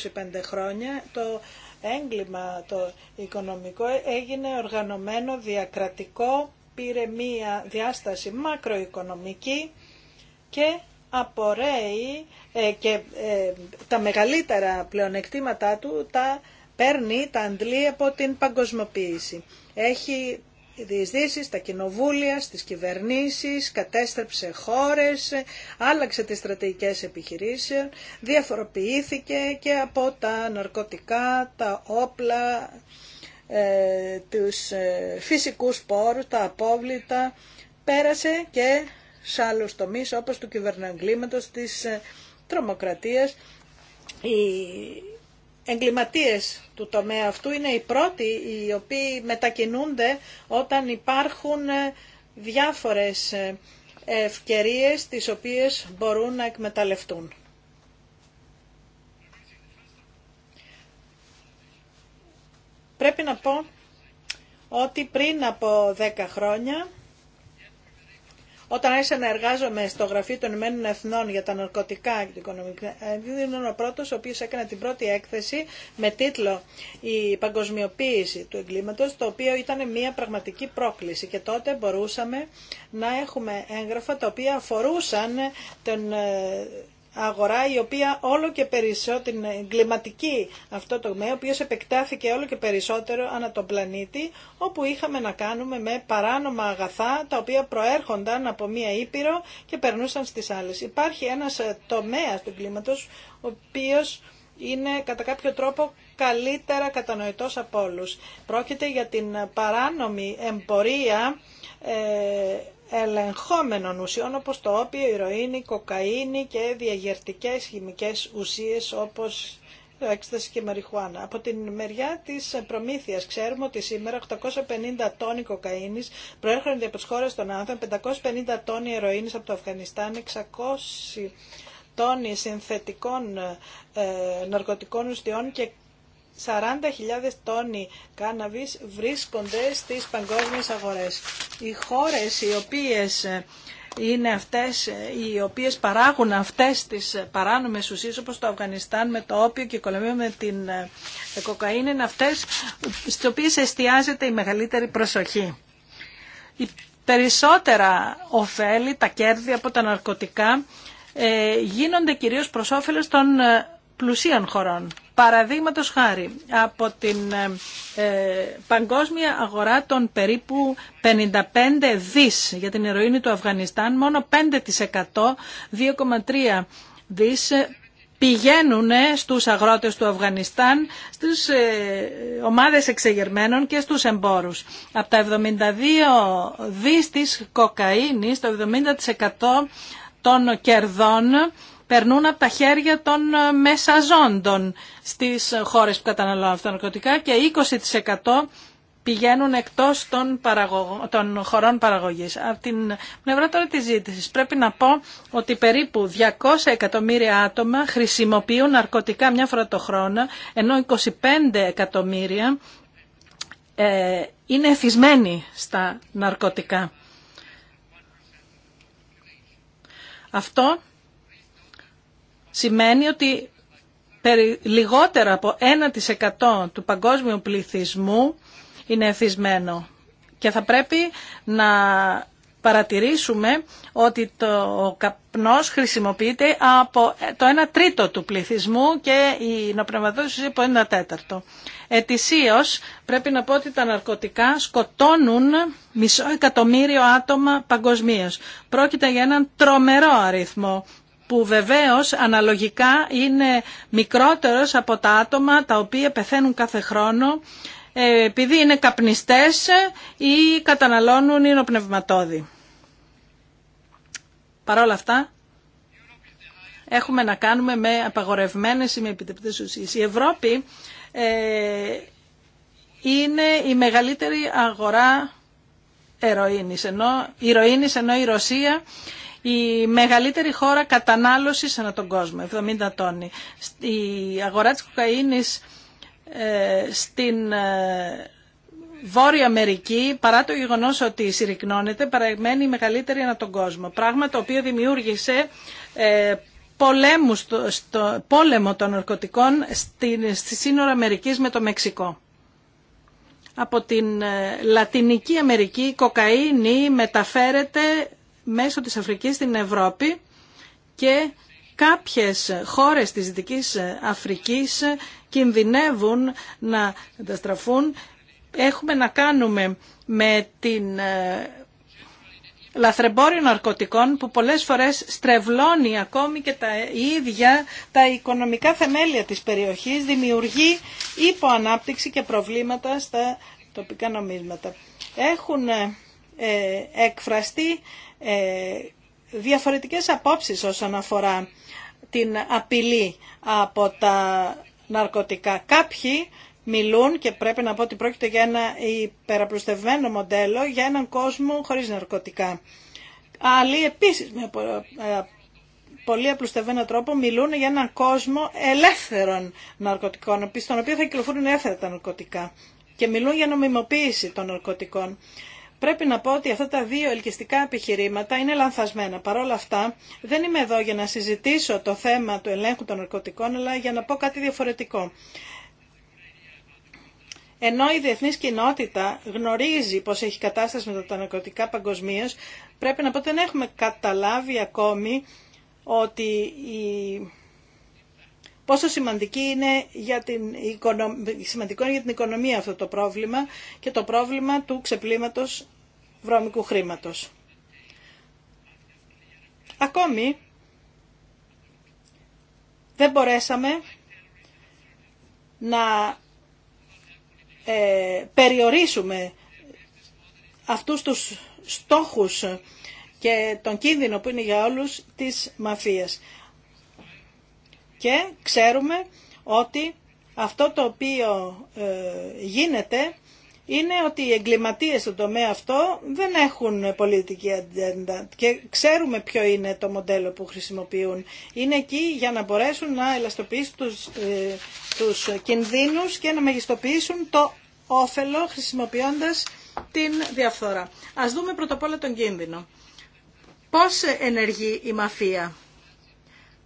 χρόνια. Το έγκλημα το οικονομικό έγινε οργανωμένο, διακρατικό, πήρε μία διάσταση μακροοικονομική και απορρέει ε, και ε, τα μεγαλύτερα πλεονεκτήματά του τα παίρνει, τα αντλεί από την παγκοσμοποίηση. Έχει τα κοινοβούλια, στις κυβερνήσεις, κατέστρεψε χώρες, άλλαξε τις στρατηγικές επιχειρήσεις, διαφοροποιήθηκε και από τα ναρκωτικά, τα όπλα, ε, τους ε, φυσικούς πόρους, τα απόβλητα, πέρασε και σε άλλους τομείς όπως του κυβερναγκλήματος, της ε, τρομοκρατίας, η εγκληματίες του τομέα αυτού είναι οι πρώτοι οι οποίοι μετακινούνται όταν υπάρχουν ε, διάφορες ε, ευκαιρίες τις οποίες μπορούν να εκμεταλλευτούν. Πρέπει να πω ότι πριν από δέκα χρόνια όταν άρχισα να εργάζομαι στο Γραφείο των Ηνωμένων Εθνών για τα Ναρκωτικά και Οικονομική Οικονομικά, ε, ήμουν ο πρώτο ο οποίο έκανε την πρώτη έκθεση με τίτλο Η παγκοσμιοποίηση του εγκλήματο, το οποίο ήταν μια πραγματική πρόκληση. Και τότε μπορούσαμε να έχουμε έγγραφα τα οποία αφορούσαν τον ε, αγορά η οποία όλο και περισσότερο, την εγκληματική αυτό το τομέα, ο οποίο επεκτάθηκε όλο και περισσότερο ανά τον πλανήτη, όπου είχαμε να κάνουμε με παράνομα αγαθά, τα οποία προέρχονταν από μία ήπειρο και περνούσαν στις άλλε. Υπάρχει ένας ε, τομέας του εγκλήματο, ο οποίος είναι κατά κάποιο τρόπο καλύτερα κατανοητός από όλους. Πρόκειται για την παράνομη εμπορία ε, ελεγχόμενων ουσιών όπως το όπιο, ηρωίνη, κοκαίνη και διαγερτικές χημικές ουσίες όπως έκσταση και μαριχουάνα. Από την μεριά της προμήθειας ξέρουμε ότι σήμερα 850 τόνοι κοκαίνης προέρχονται από τις χώρες των άνθρωπων, 550 τόνοι ηρωίνης από το Αφγανιστάν, 600 τόνοι συνθετικών ε, ναρκωτικών ουσιών και 40.000 τόνοι κάναβης βρίσκονται στις παγκόσμιες αγορές. Οι χώρες οι οποίες είναι αυτές οι οποίες παράγουν αυτές τις παράνομες ουσίες όπως το Αφγανιστάν με το όπιο και η Κολομία με την ε, ε, κοκαίνη είναι αυτές στις οποίες εστιάζεται η μεγαλύτερη προσοχή. η περισσότερα ωφέλη, τα κέρδη από τα ναρκωτικά ε, γίνονται κυρίως προς όφελος των πλουσίων χωρών. Παραδείγματο χάρη από την ε, ε, παγκόσμια αγορά των περίπου 55 δις για την ηρωίνη του Αφγανιστάν, μόνο 5%, 2,3 δις ε, πηγαίνουν στους αγρότες του Αφγανιστάν, στις ε, ομάδες εξεγερμένων και στους εμπόρους. Από τα 72 δις της κοκαίνης, το 70% των κερδών περνούν από τα χέρια των ε, μεσαζόντων στις χώρες που καταναλώνουν αυτά τα ναρκωτικά και 20% πηγαίνουν εκτός των, χωρών παραγωγής. Από την πλευρά τώρα της ζήτησης πρέπει να πω ότι περίπου 200 εκατομμύρια άτομα χρησιμοποιούν ναρκωτικά μια φορά το χρόνο, ενώ 25 εκατομμύρια ε, είναι εθισμένοι στα ναρκωτικά. Αυτό σημαίνει ότι λιγότερο από 1% του παγκόσμιου πληθυσμού είναι εθισμένο. Και θα πρέπει να παρατηρήσουμε ότι το καπνός χρησιμοποιείται από το 1 τρίτο του πληθυσμού και η νοπνευματώσεις από 1 τέταρτο. Ετησίως πρέπει να πω ότι τα ναρκωτικά σκοτώνουν μισό εκατομμύριο άτομα παγκοσμίως. Πρόκειται για έναν τρομερό αριθμό που βεβαίως αναλογικά είναι μικρότερος από τα άτομα τα οποία πεθαίνουν κάθε χρόνο ε, επειδή είναι καπνιστές ή καταναλώνουν υνοπνευματόδη. Παρ' όλα αυτά, έχουμε να κάνουμε με απαγορευμένες ή με επιτεπτές ουσίες. Η Ευρώπη ε, είναι η μεγαλύτερη αγορά ηρωίνης, ενώ η Ρωσία η μεγαλύτερη χώρα κατανάλωσης ανά τον κόσμο, 70 τόνοι. Η αγορά της κοκαίνης ε, στην ε, Βόρεια Αμερική, παρά το γεγονός ότι συρρυκνώνεται, παραμένει η μεγαλύτερη ανά τον κόσμο. Πράγμα το οποίο δημιούργησε ε, στο, πόλεμο των ναρκωτικών στη, στη σύνορα Αμερικής με το Μεξικό. Από την Λατινική Αμερική η κοκαίνη μεταφέρεται μέσω της Αφρικής στην Ευρώπη και κάποιες χώρες της Δυτικής Αφρικής κινδυνεύουν να καταστραφούν. Έχουμε να κάνουμε με την ε, λαθρεμπόριο ναρκωτικών που πολλές φορές στρεβλώνει ακόμη και τα ίδια τα οικονομικά θεμέλια της περιοχής, δημιουργεί υποανάπτυξη και προβλήματα στα τοπικά νομίσματα. Έχουν ε, ε ε, διαφορετικές απόψεις όσον αφορά την απειλή από τα ναρκωτικά. Κάποιοι μιλούν και πρέπει να πω ότι πρόκειται για ένα υπεραπλουστευμένο μοντέλο για έναν κόσμο χωρίς ναρκωτικά. Άλλοι επίσης με ε, πολύ απλουστευμένο τρόπο μιλούν για έναν κόσμο ελεύθερων ναρκωτικών, στον οποίο θα κυκλοφορούν ελεύθερα τα ναρκωτικά και μιλούν για νομιμοποίηση των ναρκωτικών. Πρέπει να πω ότι αυτά τα δύο ελκυστικά επιχειρήματα είναι λανθασμένα. Παρ' όλα αυτά, δεν είμαι εδώ για να συζητήσω το θέμα του ελέγχου των ναρκωτικών, αλλά για να πω κάτι διαφορετικό. Ενώ η διεθνής κοινότητα γνωρίζει πως έχει κατάσταση με τα ναρκωτικά παγκοσμίω, πρέπει να πω ότι δεν έχουμε καταλάβει ακόμη ότι η πόσο για την σημαντικό είναι για την οικονομία αυτό το πρόβλημα και το πρόβλημα του ξεπλήματος βρώμικου χρήματος. Ακόμη δεν μπορέσαμε να ε, περιορίσουμε αυτούς τους στόχους και τον κίνδυνο που είναι για όλους της μαφίας και ξέρουμε ότι αυτό το οποίο ε, γίνεται είναι ότι οι εγκληματίες στον τομέα αυτό δεν έχουν πολιτική ατζέντα και ξέρουμε ποιο είναι το μοντέλο που χρησιμοποιούν. Είναι εκεί για να μπορέσουν να ελαστοποιήσουν τους, ε, τους κινδύνους και να μεγιστοποιήσουν το όφελο χρησιμοποιώντας την διαφθορά. Ας δούμε πρώτα απ' όλα τον κίνδυνο. Πώς ενεργεί η μαφία.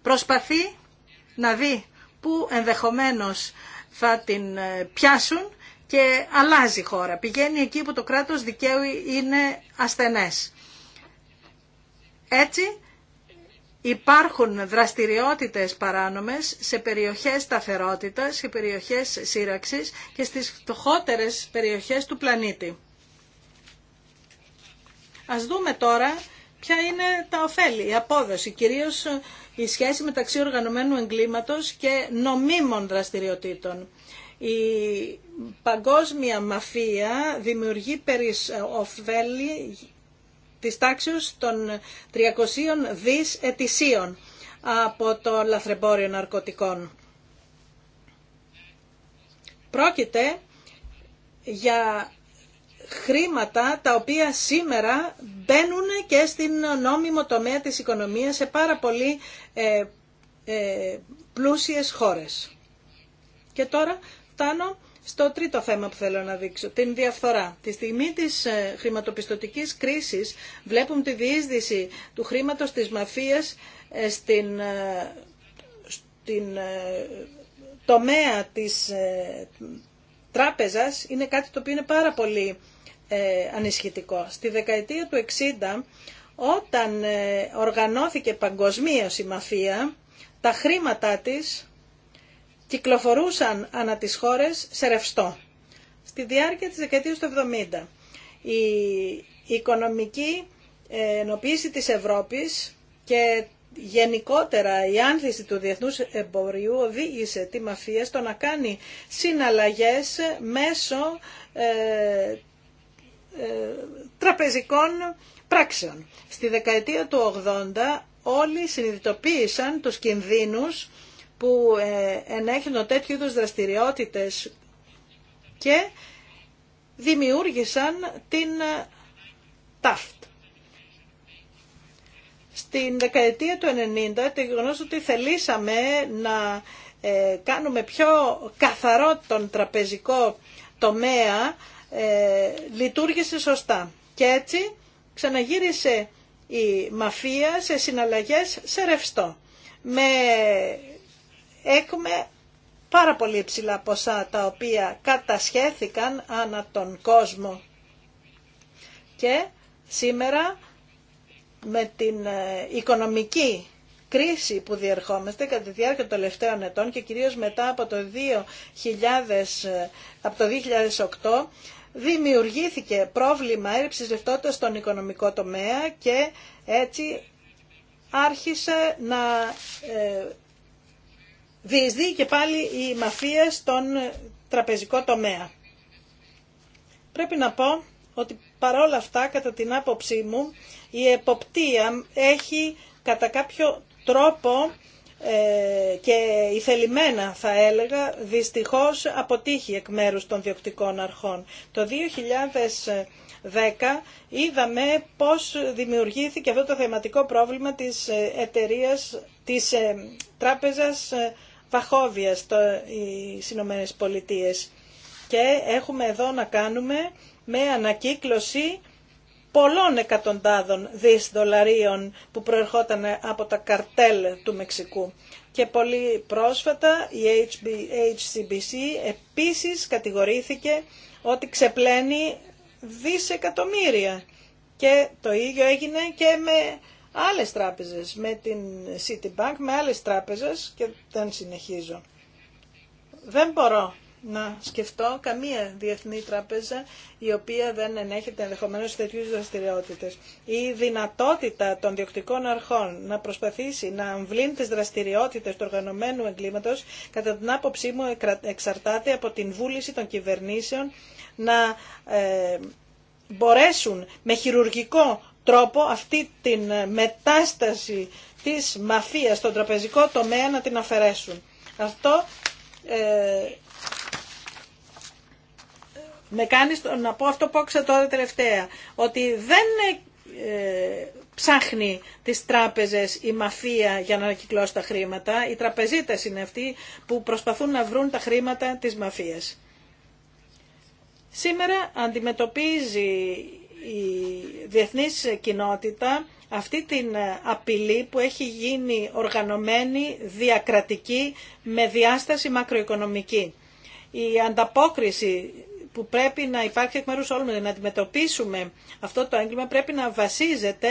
Προσπαθεί να δει που ενδεχομένως θα την ε, πιάσουν και αλλάζει η χώρα. Πηγαίνει εκεί που το κράτος δικαίου είναι ασθενές. Έτσι υπάρχουν δραστηριότητες παράνομες σε περιοχές σταθερότητας, σε περιοχές σύραξης και στις φτωχότερες περιοχές του πλανήτη. Ας δούμε τώρα ποια είναι τα ωφέλη, η απόδοση, κυρίως ε, η σχέση μεταξύ οργανωμένου εγκλήματος και νομίμων δραστηριοτήτων. Η παγκόσμια μαφία δημιουργεί περί ωφέλη της τάξης των 300 δις ετησίων από το λαθρεμπόριο ναρκωτικών. Πρόκειται για χρήματα τα οποία σήμερα μπαίνουν και στην νόμιμο τομέα της οικονομίας σε πάρα πολύ ε, ε, πλούσιες χώρες. Και τώρα φτάνω στο τρίτο θέμα που θέλω να δείξω, την διαφθορά. Τη στιγμή της ε, χρηματοπιστωτικής κρίσης βλέπουμε τη διείσδυση του χρήματος της μαφίας ε, στην, ε, στην τομέα της τράπεζας είναι κάτι το οποίο είναι πάρα πολύ ε, Στη δεκαετία του 60 όταν ε, οργανώθηκε παγκοσμίως η μαφία, τα χρήματά της κυκλοφορούσαν ανά τις χώρες σε ρευστό. Στη διάρκεια της δεκαετίας του 70 η οικονομική ε, ενοποίηση της Ευρώπης και γενικότερα η άνθηση του διεθνούς εμπορίου οδήγησε τη μαφία στο να κάνει συναλλαγές μέσω ε, τραπεζικών πράξεων. Στη δεκαετία του 80 όλοι συνειδητοποίησαν τους κινδύνους που ε, ενέχουν τέτοιου είδους δραστηριότητες και δημιούργησαν την ε, ΤΑΦΤ. Στην δεκαετία του 90 το γεγονό ότι θελήσαμε να κάνουμε πιο καθαρό τον τραπεζικό τομέα ε, λειτουργήσε σωστά. Και έτσι ξαναγύρισε η μαφία σε συναλλαγές σε ρευστό. Με έχουμε πάρα πολύ ψηλά ποσά τα οποία κατασχέθηκαν ανά τον κόσμο. Και σήμερα με την ε, οικονομική κρίση που διερχόμαστε κατά τη διάρκεια των τελευταίων ετών και κυρίως μετά από το, 2000, ε, από το 2008 δημιουργήθηκε πρόβλημα έλλειψης λεφτότητας στον οικονομικό τομέα και έτσι άρχισε να ε, διεισδύει και πάλι η μαφία στον τραπεζικό τομέα. Πρέπει να πω ότι παρόλα αυτά, κατά την άποψή μου, η εποπτεία έχει κατά κάποιο τρόπο ε, και ηθελημένα θα έλεγα δυστυχώς αποτύχει εκ μέρους των διοκτικών αρχών. Το 2010 είδαμε πώς δημιουργήθηκε αυτό το θεματικό πρόβλημα της ε, εταιρείας της ε, τράπεζας Βαχόβιας οι συνωμένες Πολιτείες. Και έχουμε εδώ να κάνουμε με ανακύκλωση πολλών εκατοντάδων δις δολαρίων που προερχόταν από τα καρτέλ του Μεξικού. Και πολύ πρόσφατα η HCBC επίσης κατηγορήθηκε ότι ξεπλένει δισεκατομμύρια. Και το ίδιο έγινε και με άλλες τράπεζες, με την Citibank, με άλλες τράπεζες και δεν συνεχίζω. Δεν μπορώ να σκεφτώ καμία διεθνή τράπεζα η οποία δεν ενέχεται ενδεχομένω τέτοιου δραστηριότητε. Η δυνατότητα των διοκτικών αρχών να προσπαθήσει να αμβλύνει τι δραστηριότητε του οργανωμένου εγκλήματο, κατά την άποψή μου, εξαρτάται από την βούληση των κυβερνήσεων να ε, μπορέσουν με χειρουργικό τρόπο αυτή την μετάσταση της μαφίας στον τραπεζικό τομέα να την αφαιρέσουν. Αυτό ε, με κάνεις να πω αυτό που άκουσα τώρα τελευταία, ότι δεν ε, ψάχνει τις τράπεζες η μαφία για να ανακυκλώσει τα χρήματα. Οι τραπεζίτες είναι αυτοί που προσπαθούν να βρουν τα χρήματα της μαφίας. Σήμερα αντιμετωπίζει η διεθνής κοινότητα αυτή την απειλή που έχει γίνει οργανωμένη, διακρατική, με διάσταση μακροοικονομική. Η ανταπόκριση που πρέπει να υπάρχει εκ μέρους όλων, δηλαδή να αντιμετωπίσουμε αυτό το έγκλημα, πρέπει να βασίζεται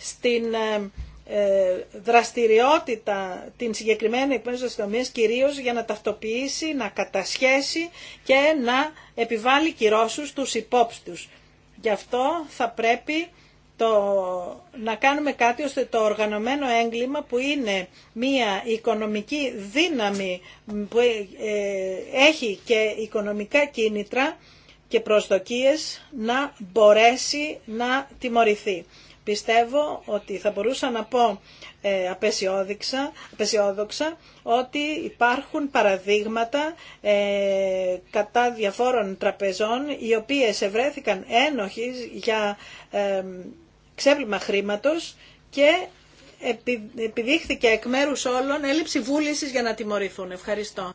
στην ε, ε, δραστηριότητα την συγκεκριμένη εκ μέρους της κυρίως για να ταυτοποιήσει, να κατασχέσει και να επιβάλλει κυρώσους τους υπόψη τους. Γι' αυτό θα πρέπει να κάνουμε κάτι ώστε το οργανωμένο έγκλημα που είναι μια οικονομική δύναμη που ε, έχει και οικονομικά κίνητρα και προσδοκίες να μπορέσει να τιμωρηθεί. Πιστεύω ότι θα μπορούσα να πω ε, απεσιόδοξα ότι υπάρχουν παραδείγματα ε, κατά διαφόρων τραπεζών οι οποίες ευρέθηκαν ένοχοι για ε, ξέπλυμα χρήματος και επιδείχθηκε εκ μέρους όλων έλλειψη βούλησης για να
τιμωρηθούν. Ευχαριστώ.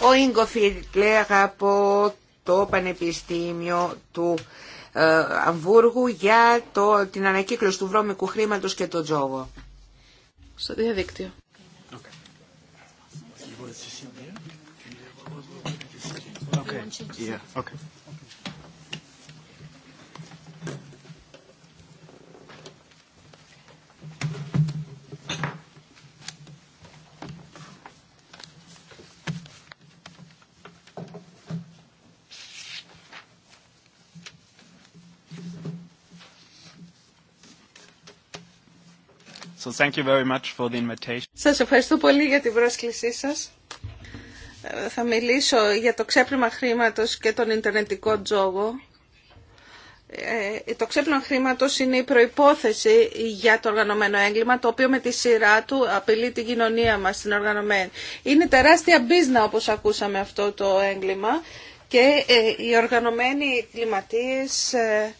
Ο Ίγκο λέει, από το Πανεπιστήμιο του ε, Αμβούργου για το, την ανακύκλωση του βρώμικου χρήματος και το τζόγο. Στο διαδίκτυο.
Okay. So thank you very much for the invitation.
Σας ευχαριστώ πολύ για την πρόσκλησή σας. Ε, θα μιλήσω για το ξέπλυμα χρήματος και τον Ιντερνετικό τζόγο. Ε, το ξέπλυμα χρήματος είναι η προϋπόθεση για το οργανωμένο έγκλημα, το οποίο με τη σειρά του απειλεί την κοινωνία μας, την οργανωμένη. Είναι τεράστια μπίζνα όπως ακούσαμε αυτό το έγκλημα και ε, οι οργανωμένοι κλιματίες... Ε,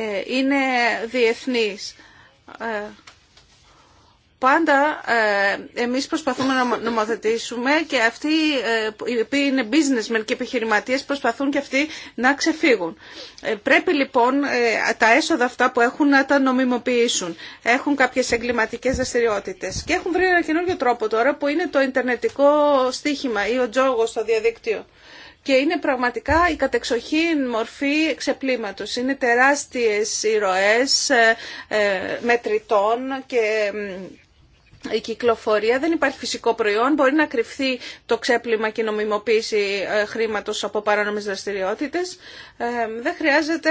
Ε, είναι διεθνής. Ε, πάντα ε, εμείς προσπαθούμε να νομοθετήσουμε και αυτοί οι οποίοι είναι businessmen και επιχειρηματίες προσπαθούν και αυτοί να ξεφύγουν. Πρέπει λοιπόν τα έσοδα αυτά που έχουν να τα νομιμοποιήσουν. Έχουν κάποιες εγκληματικές δραστηριότητε. και έχουν βρει ένα καινούργιο τρόπο τώρα που είναι το ιντερνετικό στοίχημα ή ο τζόγος στο διαδίκτυο και είναι πραγματικά η κατεξοχήν μορφή εξεπλήματος. Είναι τεράστιες οι ροές ε, ε, μετρητών και η κυκλοφορία, δεν υπάρχει φυσικό προϊόν, μπορεί να κρυφθεί το ξέπλυμα και η νομιμοποίηση ε, χρήματος από παράνομες δραστηριότητες. Δεν χρειάζεται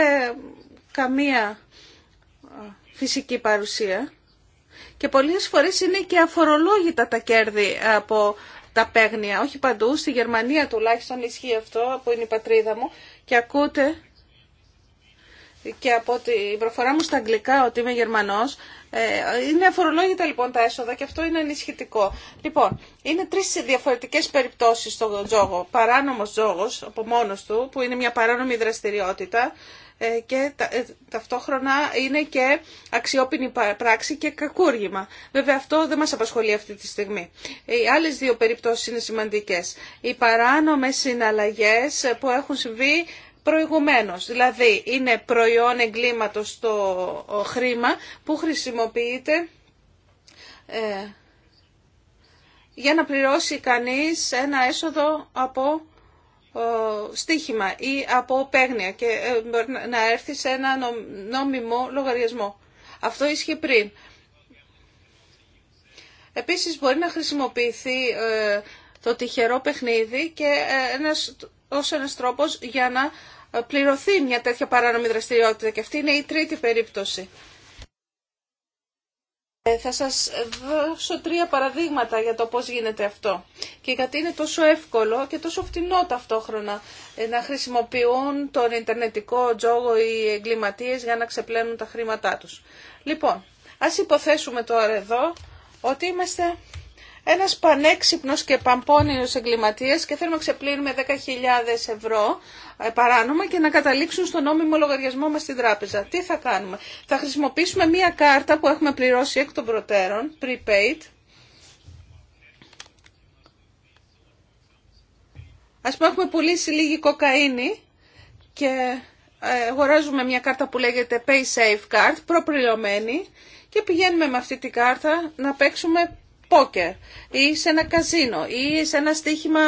καμία φυσική παρουσία. Και πολλές φορές είναι και αφορολόγητα τα κέρδη από τα παίγνια. Όχι παντού, στη Γερμανία τουλάχιστον ισχύει αυτό που είναι η πατρίδα μου και ακούτε και από την προφορά μου στα αγγλικά ότι είμαι Γερμανός, ε, είναι αφορολόγητα λοιπόν τα έσοδα και αυτό είναι ενισχυτικό. Λοιπόν, είναι τρεις διαφορετικές περιπτώσεις στον τζόγο. Παράνομος τζόγος από μόνος του, που είναι μια παράνομη δραστηριότητα, ε, και ε, ταυτόχρονα είναι και αξιόπινη πράξη και κακούργημα. Βέβαια αυτό δεν μας απασχολεί αυτή τη στιγμή. Οι άλλες δύο περιπτώσεις είναι σημαντικές. Οι παράνομες συναλλαγές που έχουν συμβεί προηγουμένως. Δηλαδή είναι προϊόν εγκλήματος το χρήμα που χρησιμοποιείται ε, για να πληρώσει κανείς ένα έσοδο από στοίχημα ή από παίγνια και ε, μπορεί να έρθει σε ένα νόμιμο λογαριασμό. Αυτό ίσχυε πριν. Επίσης μπορεί να χρησιμοποιηθεί ε, το τυχερό παιχνίδι και ε, ένας, ως ένας τρόπος για να πληρωθεί μια τέτοια παράνομη δραστηριότητα και αυτή είναι η τρίτη περίπτωση. Ε, θα σας δώσω τρία παραδείγματα για το πώς γίνεται αυτό. Και γιατί είναι τόσο εύκολο και τόσο φτηνό ταυτόχρονα ε, να χρησιμοποιούν τον Ιντερνετικό τζόγο οι εγκληματίες για να ξεπλένουν τα χρήματά τους. Λοιπόν, ας υποθέσουμε τώρα εδώ ότι είμαστε ένας πανέξυπνος και παμπώνιος εγκληματίας και θέλουμε να ξεπλύνουμε 10.000 ευρώ ε, παράνομα και να καταλήξουν στον νόμιμο λογαριασμό μας στην τράπεζα. Τι θα κάνουμε. Θα χρησιμοποιήσουμε μία κάρτα που έχουμε πληρώσει εκ των προτέρων, prepaid, Ας πούμε έχουμε πουλήσει λίγη κοκαίνη και ε, αγοράζουμε μια κάρτα που λέγεται Pay Safe Card, προπληρωμένη και πηγαίνουμε με αυτή την κάρτα να παίξουμε πόκερ ή σε ένα καζίνο ή σε ένα στοίχημα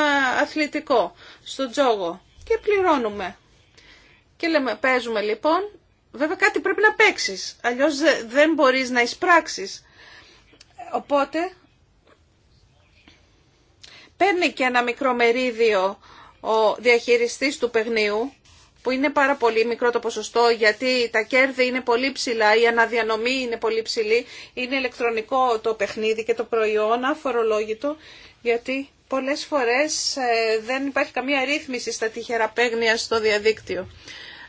αθλητικό, στο τζόγο και πληρώνουμε. Και λέμε παίζουμε λοιπόν, βέβαια κάτι πρέπει να παίξεις, αλλιώς δεν μπορείς να εισπράξεις. Οπότε παίρνει και ένα μικρό μερίδιο ο διαχειριστής του παιχνιού που είναι πάρα πολύ μικρό το ποσοστό γιατί τα κέρδη είναι πολύ ψηλά, η αναδιανομή είναι πολύ ψηλή, είναι ηλεκτρονικό το παιχνίδι και το προϊόν αφορολόγητο γιατί πολλές φορές ε, δεν υπάρχει καμία ρύθμιση στα τυχερά παίγνια στο διαδίκτυο.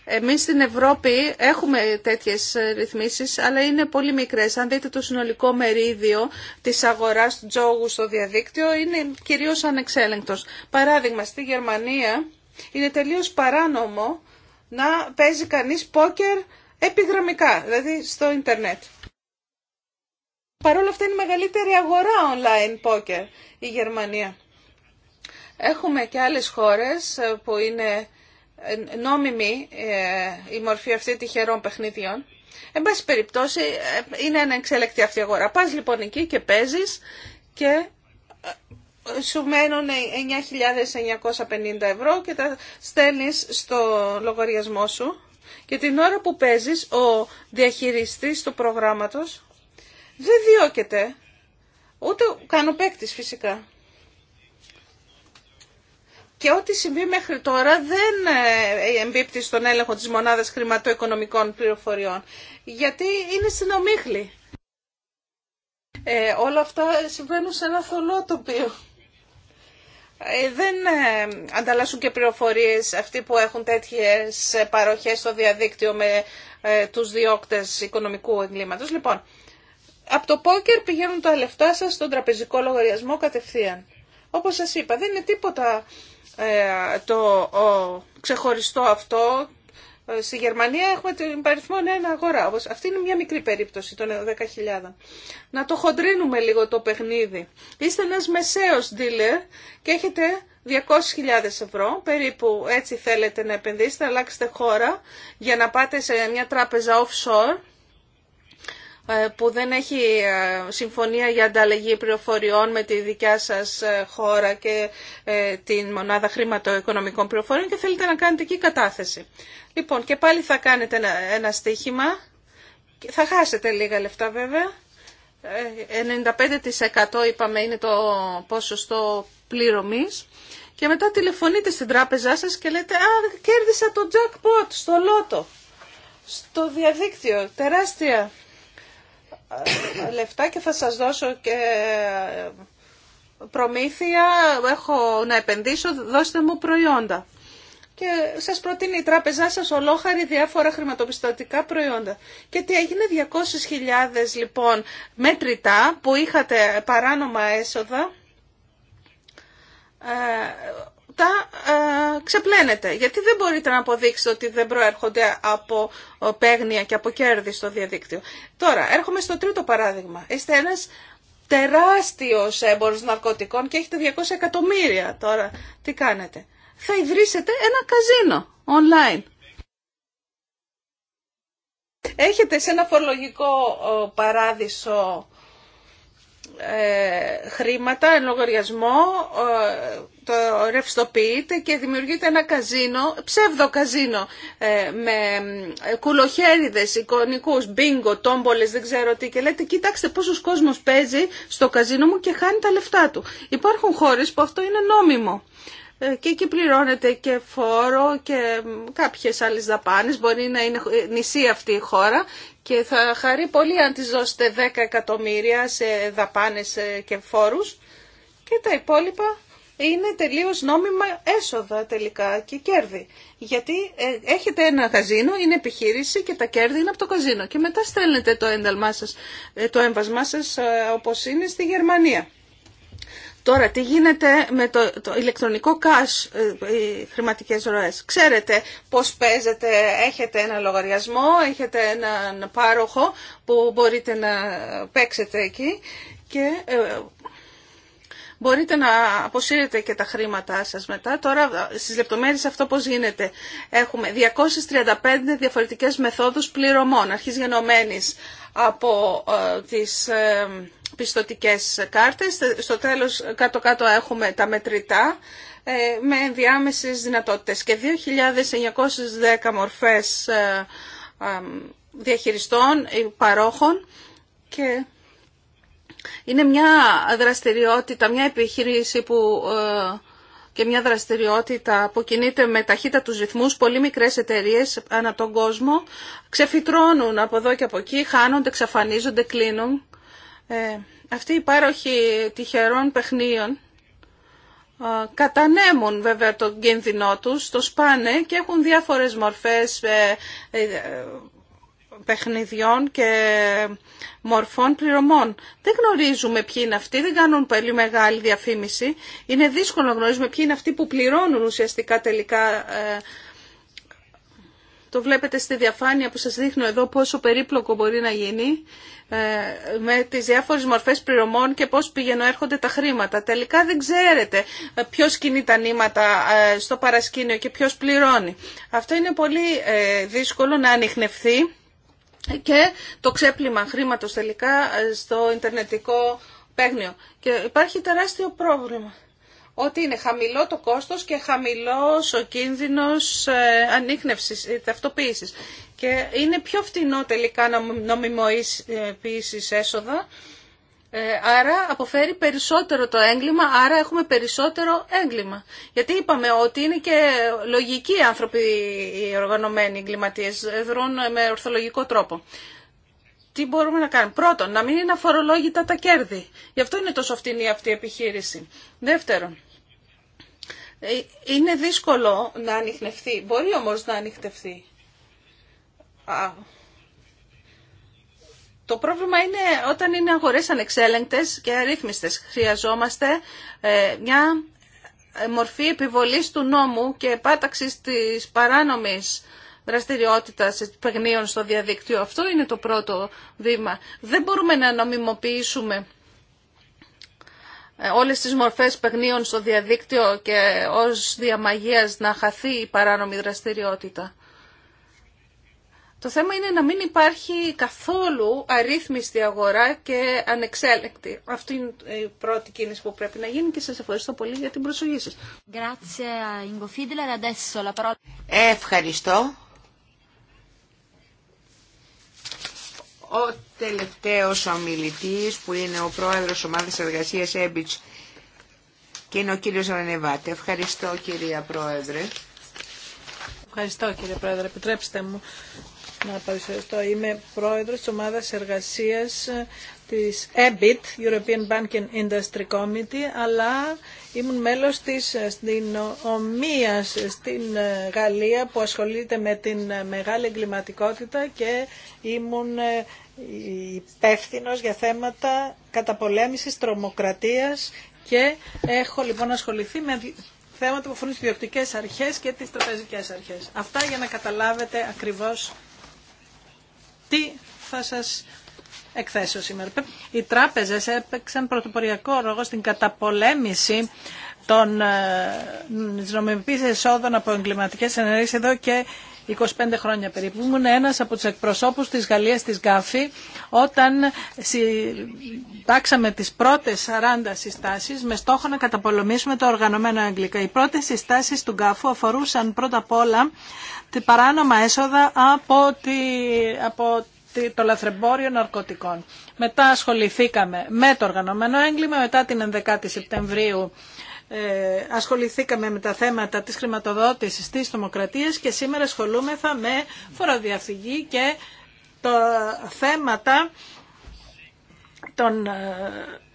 Εμείς στην Ευρώπη έχουμε τέτοιες ε, ρυθμίσεις, αλλά είναι πολύ μικρές. Αν δείτε το συνολικό μερίδιο της αγοράς τζόγου στο διαδίκτυο, είναι κυρίως ανεξέλεγκτος. Παράδειγμα, στη Γερμανία είναι τελείως παράνομο να παίζει κανείς πόκερ επιγραμμικά, δηλαδή στο ίντερνετ. Παρ' όλα αυτά είναι η μεγαλύτερη αγορά online πόκερ η Γερμανία. Έχουμε και άλλες χώρες που είναι νόμιμη ε, η μορφή αυτή τυχερών παιχνιδιών. Εν πάση περιπτώσει ε, είναι εξέλεκτη αυτή αγορά. Πας λοιπόν εκεί και παίζεις και ε, σου μένουν 9.950 ευρώ και τα στέλνεις στο λογαριασμό σου και την ώρα που παίζεις ο διαχειριστής του προγράμματος δεν διώκεται ούτε καν φυσικά. Και ό,τι συμβεί μέχρι τώρα δεν ε, ε, εμπίπτει στον έλεγχο της μονάδας χρηματοοικονομικών πληροφοριών, γιατί είναι στην ομίχλη. Ε, όλα αυτά συμβαίνουν σε ένα θολό τοπίο. Ε, δεν ε, ανταλλάσσουν και πληροφορίες αυτοί που έχουν τέτοιες παροχές στο διαδίκτυο με ε, τους διώκτες οικονομικού εγκλήματος. Λοιπόν, από το πόκερ πηγαίνουν τα λεφτά σας στον τραπεζικό λογαριασμό κατευθείαν. Όπως σας είπα, δεν είναι τίποτα το ξεχωριστό αυτό ε, στη Γερμανία έχουμε την παριθμόν ένα αγορά. αυτή είναι μια μικρή περίπτωση των 10.000. Να το χοντρίνουμε λίγο το παιχνίδι. Είστε ένας μεσαίος dealer και έχετε 200.000 ευρώ, περίπου έτσι θέλετε να επενδύσετε, να αλλάξετε χώρα για να πάτε σε μια τράπεζα offshore ε, που δεν έχει ε, συμφωνία για ανταλλαγή πληροφοριών με τη δικιά σας ε, χώρα και την μονάδα χρηματοοικονομικών πληροφοριών και θέλετε να κάνετε εκεί κατάθεση. Λοιπόν, και πάλι θα κάνετε ένα στοίχημα, θα χάσετε λίγα λεφτά βέβαια, 95% είπαμε είναι το ποσοστό πληρωμής και μετά τηλεφωνείτε στην τράπεζά σας και λέτε «Α, κέρδισα το jackpot στο λότο, στο διαδίκτυο, τεράστια λεφτά και θα σας δώσω και προμήθεια, έχω να επενδύσω, δώστε μου προϊόντα. Και σας προτείνει η τράπεζά σας ολόχαρη διάφορα χρηματοπιστωτικά προϊόντα. Και τι έγινε, 200.000 λοιπόν μέτρητά που είχατε παράνομα έσοδα, ε, τα ε, ξεπλένετε. Γιατί δεν μπορείτε να αποδείξετε ότι δεν προέρχονται από παίγνια και από κέρδη στο διαδίκτυο. Τώρα, έρχομαι στο τρίτο παράδειγμα. Είστε ένας τεράστιος έμπορος ναρκωτικών και έχετε 200 εκατομμύρια τώρα. Τι κάνετε. Θα ιδρύσετε ένα καζίνο online. Έχετε σε ένα φορολογικό παράδεισο ε, χρήματα, λογαριασμό, ε, ρευστοποιείται και δημιουργείται ένα καζίνο, ψεύδο καζίνο, ε, με ε, κουλοχέριδες, εικονικούς, μπίνγκο, τόμπολες, δεν ξέρω τι και λέτε κοίταξτε πόσος κόσμος παίζει στο καζίνο μου και χάνει τα λεφτά του. Υπάρχουν χώρες που αυτό είναι νόμιμο ε, και εκεί πληρώνεται και φόρο και κάποιες άλλες δαπάνες. Μπορεί να είναι νησί αυτή η χώρα και θα χαρεί πολύ αν της δώσετε 10 εκατομμύρια σε δαπάνες και φόρους και τα υπόλοιπα είναι τελείως νόμιμα έσοδα τελικά και κέρδη. Γιατί ε, έχετε ένα καζίνο, είναι επιχείρηση και τα κέρδη είναι από το καζίνο. Και μετά στέλνετε το ένταλμά ε, το έμβασμά σας ε, όπως είναι στη Γερμανία. Τώρα, τι γίνεται με το, το ηλεκτρονικό cash, οι χρηματικές ροές. Ξέρετε πώς παίζετε, έχετε ένα λογαριασμό, έχετε έναν πάροχο που μπορείτε να παίξετε εκεί και μπορείτε να αποσύρετε και τα χρήματά σας μετά. Τώρα στις λεπτομέρειες αυτό πώς γίνεται. Έχουμε 235 διαφορετικές μεθόδους πληρωμών, αρχής γενομένης από ε, τις ε, πιστοτικές κάρτες. Στο τέλος κάτω-κάτω έχουμε τα μετρητά ε, με ενδιάμεσες δυνατότητες και 2.910 μορφές διαχειριστών, παρόχων και είναι μια δραστηριότητα, μια επιχείρηση που ε, και μια δραστηριότητα που κινείται με ταχύτητα τους ρυθμούς, πολύ μικρές εταιρείες ανά τον κόσμο, ξεφυτρώνουν από εδώ και από εκεί, χάνονται, εξαφανίζονται, κλείνουν. Ε, αυτή η τυχερών παιχνίων ε, κατανέμουν βέβαια τον κίνδυνό τους, το σπάνε και έχουν διάφορες μορφές ε, παιχνιδιών και μορφών πληρωμών. Δεν γνωρίζουμε ποιοι είναι αυτοί, δεν κάνουν πολύ μεγάλη διαφήμιση. Είναι δύσκολο να γνωρίζουμε ποιοι είναι αυτοί που πληρώνουν ουσιαστικά τελικά. Ε, το βλέπετε στη διαφάνεια που σας δείχνω εδώ πόσο περίπλοκο μπορεί να γίνει ε, με τις διάφορες μορφές πληρωμών και πώς πηγαίνουν έρχονται τα χρήματα. Τελικά δεν ξέρετε ε, ποιος κινεί τα νήματα στο παρασκήνιο και ποιος πληρώνει. Αυτό είναι πολύ δύσκολο να ανοιχνευθεί και το ξέπλυμα χρήματος τελικά ε, στο Ιντερνετικό παίγνιο. Και υπάρχει τεράστιο πρόβλημα ότι είναι χαμηλό το κόστος και χαμηλός ο κίνδυνος ε, ανείχνευσης, ε, ταυτοποίησης. Και είναι πιο φτηνό τελικά να νομιμοποιήσεις έσοδα ε, άρα αποφέρει περισσότερο το έγκλημα, άρα έχουμε περισσότερο έγκλημα. Γιατί είπαμε ότι είναι και λογικοί άνθρωποι οι οργανωμένοι εγκληματίες, δρούν με ορθολογικό τρόπο. Τι μπορούμε να κάνουμε. Πρώτον, να μην είναι αφορολόγητα τα κέρδη. Γι' αυτό είναι τόσο φτηνή αυτή η επιχείρηση. Δεύτερον, ε, είναι δύσκολο να ανοιχνευτεί. Μπορεί όμως να ανοιχνευτεί. Το πρόβλημα είναι όταν είναι αγορές ανεξέλεγκτες και αρρύθμιστες. Χρειαζόμαστε ε, μια μορφή επιβολής του νόμου και επάταξης της παράνομης δραστηριότητας παιγνίων στο διαδίκτυο. Αυτό είναι το πρώτο βήμα. Δεν μπορούμε να νομιμοποιήσουμε ε, όλες τις μορφές παιγνίων στο διαδίκτυο και ως διαμαγείας να χαθεί η παράνομη δραστηριότητα. Το θέμα είναι να μην υπάρχει καθόλου αρρύθμιστη αγορά και ανεξέλεκτη. Αυτή είναι η πρώτη κίνηση που πρέπει να γίνει και σας ευχαριστώ πολύ για την προσοχή σας. Ευχαριστώ.
Ο τελευταίος ομιλητής που είναι ο πρόεδρος ομάδας εργασίας Έμπιτς και είναι ο κύριος Ρανεβάτη. Ευχαριστώ κυρία πρόεδρε.
Ευχαριστώ κύριε Πρόεδρε. Επιτρέψτε μου να παρουσιαστώ. Είμαι πρόεδρος της ομάδας εργασίας της EBIT, European Banking Industry Committee, αλλά ήμουν μέλος της στην ομίας στην Γαλλία που ασχολείται με την μεγάλη εγκληματικότητα και ήμουν υπεύθυνο για θέματα καταπολέμησης τρομοκρατίας και έχω λοιπόν ασχοληθεί με θέματα που αφορούν τι διοκτικέ αρχές και τις τραπεζικέ αρχές. Αυτά για να καταλάβετε ακριβώ τι θα σας εκθέσω σήμερα. Οι τράπεζες έπαιξαν πρωτοποριακό ρόλο στην καταπολέμηση των ε, νομιμοποίησης εσόδων από εγκληματικές ενέργειες εδώ και 25 χρόνια περίπου. Ήμουν ένας από τους εκπροσώπους της Γαλλίας της ΓΑΦΗ όταν συντάξαμε τις πρώτες 40 συστάσεις με στόχο να καταπολεμήσουμε το οργανωμένο έγκλημα. Οι πρώτες συστάσεις του Γκάφου αφορούσαν πρώτα απ' όλα την παράνομα έσοδα από, τη, από το λαθρεμπόριο ναρκωτικών. Μετά ασχοληθήκαμε με το οργανωμένο έγκλημα, μετά την 11η Σεπτεμβρίου ε, ασχοληθήκαμε με τα θέματα της χρηματοδότησης της δημοκρατίας και σήμερα ασχολούμεθα με φοροδιαφυγή και τα θέματα των ε,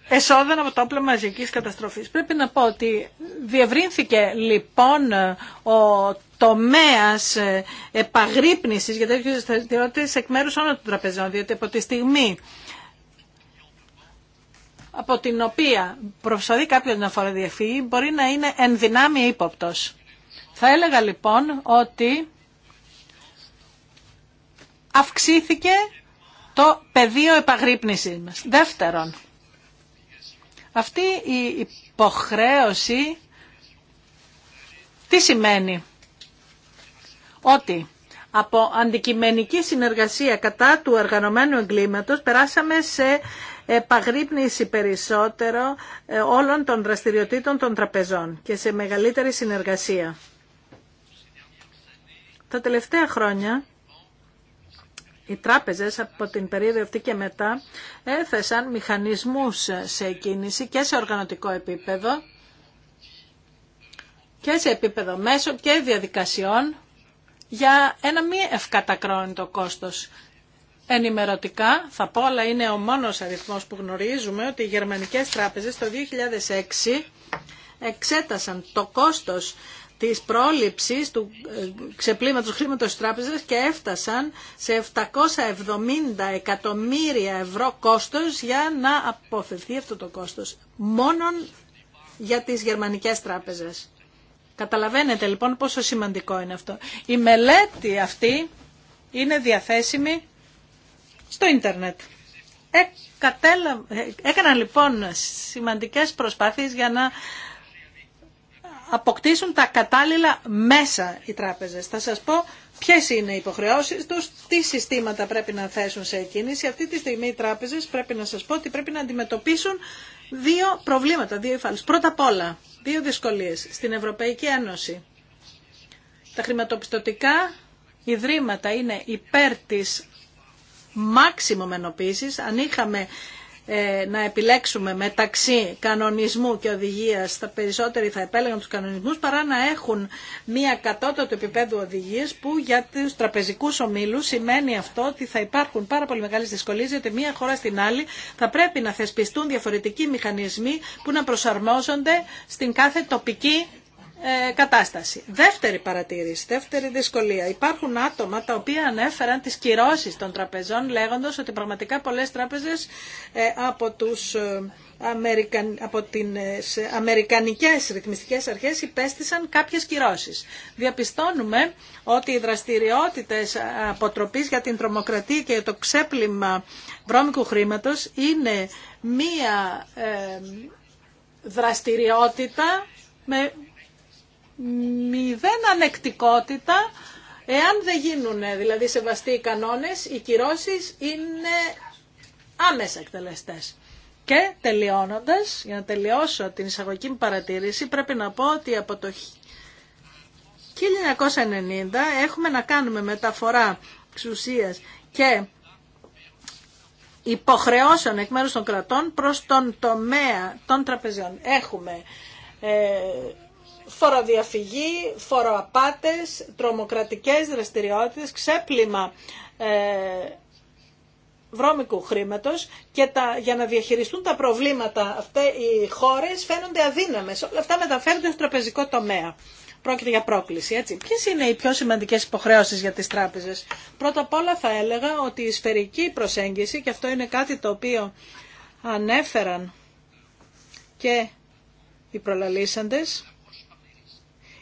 εσόδων από το όπλο μαζικής καταστροφής. Πρέπει να πω ότι διευρύνθηκε λοιπόν ο τομέας ε, επαγρύπνησης για τέτοιες δραστηριότητες εκ μέρους όλων των τραπεζών, διότι από τη στιγμή από την οποία προσπαθεί κάποιο να φοροδιαφύγει μπορεί να είναι εν δυνάμει Θα έλεγα λοιπόν ότι αυξήθηκε το πεδίο επαγρύπνηση μας. Δεύτερον, αυτή η υποχρέωση τι σημαίνει. Ότι από αντικειμενική συνεργασία κατά του οργανωμένου εγκλήματος περάσαμε σε επαγρύπνηση περισσότερο ε, όλων των δραστηριοτήτων των τραπεζών και σε μεγαλύτερη συνεργασία. Τα τελευταία χρόνια οι τράπεζες από την περίοδο αυτή και μετά έθεσαν μηχανισμούς σε κίνηση και σε οργανωτικό επίπεδο και σε επίπεδο μέσων και διαδικασιών για ένα μη ευκατακρόνητο κόστος ενημερωτικά θα πω, αλλά είναι ο μόνος αριθμός που γνωρίζουμε ότι οι γερμανικές τράπεζες το 2006 εξέτασαν το κόστος της πρόληψης του ε, ξεπλήματος χρήματος τράπεζας και έφτασαν σε 770 εκατομμύρια ευρώ κόστος για να αποφευθεί αυτό το κόστος. Μόνον για τις γερμανικές τράπεζες. Καταλαβαίνετε λοιπόν πόσο σημαντικό είναι αυτό. Η μελέτη αυτή είναι διαθέσιμη στο ίντερνετ. Ε, ε, έκαναν λοιπόν σημαντικές προσπάθειες για να αποκτήσουν τα κατάλληλα μέσα οι τράπεζες. Θα σας πω ποιες είναι οι υποχρεώσεις τους, τι συστήματα πρέπει να θέσουν σε κίνηση. Αυτή τη στιγμή οι τράπεζες πρέπει να σας πω ότι πρέπει να αντιμετωπίσουν δύο προβλήματα, δύο υφάλους. Πρώτα απ' όλα, δύο δυσκολίες στην Ευρωπαϊκή Ένωση. Τα χρηματοπιστωτικά ιδρύματα είναι υπέρ της μάξιμο ενοποίησης. Αν είχαμε ε, να επιλέξουμε μεταξύ κανονισμού και οδηγίας, τα περισσότεροι θα επέλεγαν τους κανονισμούς παρά να έχουν μία κατώτατο επίπεδο οδηγίες που για τους τραπεζικούς ομίλους σημαίνει αυτό ότι θα υπάρχουν πάρα πολύ μεγάλες δυσκολίες γιατί μία χώρα στην άλλη θα πρέπει να θεσπιστούν διαφορετικοί μηχανισμοί που να προσαρμόζονται στην κάθε τοπική ε, κατάσταση. Δεύτερη παρατήρηση, δεύτερη δυσκολία. Υπάρχουν άτομα τα οποία ανέφεραν τις κυρώσεις των τραπεζών λέγοντας ότι πραγματικά πολλές τράπεζες ε, από, τους, ε, Αμερικαν... από τις αμερικανικές ρυθμιστικές αρχές υπέστησαν κάποιες κυρώσεις. Διαπιστώνουμε ότι οι δραστηριότητες αποτροπής για την τρομοκρατία και το ξέπλυμα βρώμικου χρήματος είναι μία δραστηριότητα με μηδέν ανεκτικότητα εάν δεν γίνουν ε, δηλαδή σεβαστοί οι κανόνες, οι κυρώσεις είναι άμεσα εκτελεστές. Και τελειώνοντας, για να τελειώσω την εισαγωγική μου παρατήρηση, πρέπει να πω ότι από το 1990 έχουμε να κάνουμε μεταφορά εξουσίας και υποχρεώσεων εκ μέρους των κρατών προς τον τομέα των τραπεζιών. Έχουμε ε, φοροδιαφυγή, φοροαπάτες, τρομοκρατικές δραστηριότητες, ξέπλυμα ε, βρώμικου χρήματος και τα, για να διαχειριστούν τα προβλήματα αυτά οι χώρες φαίνονται αδύναμες. Όλα αυτά μεταφέρονται στο τραπεζικό τομέα. Πρόκειται για πρόκληση, έτσι. Ποιες είναι οι πιο σημαντικές υποχρέωσεις για τις τράπεζες. Πρώτα απ' όλα θα έλεγα ότι η σφαιρική προσέγγιση, και αυτό είναι κάτι το οποίο ανέφεραν και οι προλαλήσαντες,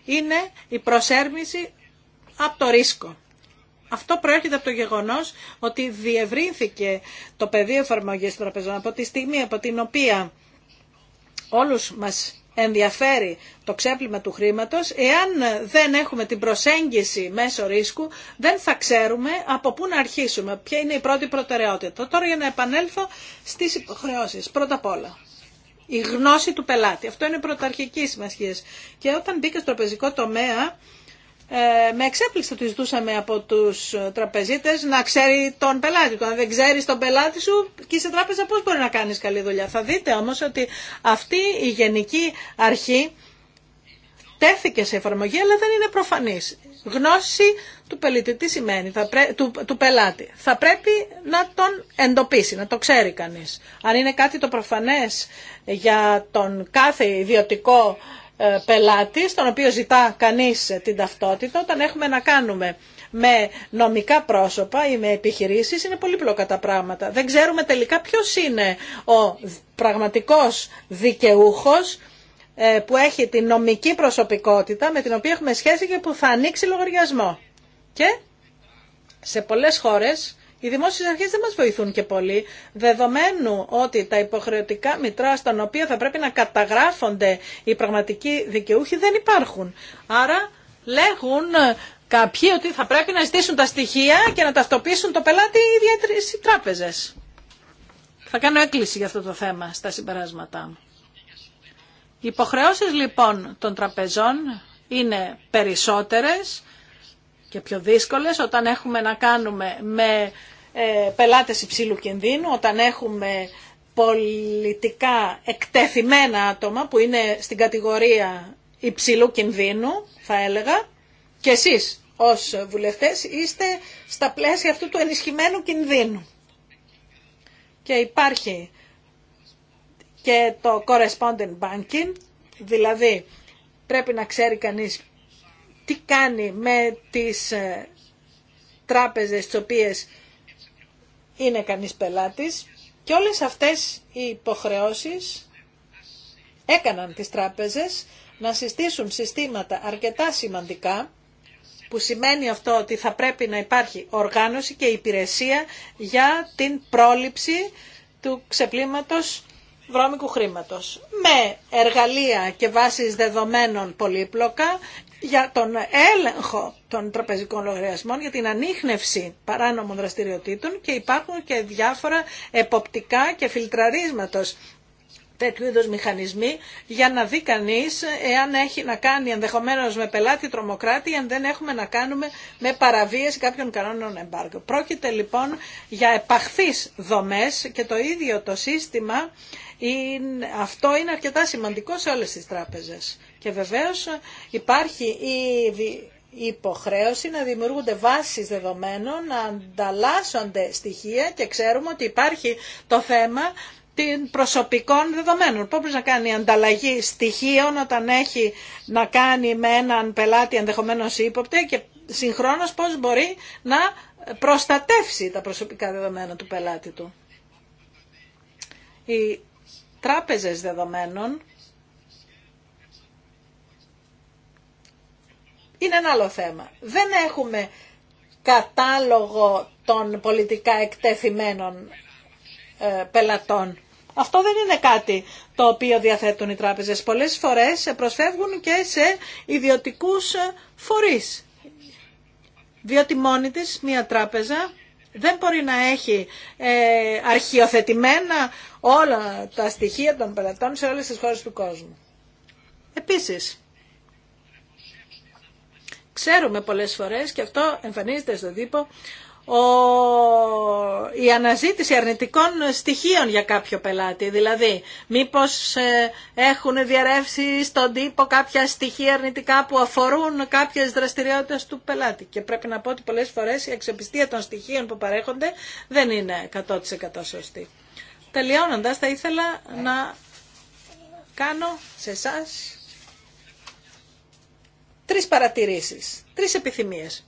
είναι η προσέρμηση από το ρίσκο. Αυτό προέρχεται από το γεγονό ότι διευρύνθηκε το πεδίο εφαρμογή των τραπεζών από τη στιγμή από την οποία όλου μα ενδιαφέρει το ξέπλυμα του χρήματος, εάν δεν έχουμε την προσέγγιση μέσω ρίσκου, δεν θα ξέρουμε από πού να αρχίσουμε, ποια είναι η πρώτη προτεραιότητα. Τώρα για να επανέλθω στις υποχρεώσεις. Πρώτα απ' όλα, η γνώση του πελάτη. Αυτό είναι πρωταρχική σημασία. Και όταν μπήκα στο τραπεζικό τομέα, ε, με εξέπληξε ότι ζητούσαμε από του τραπεζίτε να ξέρει τον πελάτη του. Αν δεν ξέρει τον πελάτη σου και σε τράπεζα, πώ μπορεί να κάνει καλή δουλειά. Θα δείτε όμω ότι αυτή η γενική αρχή τέθηκε σε εφαρμογή, αλλά δεν είναι προφανή. Γνώση του πελίτη. σημαίνει του, του πελάτη. Θα πρέπει να τον εντοπίσει, να το ξέρει κανείς. Αν είναι κάτι το προφανές για τον κάθε ιδιωτικό ε, πελάτη, στον οποίο ζητά κανείς την ταυτότητα, όταν έχουμε να κάνουμε με νομικά πρόσωπα ή με επιχειρήσεις είναι πολύπλοκα τα πράγματα. Δεν ξέρουμε τελικά ποιος είναι ο πραγματικός δικαιούχος ε, που έχει τη νομική προσωπικότητα με την οποία έχουμε σχέση και που θα ανοίξει λογαριασμό. Και σε πολλές χώρες οι δημόσιες αρχές δεν μας βοηθούν και πολύ, δεδομένου ότι τα υποχρεωτικά μητρά στον οποία θα πρέπει να καταγράφονται οι πραγματικοί δικαιούχοι δεν υπάρχουν. Άρα λέγουν ε, κάποιοι ότι θα πρέπει να ζητήσουν τα στοιχεία και να ταυτοποιήσουν το πελάτη οι τράπεζες. Θα κάνω έκκληση για αυτό το θέμα στα συμπεράσματά μου. Οι υποχρεώσεις λοιπόν των τραπεζών είναι περισσότερες και πιο δύσκολες όταν έχουμε να κάνουμε με ε, πελάτες υψηλού κινδύνου, όταν έχουμε πολιτικά εκτεθειμένα άτομα που είναι στην κατηγορία υψηλού κινδύνου, θα έλεγα, και εσείς ως βουλευτές είστε στα πλαίσια αυτού του ενισχυμένου κινδύνου. Και υπάρχει και το correspondent banking, δηλαδή πρέπει να ξέρει κανείς τι κάνει με τις ε, τράπεζες τις οποίες είναι κανείς πελάτης και όλες αυτές οι υποχρεώσεις έκαναν τις τράπεζες να συστήσουν συστήματα αρκετά σημαντικά που σημαίνει αυτό ότι θα πρέπει να υπάρχει οργάνωση και υπηρεσία για την πρόληψη του ξεπλήματος βρώμικου με εργαλεία και βάσεις δεδομένων πολύπλοκα για τον έλεγχο των τραπεζικών λογαριασμών, για την ανείχνευση παράνομων δραστηριοτήτων και υπάρχουν και διάφορα εποπτικά και φιλτραρίσματος τέτοιου είδους μηχανισμοί για να δει κανεί εάν έχει να κάνει ενδεχομένως με πελάτη τρομοκράτη αν δεν έχουμε να κάνουμε με παραβίαση κάποιων κανόνων εμπάργου. Πρόκειται λοιπόν για επαχθείς δομές και το ίδιο το σύστημα αυτό είναι αρκετά σημαντικό σε όλες τις τράπεζες. Και βεβαίως υπάρχει η η υποχρέωση να δημιουργούνται βάσεις δεδομένων, να ανταλλάσσονται στοιχεία και ξέρουμε ότι υπάρχει το θέμα την προσωπικών δεδομένων. Πώς να κάνει ανταλλαγή στοιχείων όταν έχει να κάνει με έναν πελάτη ενδεχομένως ύποπτε και συγχρόνως πώς μπορεί να προστατεύσει τα προσωπικά δεδομένα του πελάτη του. Οι τράπεζες δεδομένων είναι ένα άλλο θέμα. Δεν έχουμε κατάλογο των πολιτικά εκτεθειμένων ε, πελατών. Αυτό δεν είναι κάτι το οποίο διαθέτουν οι τράπεζες. Πολλές φορές προσφεύγουν και σε ιδιωτικούς φορείς. Διότι μόνη της μία τράπεζα δεν μπορεί να έχει ε, αρχιοθετημένα όλα τα στοιχεία των πελατών σε όλες τις χώρες του κόσμου. Επίσης, ξέρουμε πολλές φορές, και αυτό εμφανίζεται στον τύπο, ο, η αναζήτηση αρνητικών στοιχείων για κάποιο πελάτη. Δηλαδή, μήπως ε, έχουν διαρρεύσει στον τύπο κάποια στοιχεία αρνητικά που αφορούν κάποιες δραστηριότητες του πελάτη. Και πρέπει να πω ότι πολλές φορές η αξιοπιστία των στοιχείων που παρέχονται δεν είναι 100% σωστή. Τελειώνοντας, θα ήθελα να κάνω σε εσά τρεις παρατηρήσεις, τρεις επιθυμίες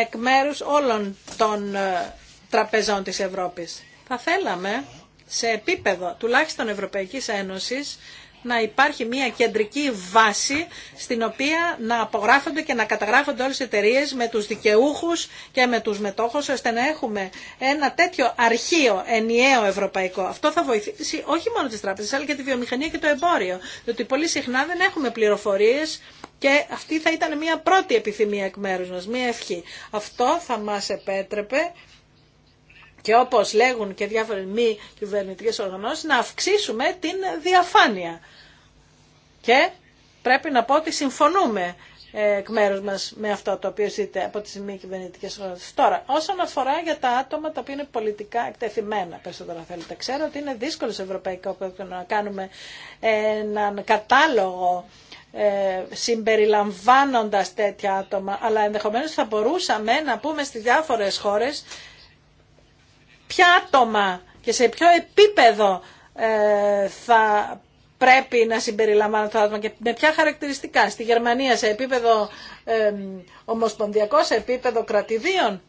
εκ μέρους όλων των ε, τραπεζών της Ευρώπης. Θα θέλαμε σε επίπεδο τουλάχιστον Ευρωπαϊκής Ένωσης να υπάρχει μια κεντρική βάση στην οποία να απογράφονται και να καταγράφονται όλες οι εταιρείες με τους δικαιούχους και με τους μετόχους ώστε να έχουμε ένα τέτοιο αρχείο ενιαίο ευρωπαϊκό. Αυτό θα βοηθήσει όχι μόνο τις τράπεζες αλλά και τη βιομηχανία και το εμπόριο. Διότι πολύ συχνά δεν έχουμε πληροφορίες και αυτή θα ήταν μια πρώτη επιθυμία εκ μέρους μας, μια ευχή. Αυτό θα μας επέτρεπε και όπως λέγουν και διάφοροι μη κυβερνητικές οργανώσεις, να αυξήσουμε την διαφάνεια. Και πρέπει να πω ότι συμφωνούμε ε, εκ μέρου μα με αυτό το οποίο ζείτε από τι μη κυβερνητικέ οργανώσει. Τώρα, όσον αφορά για τα άτομα τα οποία είναι πολιτικά εκτεθειμένα, να θέλετε, ξέρω ότι είναι δύσκολο σε ευρωπαϊκό επίπεδο να κάνουμε έναν κατάλογο ε, συμπεριλαμβάνοντας τέτοια άτομα, αλλά ενδεχομένως θα μπορούσαμε να πούμε στις διάφορες χώρες ποια άτομα και σε ποιο επίπεδο ε, θα πρέπει να συμπεριλαμβάνονται άτομα και με ποια χαρακτηριστικά. Στη Γερμανία σε επίπεδο ε, ομοσπονδιακό, σε επίπεδο κρατηδίων.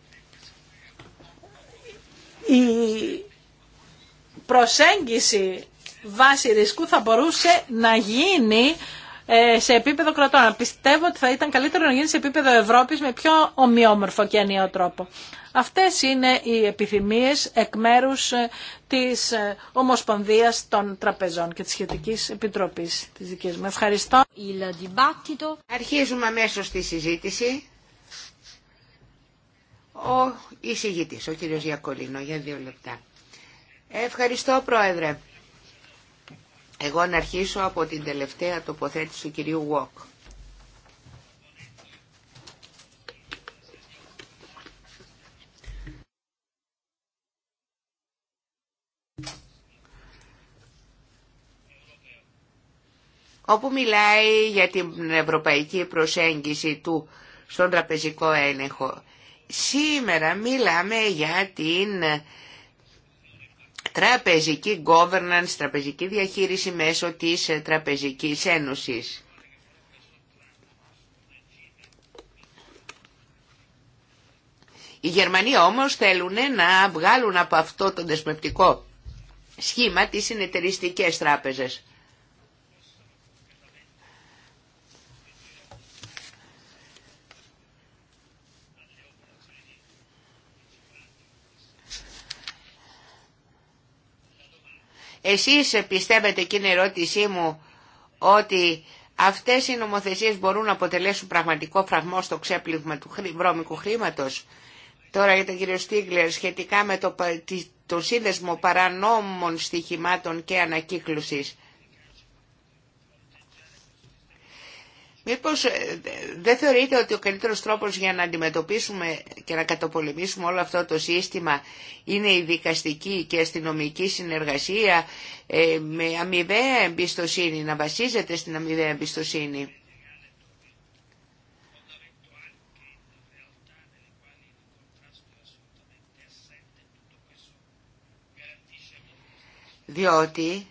Η προσέγγιση βάση ρισκού θα μπορούσε να γίνει ε, σε επίπεδο κρατών. Πιστεύω ότι θα ήταν καλύτερο να γίνει σε επίπεδο Ευρώπης με πιο ομοιόμορφο και ενιαίο τρόπο. Αυτές είναι οι επιθυμίες εκ μέρους ε, της ε, Ομοσπονδίας των Τραπεζών και της Σχετικής Επιτροπής της δικής μου. Ευχαριστώ.
Αρχίζουμε αμέσω τη συζήτηση. Ο εισηγητής, ο κύριος Γιακολίνο, για δύο λεπτά. Ευχαριστώ, Πρόεδρε. Εγώ να αρχίσω από την τελευταία τοποθέτηση του κυρίου Βόκ. όπου μιλάει για την ευρωπαϊκή προσέγγιση του στον τραπεζικό έλεγχο. Σήμερα μιλάμε για την τραπεζική governance, τραπεζική διαχείριση μέσω της ε, Τραπεζικής Ένωσης. Οι Γερμανοί όμως θέλουν να βγάλουν από αυτό το δεσμευτικό σχήμα τις συνεταιριστικές τράπεζες. Εσείς πιστεύετε και είναι ερώτησή μου ότι αυτές οι νομοθεσίες μπορούν να αποτελέσουν πραγματικό φραγμό στο ξέπλυγμα του βρώμικου χρήματος. Τώρα για τον κύριο Στίγκλερ σχετικά με το, σύνδεσμο παρανόμων στοιχημάτων και ανακύκλωσης. Μήπως ε, δεν θεωρείτε ότι ο καλύτερος τρόπος για να αντιμετωπίσουμε και να καταπολεμήσουμε όλο αυτό το σύστημα είναι η δικαστική και αστυνομική συνεργασία ε, με αμοιβαία εμπιστοσύνη, να βασίζεται στην αμοιβαία εμπιστοσύνη. Διότι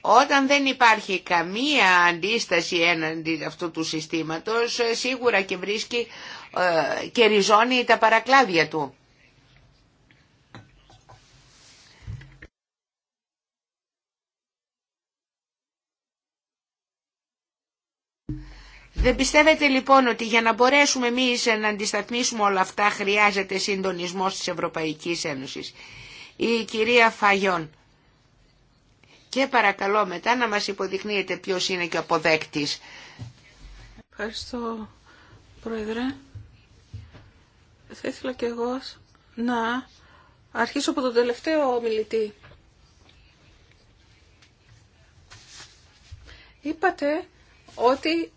όταν δεν υπάρχει καμία αντίσταση έναντι αυτού του συστήματος, ε, σίγουρα και βρίσκει ε, και ριζώνει τα παρακλάδια του. Δεν πιστεύετε λοιπόν ότι για να μπορέσουμε εμείς να αντισταθμίσουμε όλα αυτά χρειάζεται συντονισμός της Ευρωπαϊκής Ένωσης. Η κυρία Φαγιόν και παρακαλώ μετά να μας υποδεικνύετε ποιος είναι και ο αποδέκτης.
Ευχαριστώ Πρόεδρε. Θα ήθελα και εγώ να αρχίσω από τον τελευταίο ομιλητή. Είπατε ότι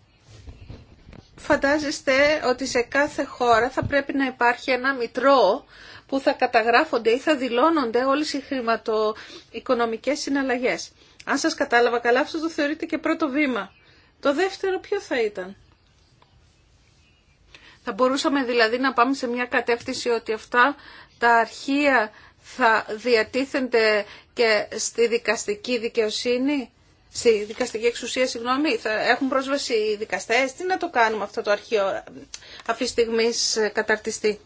φαντάζεστε ότι σε κάθε χώρα θα πρέπει να υπάρχει ένα μητρό που θα καταγράφονται ή θα δηλώνονται όλες οι χρηματοοικονομικές συναλλαγές. Αν σας κατάλαβα καλά, αυτό το θεωρείτε και πρώτο βήμα. Το δεύτερο ποιο θα ήταν. Θα μπορούσαμε δηλαδή να πάμε σε μια κατεύθυνση ότι αυτά τα αρχεία θα διατίθενται και στη δικαστική δικαιοσύνη, στη δικαστική εξουσία, συγγνώμη, θα έχουν πρόσβαση οι δικαστές. Τι να το κάνουμε αυτό το αρχείο αυτή τη στιγμή ε, καταρτιστεί.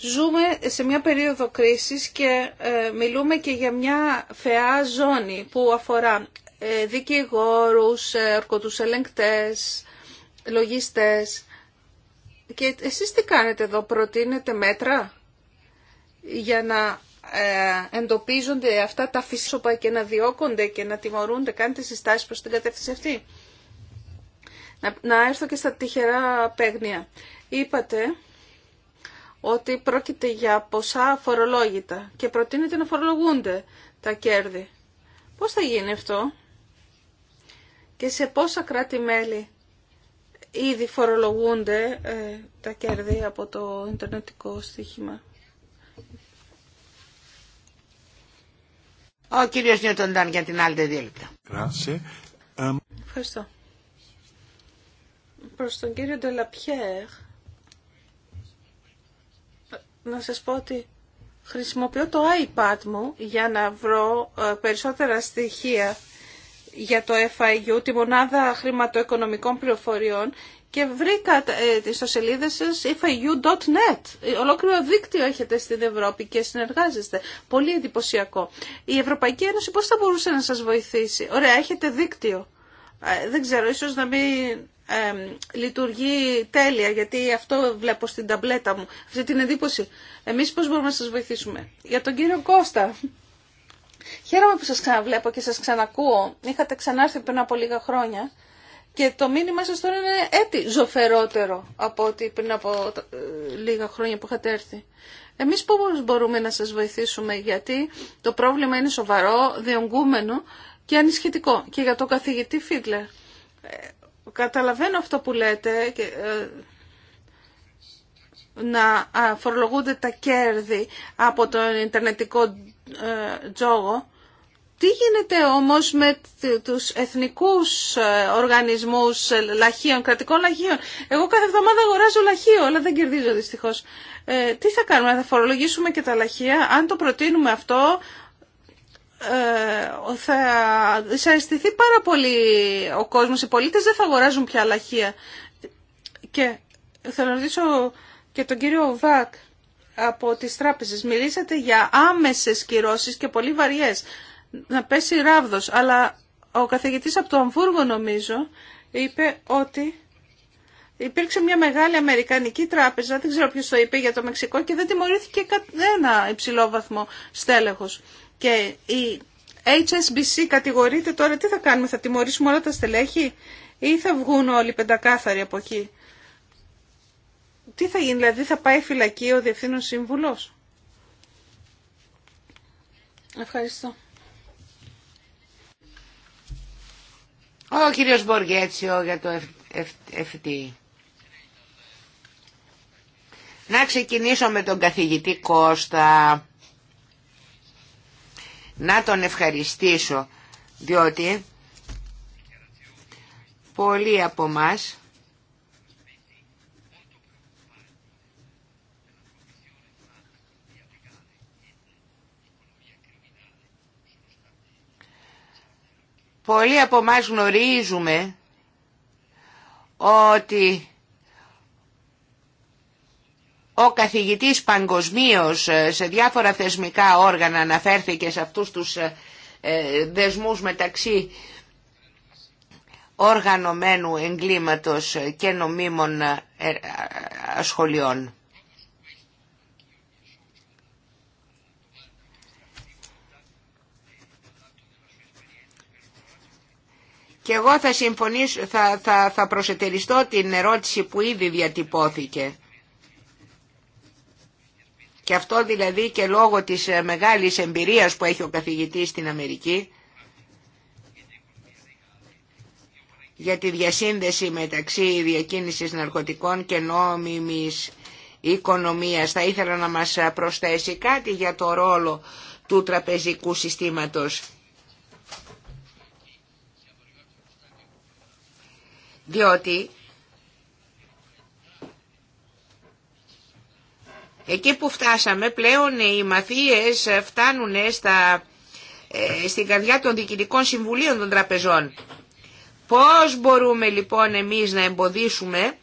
Ζούμε σε μια περίοδο κρίσης και ε, μιλούμε και για μια φαιά ζώνη που αφορά ε, δικηγόρους, ε, ορκωτούς ελεγκτές, λογιστές. Και εσείς τι κάνετε εδώ, προτείνετε μέτρα για να εντοπίζονται αυτά τα φύσοπα και να διώκονται και να τιμωρούνται. Κάνετε συστάσεις προς την κατεύθυνση αυτή. Να, έρθω και στα τυχερά παίγνια. Είπατε ότι πρόκειται για ποσά φορολόγητα και προτείνεται να φορολογούνται τα κέρδη. Πώς θα γίνει αυτό και σε πόσα κράτη-μέλη ήδη φορολογούνται ε, τα κέρδη από το Ιντερνετικό στοίχημα.
Ο κύριος για την άλλη
Ευχαριστώ. Προς τον κύριο Ντελαπιέρ να σας πω ότι χρησιμοποιώ το iPad μου για να βρω ε, περισσότερα στοιχεία για το FIU, τη μονάδα χρηματοοικονομικών πληροφοριών και βρήκα ε, στο σελίδα σας FIU.net. Ε, ολόκληρο δίκτυο έχετε στην Ευρώπη και συνεργάζεστε. Πολύ εντυπωσιακό. Η Ευρωπαϊκή Ένωση πώς θα μπορούσε να σας βοηθήσει. Ωραία, έχετε δίκτυο. Ε, δεν ξέρω, ίσως να μην λειτουργεί τέλεια, γιατί αυτό βλέπω στην ταμπλέτα μου, αυτή την εντύπωση. Εμείς πώς μπορούμε να σας βοηθήσουμε. Για τον κύριο Κώστα. Χαίρομαι που σας ξαναβλέπω και σας ξανακούω. Είχατε ξανάρθει πριν από λίγα χρόνια και το μήνυμά σας τώρα είναι έτσι ζωφερότερο από ό,τι πριν από ε, λίγα χρόνια που είχατε έρθει. Εμείς πώς μπορούμε να σας βοηθήσουμε γιατί το πρόβλημα είναι σοβαρό, διονγκούμενο και ανισχυτικό. Και για τον καθηγητή Φίτλερ ε, Καταλαβαίνω αυτό που λέτε, ε, να φορολογούνται τα κέρδη από τον Ιντερνετικό ε, τζόγο. Τι γίνεται όμως με τους εθνικούς ε, οργανισμούς λαχείων, κρατικών λαχείων. Εγώ κάθε εβδομάδα αγοράζω λαχείο, αλλά δεν κερδίζω δυστυχώς. τι θα κάνουμε, θα φορολογήσουμε και τα λαχεία. Αν το προτείνουμε αυτό, ε, θα δυσαρεστηθεί πάρα πολύ ο κόσμος. Οι πολίτες δεν θα αγοράζουν πια λαχεία. Και θα να ρωτήσω και τον κύριο Βακ από τις τράπεζες. Μιλήσατε για άμεσες κυρώσεις και πολύ βαριές. Να πέσει ράβδος. Αλλά ο καθηγητής από το Αμβούργο νομίζω είπε ότι... Υπήρξε μια μεγάλη αμερικανική τράπεζα, δεν ξέρω ποιος το είπε για το Μεξικό και δεν τιμωρήθηκε κανένα υψηλό βαθμό στέλεχος. Και η HSBC κατηγορείται τώρα τι θα κάνουμε, θα τιμωρήσουμε όλα τα στελέχη ή θα βγουν όλοι πεντακάθαροι από εκεί. Τι θα γίνει, δηλαδή θα πάει φυλακή ο Διευθύνων Σύμβουλος. Ευχαριστώ.
Ο κύριος Μποργέτσιο για το FT. Να ξεκινήσω με τον καθηγητή Κώστα να τον ευχαριστήσω διότι πολλοί από μας Πολλοί από μας γνωρίζουμε ότι ο καθηγητής παγκοσμίω ε, σε διάφορα θεσμικά όργανα αναφέρθηκε σε αυτούς τους ε, ε, δεσμούς μεταξύ οργανωμένου εγκλήματος και νομίμων ασχολιών. Και εγώ θα συμφωνήσω, θα, θα, θα προσετεριστώ την ερώτηση που ήδη διατυπώθηκε. Και αυτό δηλαδή και λόγω της ε, μεγάλης εμπειρίας που έχει ο καθηγητής στην Αμερική για τη διασύνδεση μεταξύ διακίνησης ναρκωτικών και νόμιμης οικονομίας. Θα ήθελα να μας ε, προσθέσει κάτι για το ρόλο του τραπεζικού συστήματος. Διότι Εκεί που φτάσαμε πλέον οι μαθίες φτάνουν στα, ε, στην καρδιά των διοικητικών συμβουλίων των τραπεζών. Πώς μπορούμε λοιπόν εμείς να εμποδίσουμε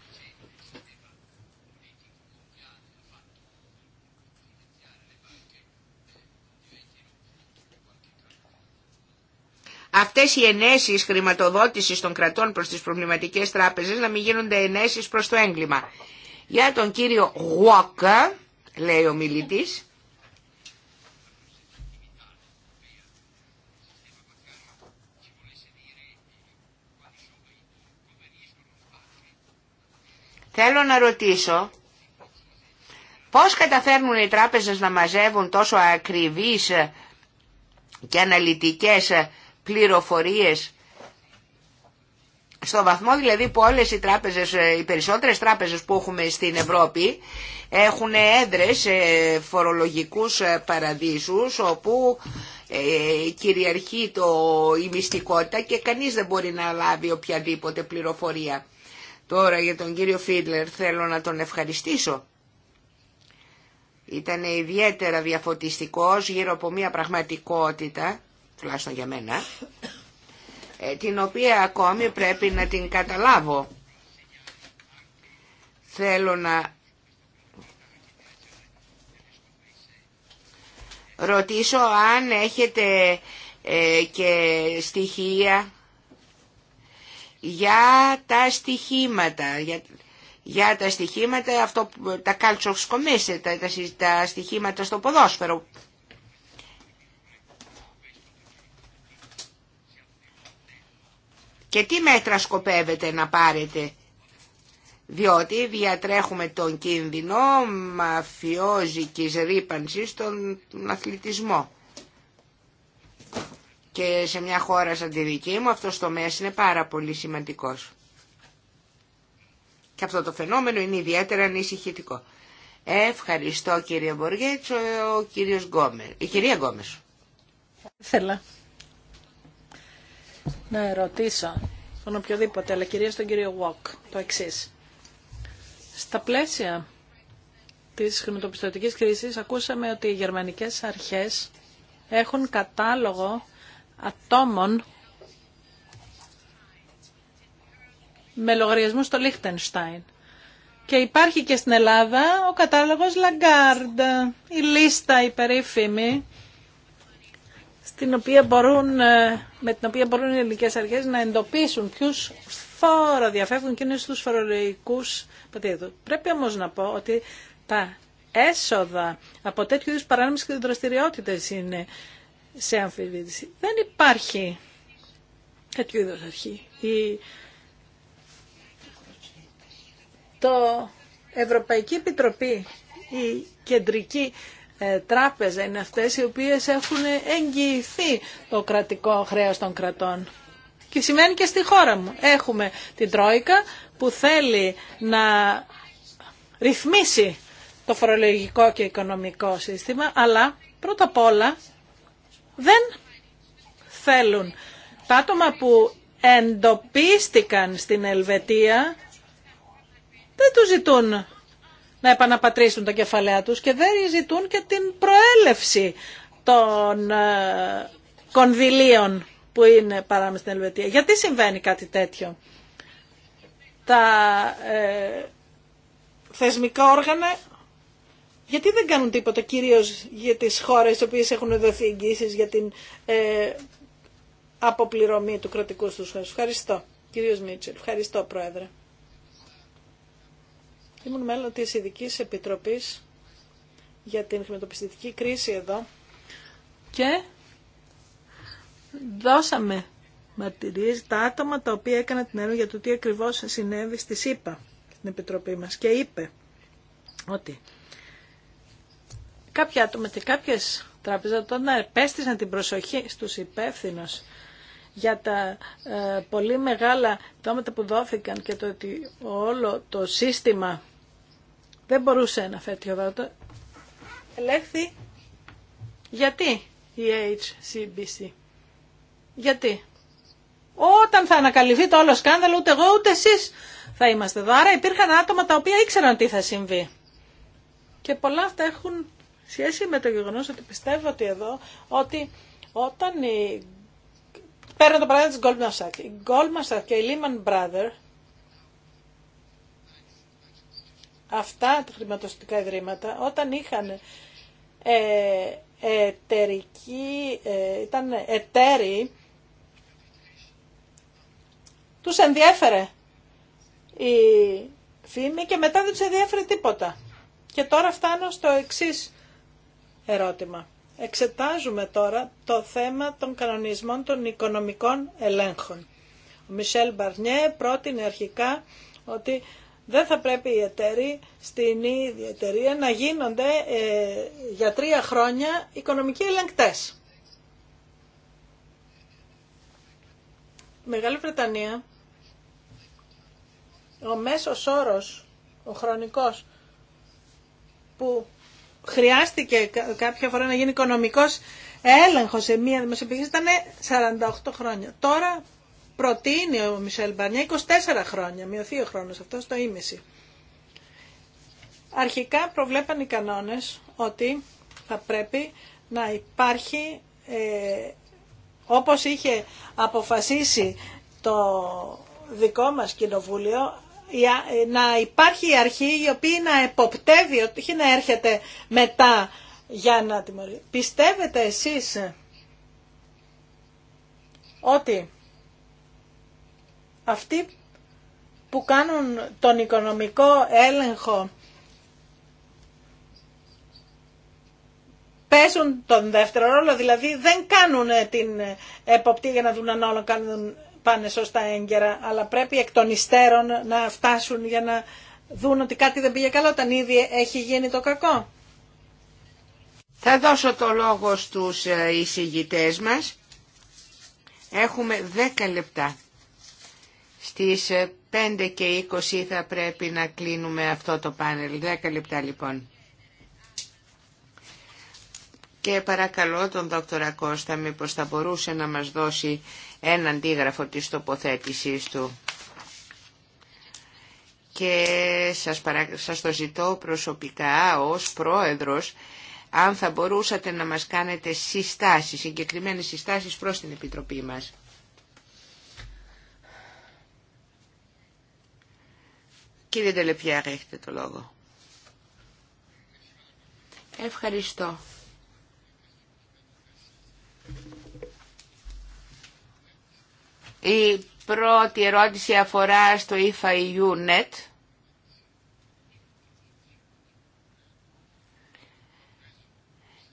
αυτές οι ενέσεις χρηματοδότησης των κρατών προς τις προβληματικές τράπεζες να μην γίνονται ενέσεις προς το έγκλημα. Για τον κύριο Γουάκα, λέει ο μιλητής. Θέλω να ρωτήσω πώς καταφέρνουν οι τράπεζες να μαζεύουν τόσο ακριβείς και αναλυτικές πληροφορίες στο βαθμό δηλαδή που όλες οι τράπεζες, ε, οι περισσότερες τράπεζες που έχουμε στην Ευρώπη έχουν έδρες φορολογικούς ε, παραδείσους όπου ε, κυριαρχεί το, η μυστικότητα και κανείς δεν μπορεί να λάβει οποιαδήποτε πληροφορία. Τώρα για τον κύριο Φίτλερ θέλω να τον ευχαριστήσω. Ήταν ιδιαίτερα διαφωτιστικός γύρω από μια πραγματικότητα, τουλάχιστον για μένα, ε, την οποία ακόμη πρέπει να την καταλάβω. Θέλω να ρωτήσω αν έχετε ε, και στοιχεία για τα στοιχήματα, για, τα στοιχήματα, αυτό, τα τα, τα, τα στοιχήματα στο ποδόσφαιρο Και τι μέτρα σκοπεύετε να πάρετε. Διότι διατρέχουμε τον κίνδυνο μαφιόζικης ρήπανσης στον αθλητισμό. Και σε μια χώρα σαν τη δική μου αυτός μέσο είναι πάρα πολύ σημαντικός. Και αυτό το φαινόμενο είναι ιδιαίτερα ανησυχητικό. Ευχαριστώ κύριε Μποργέτσο, κύριος Γκόμερ, η κυρία Γκόμερ
να ερωτήσω τον οποιοδήποτε, αλλά κυρίως τον κύριο Βόκ, το εξή. Στα πλαίσια της χρηματοπιστωτικής κρίσης ακούσαμε ότι οι γερμανικές αρχές έχουν κατάλογο ατόμων με λογαριασμού στο Λίχτενστάιν. Και υπάρχει και στην Ελλάδα ο κατάλογος Λαγκάρντ, η λίστα η στην οποία μπορούν, ε, με την οποία μπορούν οι ελληνικές αρχές να εντοπίσουν ποιους φόρο διαφεύγουν και είναι στους φορολογικούς Πρέπει όμως να πω ότι τα έσοδα από τέτοιου είδους παράνομες και δραστηριότητες είναι σε αμφιβήτηση. Δεν υπάρχει τέτοιου είδους αρχή. Η... Το Ευρωπαϊκή Επιτροπή, η κεντρική ε, τράπεζα είναι αυτές οι οποίες έχουν εγγυηθεί το κρατικό χρέος των κρατών. Και σημαίνει και στη χώρα μου. Έχουμε την Τρόικα που θέλει να ρυθμίσει το φορολογικό και οικονομικό σύστημα, αλλά πρώτα απ' όλα δεν θέλουν τα άτομα που εντοπίστηκαν στην Ελβετία δεν του ζητούν να επαναπατρίσουν τα κεφαλαία τους και δεν ζητούν και την προέλευση των ε, κονδυλίων που είναι παράμεσα στην Ελβετία. Γιατί συμβαίνει κάτι τέτοιο. Τα ε, θεσμικά όργανα γιατί δεν κάνουν τίποτα κυρίως για τις χώρες οι οποίες έχουν δοθεί εγγύσεις για την ε, αποπληρωμή του κρατικού στους χώρους. Ευχαριστώ. Κύριος Μίτσελ. Ευχαριστώ Πρόεδρε. Ήμουν μέλος της ειδική Επιτροπής για την χρηματοπιστωτική κρίση εδώ και δώσαμε μαρτυρίες τα άτομα τα οποία έκαναν την έρευνα για το τι ακριβώς συνέβη στη ΣΥΠΑ, στην Επιτροπή μας και είπε ότι κάποια άτομα και κάποιες τράπεζα όταν επέστησαν την προσοχή στους υπεύθυνου για τα ε, πολύ μεγάλα πτώματα που δόθηκαν και το ότι όλο το σύστημα δεν μπορούσε να φέρει το Ελέγχθη. Γιατί η HCBC. Γιατί. Όταν θα ανακαλυφθεί το όλο σκάνδαλο, ούτε εγώ ούτε εσείς θα είμαστε εδώ. Άρα υπήρχαν άτομα τα οποία ήξεραν τι θα συμβεί. Και πολλά αυτά έχουν σχέση με το γεγονό ότι πιστεύω ότι εδώ, ότι όταν η... Παίρνω το παράδειγμα τη Goldman Sachs. Η Goldman Sachs και η Lehman Brothers αυτά τα χρηματοστικά ιδρύματα όταν είχαν ε, εταιρική, ε, ήταν εταίροι, τους ενδιέφερε η φήμη και μετά δεν τους ενδιέφερε τίποτα. Και τώρα φτάνω στο εξής ερώτημα. Εξετάζουμε τώρα το θέμα των κανονισμών των οικονομικών ελέγχων. Ο Μισελ Μπαρνιέ πρότεινε αρχικά ότι δεν θα πρέπει οι εταίροι στην ίδια εταιρεία να γίνονται ε, για τρία χρόνια οικονομικοί ελεγκτές. Μεγάλη Βρετανία, ο μέσος όρος, ο χρονικός που χρειάστηκε κάποια φορά να γίνει οικονομικός έλεγχος σε μία δημοσιοποίηση ήταν 48 χρόνια. Τώρα προτείνει ο Μισελ Μπαρνιέ 24 χρόνια, μειωθεί ο χρόνος αυτό στο ίμιση. Αρχικά προβλέπαν οι κανόνες ότι θα πρέπει να υπάρχει, ε, όπως είχε αποφασίσει το δικό μας κοινοβούλιο, ε, να υπάρχει η αρχή η οποία να εποπτεύει, όχι να έρχεται μετά για να τιμωρεί. Πιστεύετε εσείς ότι αυτοί που κάνουν τον οικονομικό έλεγχο πέσουν τον δεύτερο ρόλο, δηλαδή δεν κάνουν ε, την εποπτή για να δουν αν όλο κάνουν πάνε σωστά έγκαιρα, αλλά πρέπει εκ των υστέρων να φτάσουν για να δουν ότι κάτι δεν πήγε καλό, όταν ήδη έχει γίνει το κακό.
Θα δώσω το λόγο στους ε, εισηγητές μας. Έχουμε 10 λεπτά. Στις 5 ε, και 20 θα πρέπει να κλείνουμε αυτό το πάνελ. 10 λεπτά λοιπόν. Και παρακαλώ τον δόκτωρα Κώστα μήπως θα μπορούσε να μας δώσει ένα αντίγραφο της τοποθέτησής του. Και σας, παρα... σας το ζητώ προσωπικά ως πρόεδρος αν θα μπορούσατε να μας κάνετε συστάσεις, συγκεκριμένες συστάσεις προς την Επιτροπή μας. Κύριε Ντελεπιέρα, έχετε το λόγο. Ευχαριστώ. Η πρώτη ερώτηση αφορά στο EFIU NET.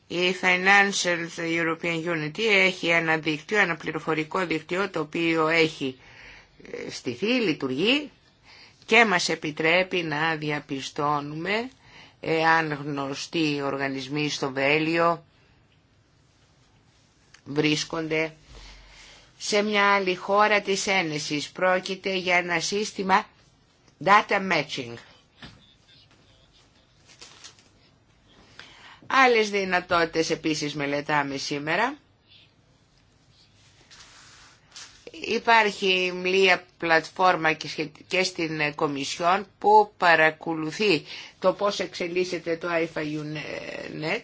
Η Financial European Unity έχει ένα δίκτυο, ένα πληροφορικό δίκτυο το οποίο έχει ε, στηθεί, λειτουργεί και μας επιτρέπει να διαπιστώνουμε εάν γνωστοί οργανισμοί στο Βέλιο βρίσκονται σε μια άλλη χώρα της ένεσης. Πρόκειται για ένα σύστημα data matching. Άλλες δυνατότητες επίσης μελετάμε σήμερα. Υπάρχει μια πλατφόρμα και στην ε, Κομισιόν που παρακολουθεί το πώς εξελίσσεται το IFAUNet. Ε,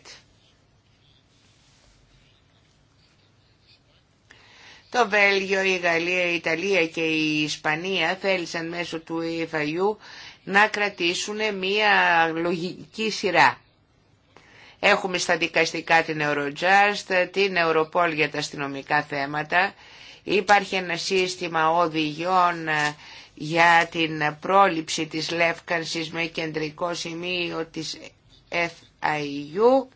το Βέλγιο, η Γαλλία, η Ιταλία και η Ισπανία θέλησαν μέσω του IFAU να κρατήσουν μια λογική σειρά. Έχουμε στα δικαστικά την Eurojust, την Europol για τα αστυνομικά θέματα Υπάρχει ένα σύστημα οδηγιών ε, για την πρόληψη της λεύκανσης με κεντρικό σημείο της FIU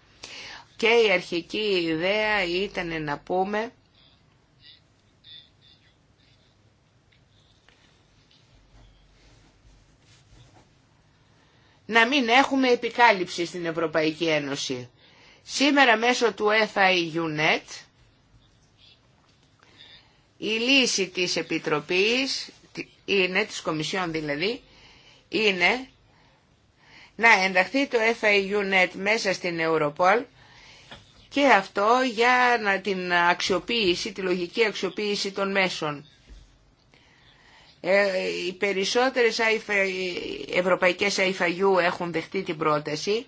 και η αρχική ιδέα ήταν να πούμε να μην έχουμε επικάλυψη στην Ευρωπαϊκή Ένωση. Σήμερα μέσω του FIUNET η λύση της Επιτροπής, είναι, της Κομισιόν δηλαδή, είναι να ενταχθεί το net μέσα στην Europol και αυτό για να την αξιοποίηση, τη λογική αξιοποίηση των μέσων. Ε, οι περισσότερες ευρωπαϊκές ΑΙΦΑΙΟΥ έχουν δεχτεί την πρόταση,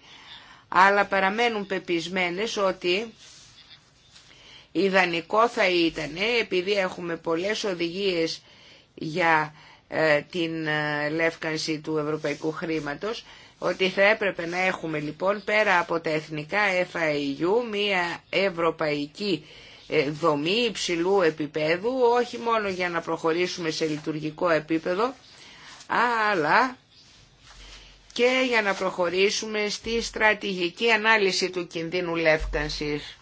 αλλά παραμένουν πεπισμένες ότι Ιδανικό θα ήταν, ε, επειδή έχουμε πολλές οδηγίες για ε, την ε, λεύκανση του ευρωπαϊκού χρήματος, ότι θα έπρεπε να έχουμε λοιπόν πέρα από τα εθνικά FIU μία ευρωπαϊκή δομή υψηλού επίπεδου, όχι μόνο για να προχωρήσουμε σε λειτουργικό επίπεδο, αλλά και για να προχωρήσουμε στη στρατηγική ανάλυση του κινδύνου λεύκανσης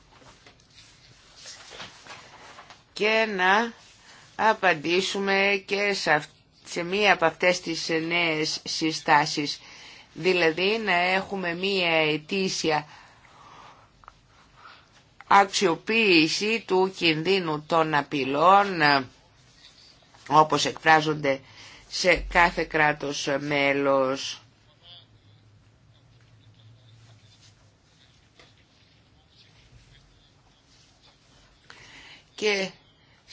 και να απαντήσουμε και σε μία από αυτές τις νέες συστάσεις. Δηλαδή να έχουμε μία αιτήσια αξιοποίηση του κινδύνου των απειλών όπως εκφράζονται σε κάθε κράτος μέλος. Και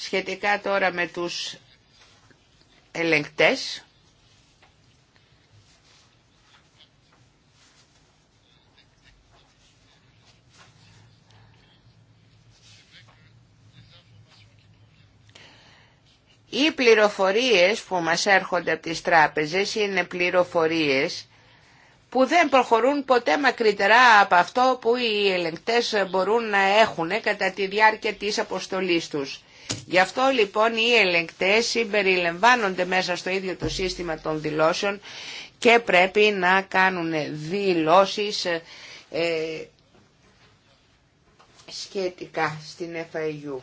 Σχετικά τώρα με τους ελεγκτές, Οι πληροφορίες που μας έρχονται από τις τράπεζες είναι πληροφορίες που δεν προχωρούν ποτέ μακρύτερα από αυτό που οι ελεγκτές μπορούν να έχουν κατά τη διάρκεια της αποστολής τους. Γι' αυτό λοιπόν οι ελεγκτές συμπεριλαμβάνονται μέσα στο ίδιο το σύστημα των δηλώσεων και πρέπει να κάνουν δηλώσεις ε, ε σχετικά στην FAU.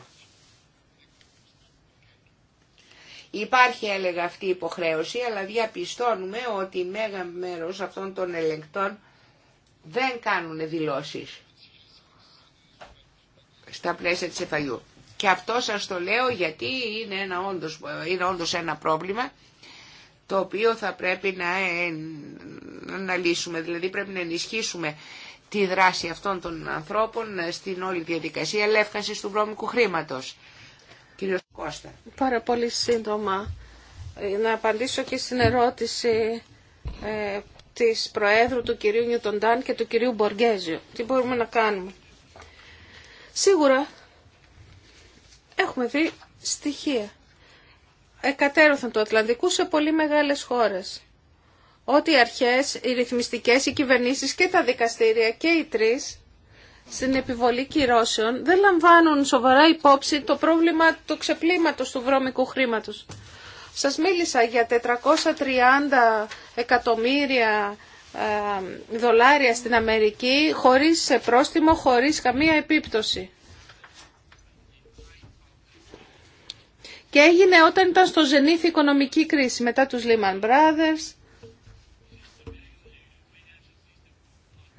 Υπάρχει έλεγα αυτή η υποχρέωση, αλλά διαπιστώνουμε ότι μέγα μέρος αυτών των ελεγκτών δεν κάνουν δηλώσεις στα πλαίσια της εφαγιού. Και αυτό σας το λέω γιατί είναι, ένα όντως, είναι όντως ένα πρόβλημα το οποίο θα πρέπει να αναλύσουμε, δηλαδή πρέπει να ενισχύσουμε τη δράση αυτών των ανθρώπων στην όλη διαδικασία ελεύκανσης του βρώμικου χρήματος. Κύριος Κώστα.
Πάρα πολύ σύντομα ε, να απαντήσω και στην ερώτηση ε, της Προέδρου του κυρίου Νιουτοντάν και του κυρίου Μποργέζιο. Τι μπορούμε να κάνουμε. Σίγουρα Έχουμε δει στοιχεία. Εκατέρωθαν το Ατλαντικού σε πολύ μεγάλες χώρες. Ότι οι αρχές, οι ρυθμιστικές, οι κυβερνήσεις και τα δικαστήρια και οι τρεις στην επιβολή κυρώσεων δεν λαμβάνουν σοβαρά υπόψη το πρόβλημα του ξεπλήματος του βρώμικου χρήματος. Σας μίλησα για 430 εκατομμύρια ε, δολάρια στην Αμερική χωρίς πρόστιμο, χωρίς καμία επίπτωση. και έγινε όταν ήταν στο η οικονομική κρίση μετά τους Lehman Brothers.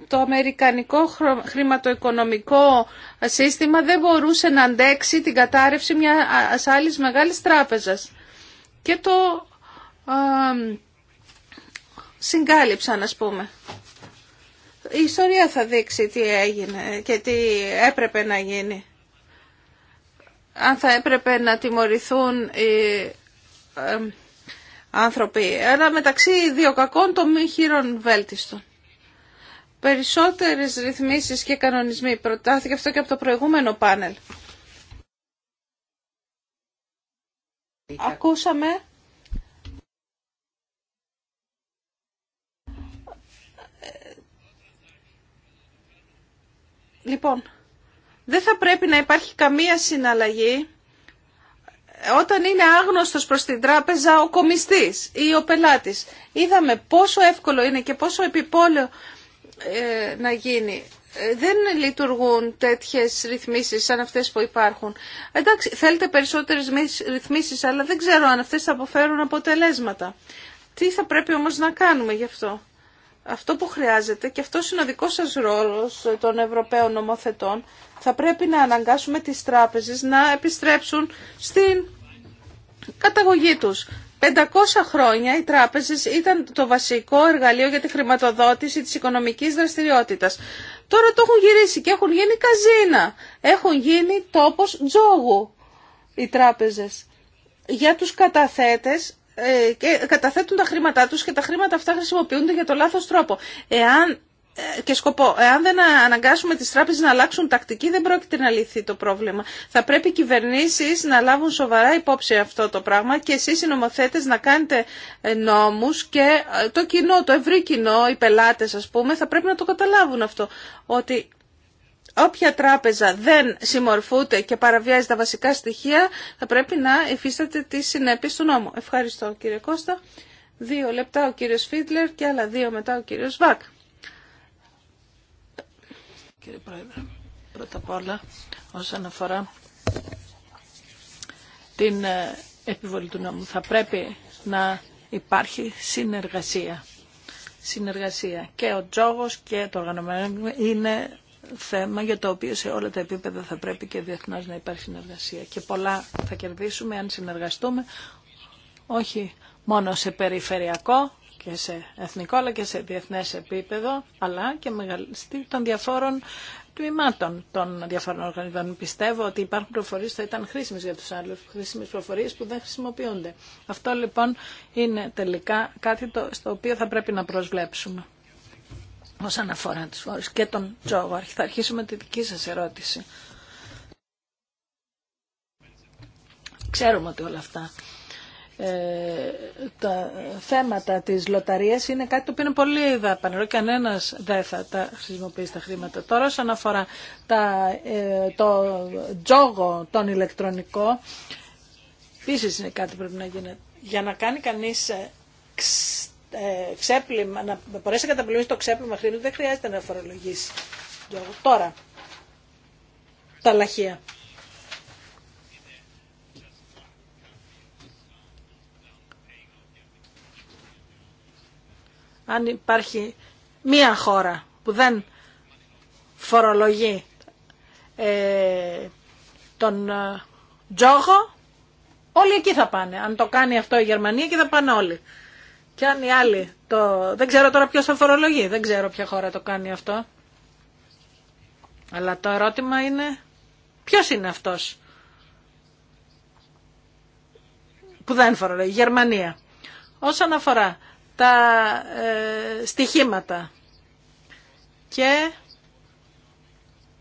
Το αμερικανικό χρηματοοικονομικό σύστημα δεν μπορούσε να αντέξει την κατάρρευση μιας άλλης μεγάλης τράπεζας. Και το α, συγκάλυψαν, ας πούμε. Η ιστορία θα δείξει τι έγινε και τι έπρεπε να γίνει αν θα έπρεπε να τιμωρηθούν οι άνθρωποι. Ένα μεταξύ δύο κακών το μη χείρον βέλτιστον. Περισσότερες ρυθμίσεις και κανονισμοί προτάθηκε αυτό και από το προηγούμενο πάνελ. Ακούσαμε Λοιπόν, δεν θα πρέπει να υπάρχει καμία συναλλαγή όταν είναι άγνωστος προς την τράπεζα ο κομιστής ή ο πελάτης. Είδαμε πόσο εύκολο είναι και πόσο επιπόλαιο ε, να γίνει. Ε, δεν λειτουργούν τέτοιες ρυθμίσεις σαν αυτές που υπάρχουν. Εντάξει, θέλετε περισσότερες ρυθμίσεις, αλλά δεν ξέρω αν αυτές θα αποφέρουν αποτελέσματα. Τι θα πρέπει όμως να κάνουμε γι' αυτό αυτό που χρειάζεται και αυτό είναι ο δικός σας ρόλος των Ευρωπαίων νομοθετών θα πρέπει να αναγκάσουμε τις τράπεζες να επιστρέψουν στην καταγωγή τους. 500 χρόνια οι τράπεζες ήταν το βασικό εργαλείο για τη χρηματοδότηση της οικονομικής δραστηριότητας. Τώρα το έχουν γυρίσει και έχουν γίνει καζίνα. Έχουν γίνει τόπος τζόγου οι τράπεζες. Για τους καταθέτες ε, και καταθέτουν τα χρήματά τους και τα χρήματα αυτά χρησιμοποιούνται για το λάθος τρόπο. Εάν ε, και σκοπό. Εάν δεν αναγκάσουμε τις τράπεζες να αλλάξουν τακτική, δεν πρόκειται να λυθεί το πρόβλημα. Θα πρέπει οι κυβερνήσεις να λάβουν σοβαρά υπόψη αυτό το πράγμα και εσείς οι νομοθέτες να κάνετε ε, νόμους και το κοινό, το ευρύ κοινό, οι πελάτες ας πούμε, θα πρέπει να το καταλάβουν αυτό. Ότι όποια τράπεζα δεν συμμορφούνται και παραβιάζει τα βασικά στοιχεία θα πρέπει να υφίσταται τις συνέπειες του νόμου. Ευχαριστώ κύριε Κώστα. Δύο λεπτά ο κύριος Φίτλερ και άλλα δύο μετά ο κύριος Βακ.
Κύριε
Πρόεδρε, πρώτα απ' όλα
όσον αφορά
την ε, επιβολή του νόμου θα πρέπει να υπάρχει συνεργασία συνεργασία. Και ο τζόγος και το οργανωμένο είναι θέμα για το οποίο σε όλα τα επίπεδα θα πρέπει και διεθνώς να υπάρχει συνεργασία. Και πολλά θα κερδίσουμε αν συνεργαστούμε όχι μόνο σε περιφερειακό και σε εθνικό αλλά και σε διεθνές επίπεδο αλλά και μεγαλυστή των διαφόρων τμήματων των διαφόρων οργανισμών. Πιστεύω ότι υπάρχουν προφορίες που θα ήταν χρήσιμες για τους άλλους χρήσιμες προφορίες που δεν χρησιμοποιούνται. Αυτό λοιπόν είναι τελικά κάτι στο οποίο θα πρέπει να προσβλέψουμε όσον αφορά τους φόρους και τον τζόγο. Θα αρχίσουμε τη δική σας ερώτηση. Ξέρουμε ότι όλα αυτά ε, τα θέματα της λοταρίας είναι κάτι το οποίο είναι πολύ δαπανερό και κανένας δεν θα τα χρησιμοποιήσει τα χρήματα. Τώρα όσον αφορά τα, ε, το τζόγο τον ηλεκτρονικό, επίση είναι κάτι που πρέπει να γίνει. Για να κάνει κανείς ε, ε, ξέπλυμα, να μπορέσει να καταπληρώσει το ξέπλυμα χρήματο δεν χρειάζεται να φορολογήσει. Τώρα, τα λαχεία. Αν υπάρχει μία χώρα που δεν φορολογεί ε, τον ε, τζόγο, όλοι εκεί θα πάνε. Αν το κάνει αυτό η Γερμανία, εκεί θα πάνε όλοι. Και αν οι άλλοι το... Δεν ξέρω τώρα ποιος θα φορολογεί, δεν ξέρω ποια χώρα το κάνει αυτό. Αλλά το ερώτημα είναι ποιος είναι αυτός που δεν φορολογεί. Γερμανία. Όσον αφορά τα ε, στοιχήματα και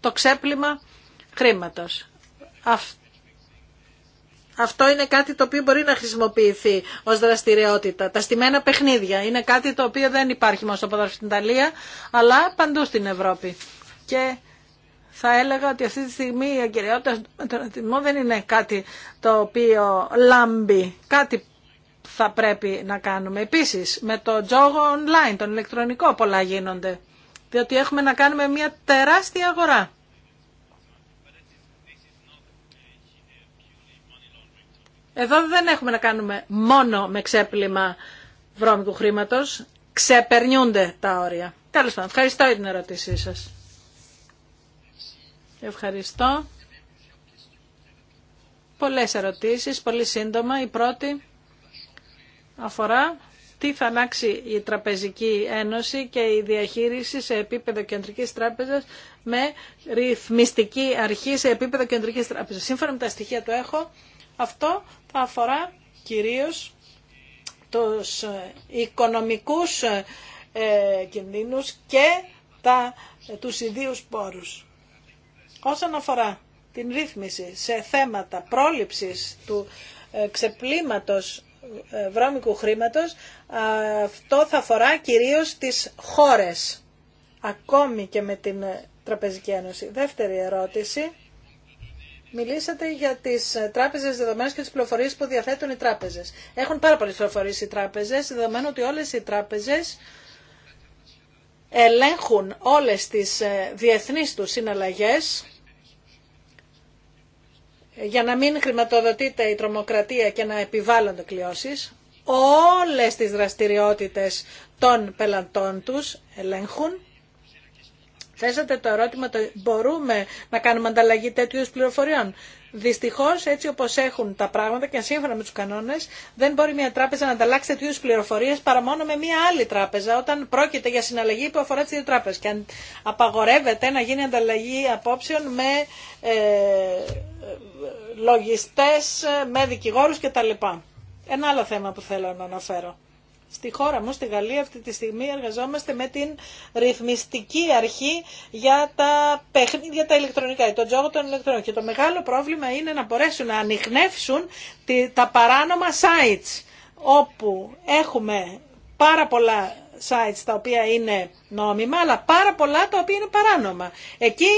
το ξέπλυμα χρήματος. Αυτό αυτό είναι κάτι το οποίο μπορεί να χρησιμοποιηθεί ως δραστηριότητα. Τα στημένα παιχνίδια είναι κάτι το οποίο δεν υπάρχει μόνο στο ποδόσφαιρο στην Ιταλία, αλλά παντού στην Ευρώπη. Και θα έλεγα ότι αυτή τη στιγμή η αγκαιριότητα τον δεν είναι κάτι το οποίο λάμπει. Κάτι θα πρέπει να κάνουμε. Επίσης, με το τζόγο online, τον ηλεκτρονικό πολλά γίνονται. Διότι έχουμε να κάνουμε μια τεράστια αγορά. Εδώ δεν έχουμε να κάνουμε μόνο με ξέπλυμα βρώμικου χρήματος. Ξεπερνιούνται τα όρια. Τέλος πάντων, ευχαριστώ για την ερώτησή σας. Ευχαριστώ. Πολλές ερωτήσεις, πολύ σύντομα. Η πρώτη αφορά τι θα ανάξει η Τραπεζική Ένωση και η διαχείριση σε επίπεδο κεντρικής τράπεζας με ρυθμιστική αρχή σε επίπεδο κεντρικής τράπεζας. Σύμφωνα με τα στοιχεία του έχω, αυτό θα αφορά κυρίως τους ε, οικονομικούς ε, ε, κινδύνους και τα, τους ιδίους πόρους. Όσον αφορά την ρύθμιση σε θέματα πρόληψης του ξεπλήματος βρώμικου χρήματος, αυτό θα αφορά κυρίως τις χώρες, ακόμη και με την Τραπεζική Ένωση. Δεύτερη ερώτηση Μιλήσατε για τι ε, τράπεζε δεδομένε και τι πληροφορίε που διαθέτουν οι τράπεζε. Έχουν πάρα πολλέ πληροφορίε οι τράπεζε, δεδομένου ότι όλε οι τράπεζε ελέγχουν όλες τις ε, διεθνεί του συναλλαγές για να μην χρηματοδοτείται η τρομοκρατία και να επιβάλλονται κλειώσει. Όλες τις δραστηριότητες των πελατών του ελέγχουν θέσατε το ερώτημα το μπορούμε να κάνουμε ανταλλαγή τέτοιου πληροφοριών. Δυστυχώ, έτσι όπω έχουν τα πράγματα και σύμφωνα με του κανόνε, δεν μπορεί μια τράπεζα να ανταλλάξει τέτοιου πληροφορίε παρά μόνο με μια άλλη τράπεζα όταν πρόκειται για συναλλαγή που αφορά τι δύο τράπεζε. Και απαγορεύεται να γίνει ανταλλαγή απόψεων με ε, λογιστέ, με δικηγόρου κτλ. Ένα άλλο θέμα που θέλω να αναφέρω. Στη χώρα μου, στη Γαλλία, αυτή τη στιγμή εργαζόμαστε με την ρυθμιστική αρχή για τα παιχνίδια τα ηλεκτρονικά, τον τζόγο των ηλεκτρονικών. Και το μεγάλο πρόβλημα είναι να μπορέσουν να ανοιχνεύσουν τα παράνομα sites, όπου έχουμε πάρα πολλά sites τα οποία είναι νόμιμα, αλλά πάρα πολλά τα οποία είναι παράνομα. Εκεί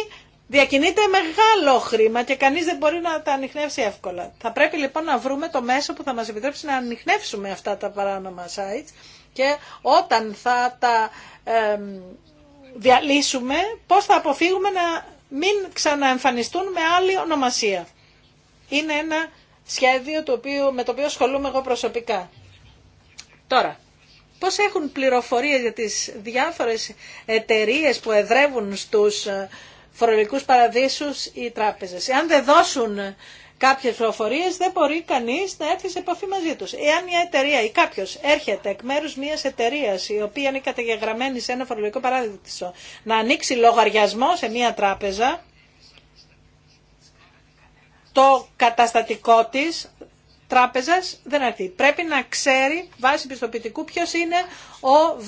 διακινείται μεγάλο χρήμα και κανείς δεν μπορεί να τα ανοιχνεύσει εύκολα. Θα πρέπει λοιπόν να βρούμε το μέσο που θα μας επιτρέψει να ανοιχνεύσουμε αυτά τα παράνομα sites και όταν θα τα διαλύσουμε πώς θα αποφύγουμε να μην ξαναεμφανιστούν με άλλη ονομασία. Είναι ένα σχέδιο το οποίο, με το οποίο ασχολούμαι εγώ προσωπικά. Τώρα, πώς έχουν πληροφορίες για τις διάφορες εταιρείες που εδρεύουν στους ε, φορολογικούς παραδείσους η τράπεζες. Εάν δεν δώσουν κάποιες πληροφορίες δεν μπορεί κανείς να έρθει σε επαφή μαζί τους. Εάν μια εταιρεία ή κάποιος έρχεται εκ μέρους μιας εταιρείας η οποία είναι καταγεγραμμένη σε ένα φορολογικό παράδεισο να ανοίξει λογαριασμό σε μια τράπεζα, το καταστατικό της τράπεζας δεν έρθει. Πρέπει να ξέρει βάσει πιστοποιητικού ποιος είναι ο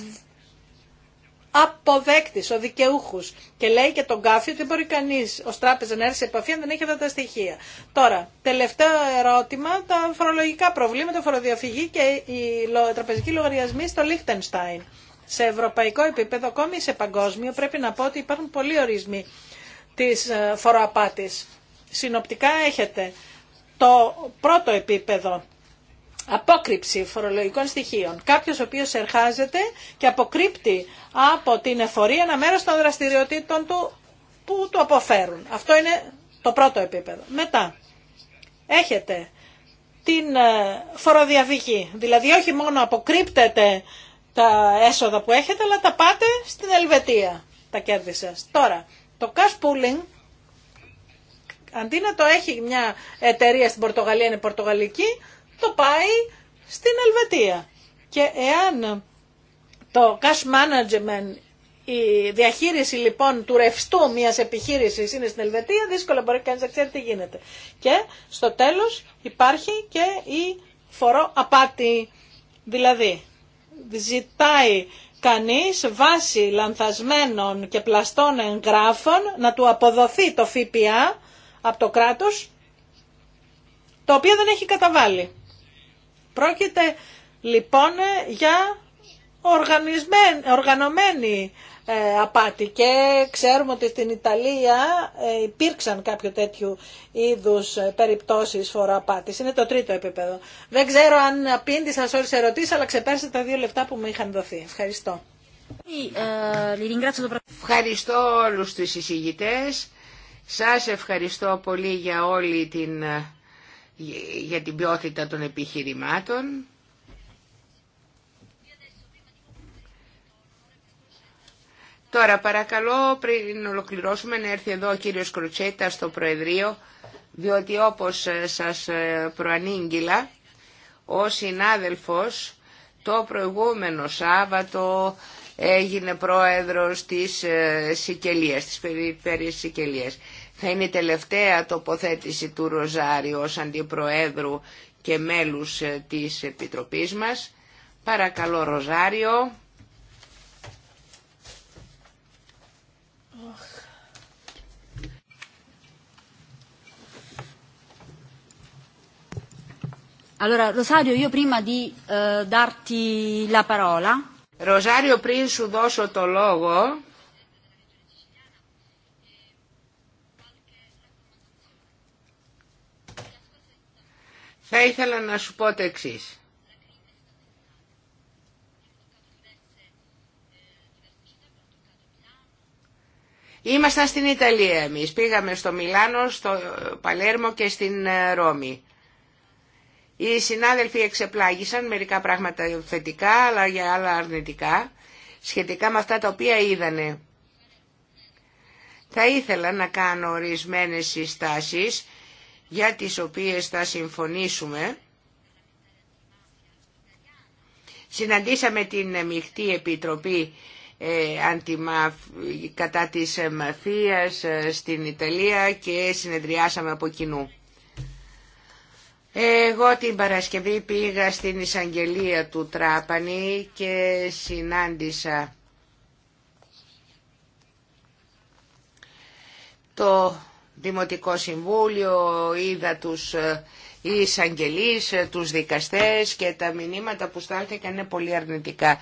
αποδέκτης, ο δικαιούχος. Και λέει και τον κάφιο ότι δεν μπορεί κανείς ως τράπεζα να έρθει σε επαφή αν δεν έχει αυτά τα στοιχεία. Τώρα, τελευταίο ερώτημα, τα φορολογικά προβλήματα, φοροδιαφυγή και οι τραπεζικοί λογαριασμοί στο Λίχτενστάιν. Σε ευρωπαϊκό επίπεδο, ακόμη σε παγκόσμιο, πρέπει να πω ότι υπάρχουν πολλοί ορισμοί της ε, φοροαπάτης. Συνοπτικά έχετε το πρώτο επίπεδο απόκρυψη φορολογικών στοιχείων. Κάποιος ο οποίος ερχάζεται και αποκρύπτει από την εφορία ένα μέρος των δραστηριοτήτων του που του αποφέρουν. Αυτό είναι το πρώτο επίπεδο. Μετά έχετε την ε, φοροδιαφυγή. Δηλαδή όχι μόνο αποκρύπτετε τα έσοδα που έχετε, αλλά τα πάτε στην Ελβετία τα κέρδη Τώρα, το cash pooling, αντί να το έχει μια εταιρεία στην Πορτογαλία, είναι πορτογαλική, το πάει στην Ελβετία. Και εάν το cash management, η διαχείριση λοιπόν του ρευστού μιας επιχείρησης είναι στην Ελβετία, δύσκολα μπορεί κανείς να ξέρει τι γίνεται. Και στο τέλος υπάρχει και η φοροαπάτη, δηλαδή ζητάει κανείς βάσει λανθασμένων και πλαστών εγγράφων να του αποδοθεί το ΦΠΑ από το κράτος, το οποίο δεν έχει καταβάλει. Πρόκειται λοιπόν για οργανωμένη ε, απάτη και ξέρουμε ότι στην Ιταλία ε, υπήρξαν κάποιο τέτοιου είδους ε, περιπτώσεις φοροαπάτης. Είναι το τρίτο επίπεδο. Δεν ξέρω αν απήντησα σε όλες τις ερωτήσεις, αλλά ξεπέρασε τα δύο λεπτά που μου είχαν δοθεί. Ευχαριστώ.
Ευχαριστώ όλους τους εισηγητές. Σας ευχαριστώ πολύ για όλη την για την ποιότητα των επιχειρημάτων. Τώρα παρακαλώ πριν ολοκληρώσουμε να έρθει εδώ ο κύριος Κροτσέτα στο Προεδρείο, διότι όπως ε, σας ε, προανήγγυλα, ο συνάδελφος το προηγούμενο Σάββατο έγινε πρόεδρος της ε, Σικελίας, της περιφέρειας Σικελίας. Θα είναι η τελευταία τοποθέτηση του Ροζάριου ως Αντιπροέδρου και μέλους ε, της Επιτροπής μας. Παρακαλώ Ροζάριο.
Allora, Rosario, io
πριν σου δώσω το λόγο, Θα ήθελα να σου πω το εξή. Ήμασταν στην Ιταλία εμείς. Πήγαμε στο Μιλάνο, στο Παλέρμο και στην ε, Ρώμη. Οι συνάδελφοι εξεπλάγησαν μερικά πράγματα θετικά αλλά για άλλα αρνητικά σχετικά με αυτά τα οποία είδανε. Θα ήθελα να κάνω ορισμένες συστάσεις για τις οποίες θα συμφωνήσουμε. Συναντήσαμε την Μιχτή Επιτροπή ε, κατά της μαφίας ε, στην Ιταλία και συνεδριάσαμε από κοινού. Εγώ την Παρασκευή πήγα στην εισαγγελία του Τράπανη και συνάντησα το Δημοτικό Συμβούλιο, είδα τους ε, εισαγγελείς, ε, τους δικαστές και τα μηνύματα που στάλθηκαν είναι πολύ αρνητικά.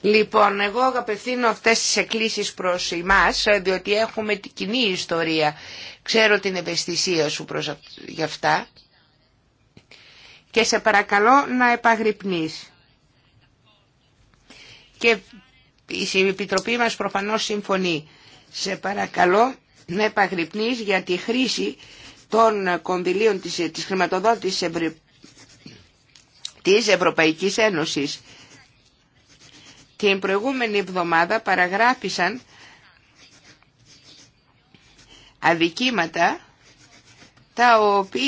Λοιπόν, εγώ απευθύνω αυτές τις εκκλήσεις προς εμάς, ε, διότι έχουμε την κοινή ιστορία. Ξέρω την ευαισθησία σου προς γι' αυτά και σε παρακαλώ να επαγρυπνείς. Και η Επιτροπή μας προφανώς συμφωνεί. Σε παρακαλώ με παγρυπνείς για τη χρήση των κονδυλίων της, της χρηματοδότησης Ευρω... της Ευρωπαϊκής Ένωσης. Την προηγούμενη εβδομάδα παραγράφησαν αδικήματα τα οποία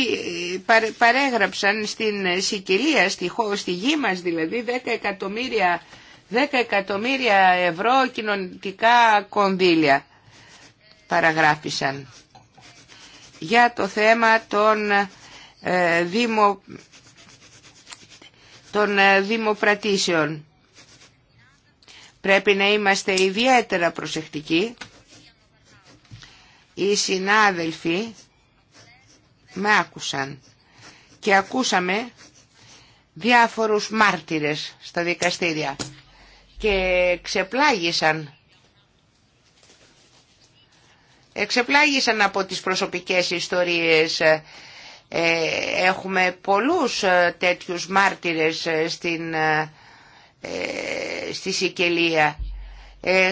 παρέγραψαν στην Σικελία, στη, χώ, στη γη μας δηλαδή, 10 εκατομμύρια, 10 εκατομμύρια ευρώ κοινωνικά κονδύλια παραγράφησαν. Για το θέμα των, ε, δημο, των ε, δημοπρατήσεων. Πρέπει να είμαστε ιδιαίτερα προσεκτικοί. Οι συνάδελφοι με άκουσαν και ακούσαμε διάφορους μάρτυρες στα δικαστήρια και ξεπλάγησαν εξεπλάγησαν από τις προσωπικές ιστορίες. Ε, ε, έχουμε πολλούς ε, τέτοιους μάρτυρες στην, στη Σικελία.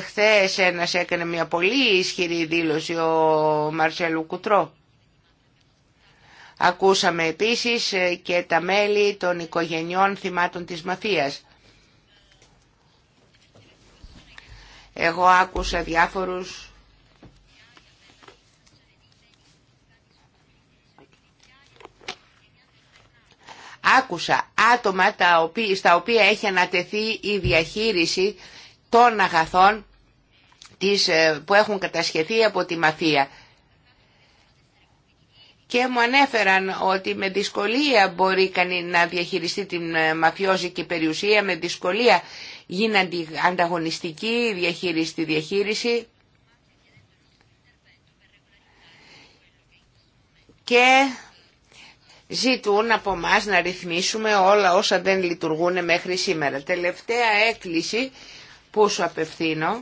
Χθες ένας έκανε μια πολύ ισχυρή δήλωση, ο Μαρσέλου Κουτρό. Ακούσαμε επίσης και τα μέλη των οικογενειών θυμάτων της Μαθίας. Εγώ άκουσα διάφορους άκουσα άτομα τα οποία, στα οποία έχει ανατεθεί η διαχείριση των αγαθών της, ε, που έχουν κατασχεθεί από τη μαφία. Και μου ανέφεραν ότι με δυσκολία μπορεί κανεί να διαχειριστεί την ε, μαφιόζικη περιουσία, με δυσκολία γίνεται ανταγωνιστική διαχείριση τη διαχείριση. Και ζητούν από εμά να ρυθμίσουμε όλα όσα δεν λειτουργούν μέχρι σήμερα. Τελευταία έκκληση που σου απευθύνω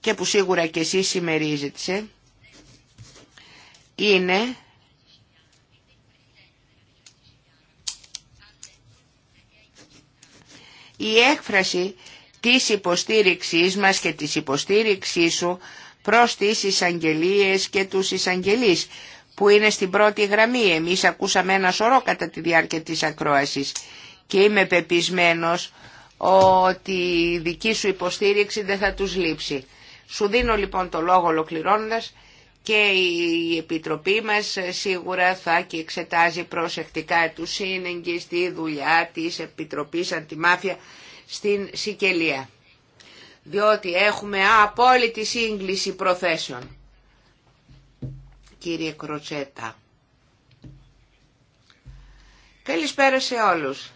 και που σίγουρα και εσύ συμμερίζεσαι είναι η έκφραση της υποστήριξής μας και της υποστήριξής σου προς τις εισαγγελίες και τους εισαγγελείς που είναι στην πρώτη γραμμή. Εμείς ακούσαμε ένα σωρό κατά τη διάρκεια της ακρόασης και είμαι πεπισμένος ότι η δική σου υποστήριξη δεν θα τους λείψει. Σου δίνω λοιπόν το λόγο ολοκληρώνοντα και η Επιτροπή μας σίγουρα θα και εξετάζει προσεκτικά του σύνεγγυ τη δουλειά της Επιτροπής Αντιμάφια στην Σικελία. Διότι έχουμε απόλυτη σύγκληση προθέσεων κύριε Κροτσέτα. Καλησπέρα σε όλους.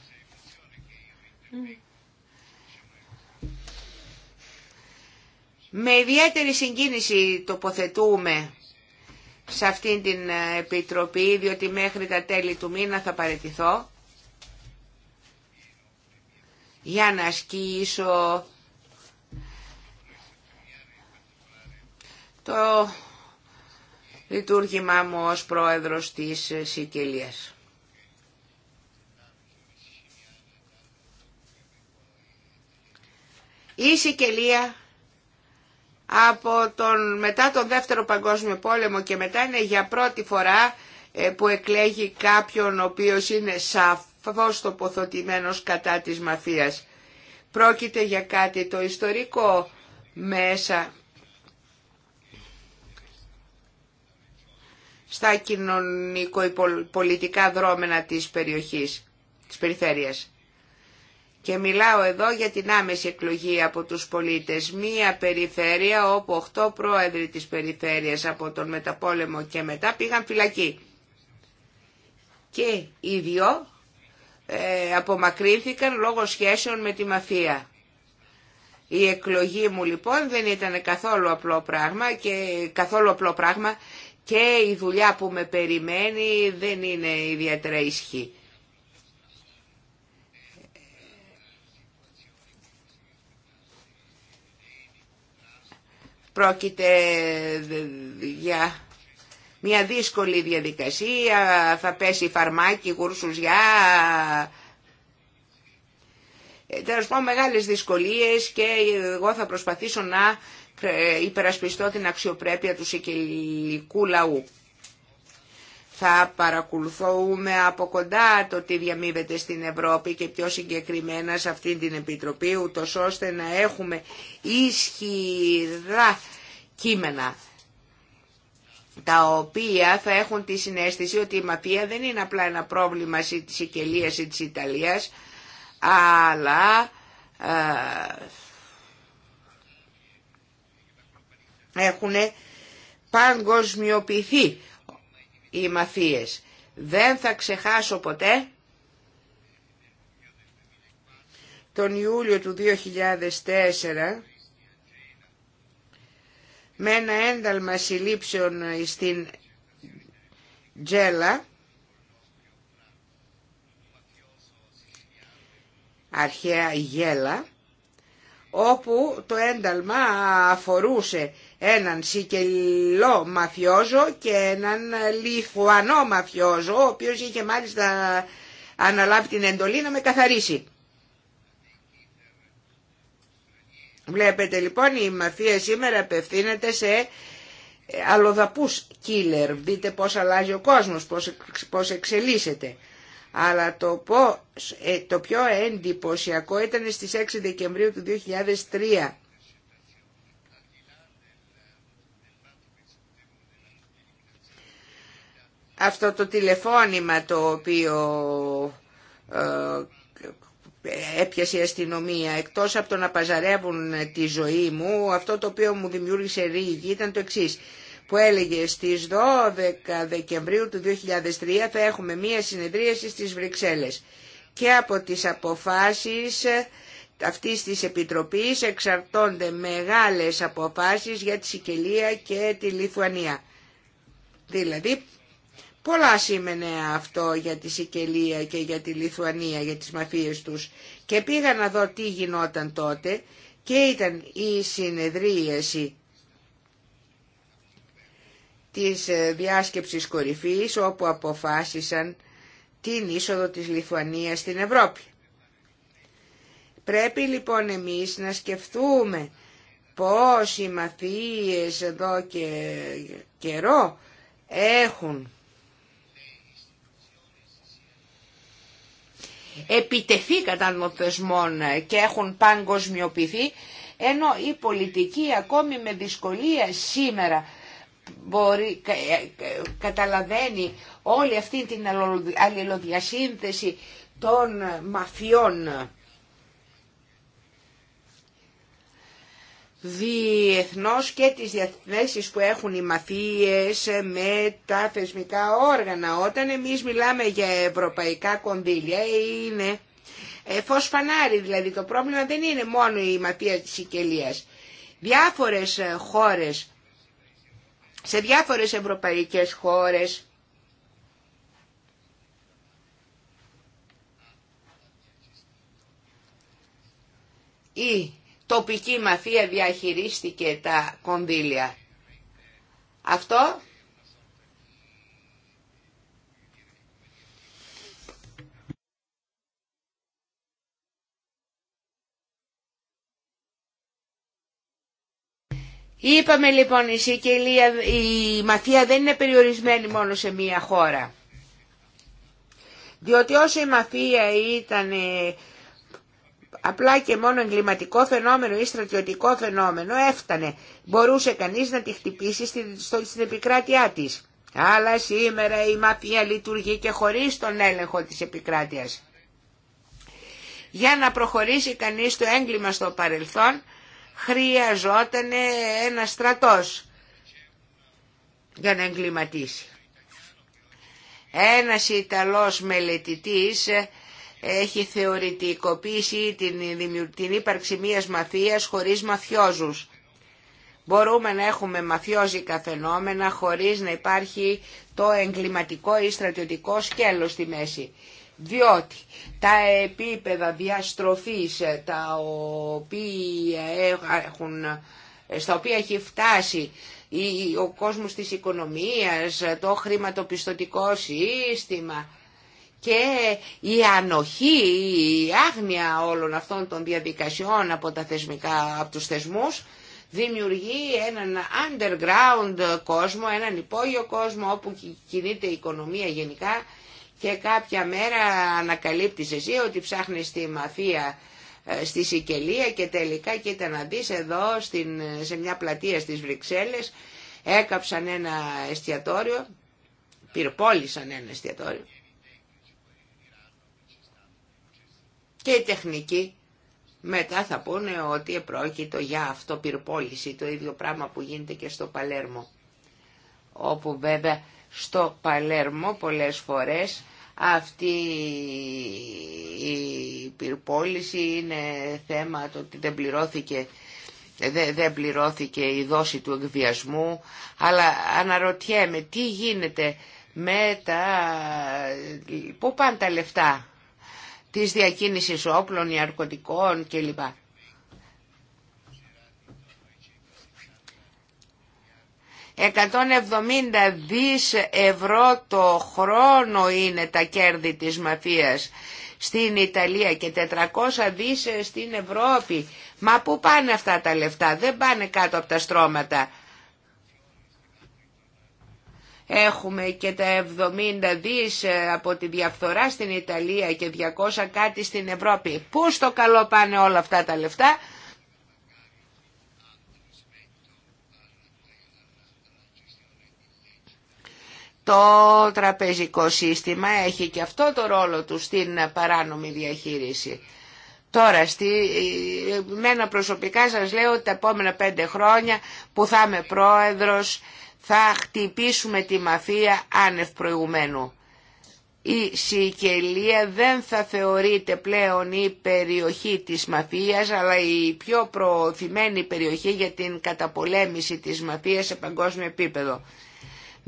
Με ιδιαίτερη συγκίνηση τοποθετούμε σε αυτήν την ε, επιτροπή, διότι μέχρι τα τέλη του μήνα θα παραιτηθώ για να ασκήσω το λειτουργήμά μου ως πρόεδρος της Σικελίας. Η Σικελία από τον, μετά τον Δεύτερο Παγκόσμιο Πόλεμο και μετά είναι για πρώτη φορά ε, που εκλέγει κάποιον ο οποίος είναι σαφώς τοποθετημένος κατά της μαφίας. Πρόκειται για κάτι το ιστορικό μέσα στα κοινωνικο-πολιτικά δρόμενα της περιοχής, της περιφέρειας. Και μιλάω εδώ για την άμεση εκλογή από τους πολίτες. Μία περιφέρεια όπου 8 πρόεδροι της περιφέρειας από τον μεταπόλεμο και μετά πήγαν φυλακή. Και οι δυο ε, απομακρύνθηκαν λόγω σχέσεων με τη μαφία. Η εκλογή μου λοιπόν δεν ήταν καθόλου απλό πράγμα και καθόλου απλό πράγμα και η δουλειά που με περιμένει δεν είναι ιδιαίτερα ισχύ. Πρόκειται για μια δύσκολη διαδικασία, θα πέσει φαρμάκι, γουρσουζιά, ε, τέλο πω μεγάλες δυσκολίες και εγώ θα προσπαθήσω να ε, υπερασπιστώ την αξιοπρέπεια του σικελικού λαού. Θα παρακολουθούμε από κοντά το τι διαμείβεται στην Ευρώπη και πιο συγκεκριμένα σε αυτή την Επιτροπή, ούτω ώστε να έχουμε ισχυρά κείμενα τα οποία θα έχουν τη συνέστηση ότι η μαφία δεν είναι απλά ένα πρόβλημα της Σικελίας ή της Ιταλίας, αλλά ε, έχουν παγκοσμιοποιηθεί οι μαφίες. Δεν θα ξεχάσω ποτέ τον Ιούλιο του 2004 με ένα ένταλμα συλλήψεων στην Τζέλα αρχαία γέλα όπου το ένταλμα αφορούσε έναν σικελό μαφιόζο και έναν λιθουανό μαφιόζο, ο οποίος είχε μάλιστα αναλάβει την εντολή να με καθαρίσει. Βλέπετε λοιπόν η μαφία σήμερα απευθύνεται σε αλλοδαπούς κίλερ. Δείτε πώς αλλάζει ο κόσμος, πώς εξελίσσεται αλλά το, ε, το πιο εντυπωσιακό ήταν στις 6 Δεκεμβρίου του 2003. Αυτό το τηλεφώνημα το οποίο ε, έπιασε η αστυνομία εκτός από το να παζαρεύουν τη ζωή μου αυτό το οποίο μου δημιούργησε ρίγη ήταν το εξής που έλεγε στις 12 Δεκεμβρίου του 2003 θα έχουμε μία συνεδρίαση στις Βρυξέλλες και από τις αποφάσεις αυτής της Επιτροπής εξαρτώνται μεγάλες αποφάσεις για τη Σικελία και τη Λιθουανία. Δηλαδή πολλά σήμαινε αυτό για τη Σικελία και για τη Λιθουανία, για τις μαφίες τους και πήγα να δω τι γινόταν τότε και ήταν η συνεδρίαση της ε, διάσκεψης κορυφής όπου αποφάσισαν την είσοδο της Λιθουανίας στην Ευρώπη. Πρέπει λοιπόν εμείς να σκεφτούμε πώς οι μαθίες εδώ και καιρό έχουν επιτεθεί κατά των και έχουν παγκοσμιοποιηθεί, ενώ η πολιτική ακόμη με δυσκολία σήμερα μπορεί, ε, καταλαβαίνει όλη αυτή την αλληλοδιασύνθεση των μαφιών. διεθνώς και τις διαθέσεις που έχουν οι μαθίες με τα θεσμικά όργανα. Όταν εμείς μιλάμε για ευρωπαϊκά κονδύλια είναι ε, φως φανάρι, δηλαδή το πρόβλημα δεν είναι μόνο η μαθία της Σικελίας. Διάφορες ε, χώρες σε διάφορες ευρωπαϊκές χώρες. Η τοπική μαφία διαχειρίστηκε τα κονδύλια. Αυτό Είπαμε λοιπόν η Σικελία, η μαφία δεν είναι περιορισμένη μόνο σε μία χώρα. Διότι όσο η μαφία ήταν ε, απλά και μόνο εγκληματικό φαινόμενο ή στρατιωτικό φαινόμενο έφτανε. Μπορούσε κανείς να τη χτυπήσει στην επικράτειά της. Αλλά σήμερα η μαφία λειτουργεί και χωρίς τον έλεγχο της επικράτειας. Για να προχωρήσει κανείς το έγκλημα στο παρελθόν χρειαζόταν ένα στρατός για να εγκληματίσει. Ένας Ιταλός μελετητής έχει θεωρητικοποιήσει την, την ύπαρξη μιας μαφίας χωρίς μαφιόζους. Μπορούμε να έχουμε μαφιόζικα φαινόμενα χωρίς να υπάρχει το εγκληματικό ή στρατιωτικό σκέλος στη μέση διότι τα επίπεδα διαστροφής ε, τα οποία έχουν, ε, στα οποία έχει φτάσει ο κόσμος της οικονομίας, ε, το χρηματοπιστωτικό σύστημα και η ανοχή, η άγνοια όλων αυτών των διαδικασιών από, τα θεσμικά, από τους θεσμούς δημιουργεί έναν underground κόσμο, έναν υπόγειο κόσμο όπου κινείται η οικονομία γενικά και κάποια μέρα ανακαλύπτεις εσύ ότι ψάχνεις τη μαφία ε, στη Σικελία και τελικά κοίτα να δεις εδώ στην, σε μια πλατεία στις Βρυξέλλες έκαψαν ένα εστιατόριο, πυρπόλησαν ένα εστιατόριο και οι τεχνικοί μετά θα πούνε ότι επρόκειτο για αυτό πυρπόληση, το ίδιο πράγμα που γίνεται και στο Παλέρμο. Όπου βέβαια στο Παλέρμο πολλές φορές αυτή η πυρπόληση είναι θέμα το ότι δεν πληρώθηκε, δεν, πληρώθηκε η δόση του εκβιασμού, αλλά αναρωτιέμαι τι γίνεται με τα... Πού πάνε τα λεφτά της διακίνησης όπλων, ναρκωτικών κλπ. 170 δις ευρώ το χρόνο είναι τα κέρδη της μαφίας στην Ιταλία και 400 δις στην Ευρώπη. Μα πού πάνε αυτά τα λεφτά, δεν πάνε κάτω από τα στρώματα. Έχουμε και τα 70 δις από τη διαφθορά στην Ιταλία και 200 κάτι στην Ευρώπη. Πού στο καλό πάνε όλα αυτά τα λεφτά Το τραπεζικό σύστημα έχει και αυτό το ρόλο του στην παράνομη διαχείριση. Τώρα, στη, μένα προσωπικά σας λέω ότι τα επόμενα πέντε χρόνια που θα είμαι πρόεδρος θα χτυπήσουμε τη μαφία άνευ προηγουμένου. Η Σικελία δεν θα θεωρείται πλέον η περιοχή της μαφίας, αλλά η πιο προωθημένη περιοχή για την καταπολέμηση της μαφίας σε παγκόσμιο επίπεδο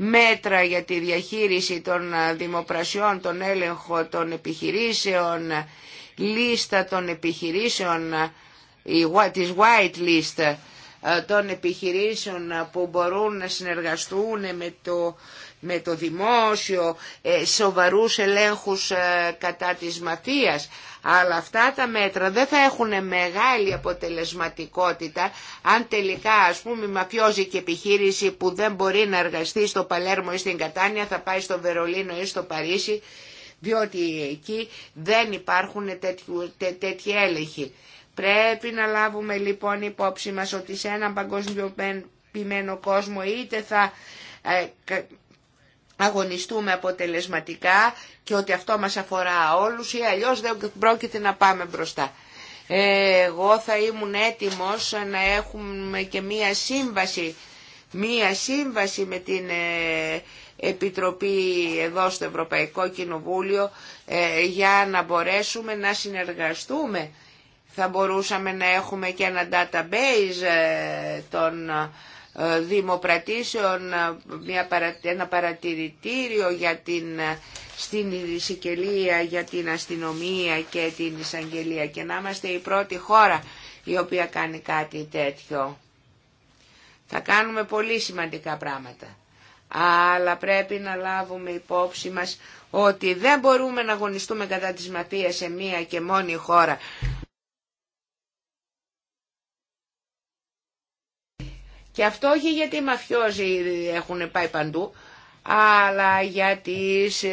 μέτρα για τη διαχείριση των δημοπρασιών, τον έλεγχο των επιχειρήσεων, λίστα των επιχειρήσεων, is white list ε, των επιχειρήσεων που μπορούν να συνεργαστούν με το, με το δημόσιο, ε, σοβαρούς ελέγχους ε, κατά της μαφίας. Αλλά αυτά τα μέτρα δεν θα έχουν μεγάλη αποτελεσματικότητα αν τελικά ας πούμε η και επιχείρηση που δεν μπορεί να εργαστεί στο Παλέρμο ή στην Κατάνια θα πάει στο Βερολίνο ή στο Παρίσι διότι εκεί δεν υπάρχουν τέτοιου, τέ, τέτοιοι έλεγχοι. Πρέπει να λάβουμε λοιπόν υπόψη μας ότι σε έναν παγκοσμιοποιημένο κόσμο είτε θα ε, αγωνιστούμε αποτελεσματικά και ότι αυτό μας αφορά όλους ή αλλιώς δεν πρόκειται να πάμε μπροστά. Εγώ θα ήμουν έτοιμος να έχουμε και μία σύμβαση, μία σύμβαση με την ε, Επιτροπή εδώ στο Ευρωπαϊκό Κοινοβούλιο ε, για να μπορέσουμε να συνεργαστούμε. Θα μπορούσαμε να έχουμε και ένα database ε, των ε, δημοπρατήσεων ε, μια, ένα παρατηρητήριο για την, ε, στην Σικελία για την αστυνομία και την εισαγγελία και να είμαστε η πρώτη χώρα η οποία κάνει κάτι τέτοιο. Θα κάνουμε πολύ σημαντικά πράγματα. Αλλά πρέπει να λάβουμε υπόψη μας ότι δεν μπορούμε να αγωνιστούμε κατά της μαφίας σε μία και μόνη χώρα. Και αυτό όχι γιατί οι μαφιόζοι έχουν πάει παντού, αλλά γιατί σε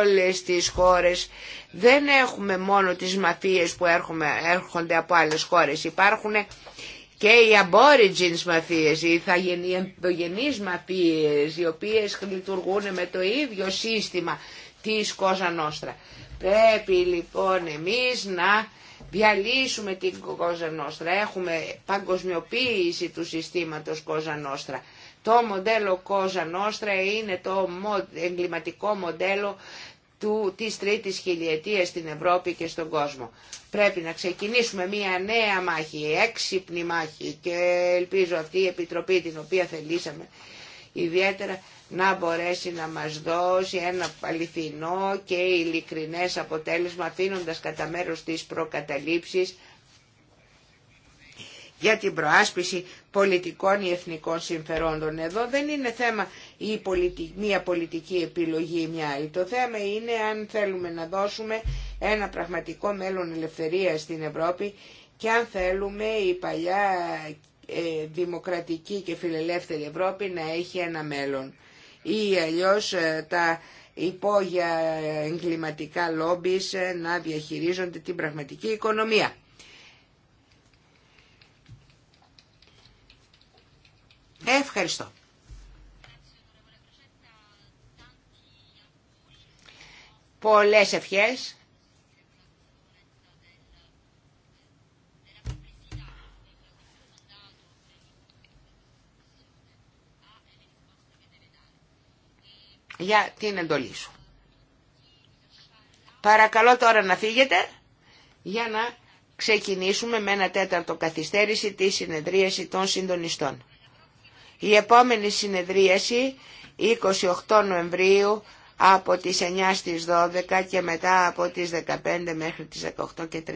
όλες τις χώρες δεν έχουμε μόνο τις μαφίες που έρχονται από άλλες χώρες. Υπάρχουν και οι aborigines μαφίες, οι ενδογενείς μαφίες, οι οποίες λειτουργούν με το ίδιο σύστημα της Κόζα Νόστρα. Πρέπει λοιπόν εμείς να διαλύσουμε την Κόζα Νόστρα. Έχουμε παγκοσμιοποίηση του συστήματος Κόζα Νόστρα. Το μοντέλο Κόζα Νόστρα είναι το εγκληματικό μοντέλο του, της τρίτης χιλιετίας στην Ευρώπη και στον κόσμο. Πρέπει να ξεκινήσουμε μια νέα μάχη, έξυπνη μάχη και ελπίζω αυτή η Επιτροπή την οποία θελήσαμε ιδιαίτερα να μπορέσει να μας δώσει ένα αληθινό και ειλικρινές αποτέλεσμα αφήνοντα κατά μέρος της προκαταλήψεις για την προάσπιση πολιτικών ή εθνικών συμφερόντων. Εδώ δεν είναι θέμα η πολιτική, μια πολιτική επιλογή ή μια άλλη. Το θέμα είναι αν θέλουμε να δώσουμε ένα πραγματικό μέλλον ελευθερίας στην Ευρώπη και αν θέλουμε η παλιά ε, δημοκρατική και φιλελεύθερη Ευρώπη να έχει ένα μέλλον ή αλλιώς ε, τα υπόγεια εγκληματικά λόμπις ε, να διαχειρίζονται την πραγματική οικονομία. Ευχαριστώ. Πολλές ευχές. για την εντολή σου. Παρακαλώ τώρα να φύγετε για να ξεκινήσουμε με ένα τέταρτο καθυστέρηση τη συνεδρίαση των συντονιστών. Η επόμενη συνεδρίαση 28 Νοεμβρίου από τις 9 στις 12 και μετά από τις 15 μέχρι τις 18 και 30.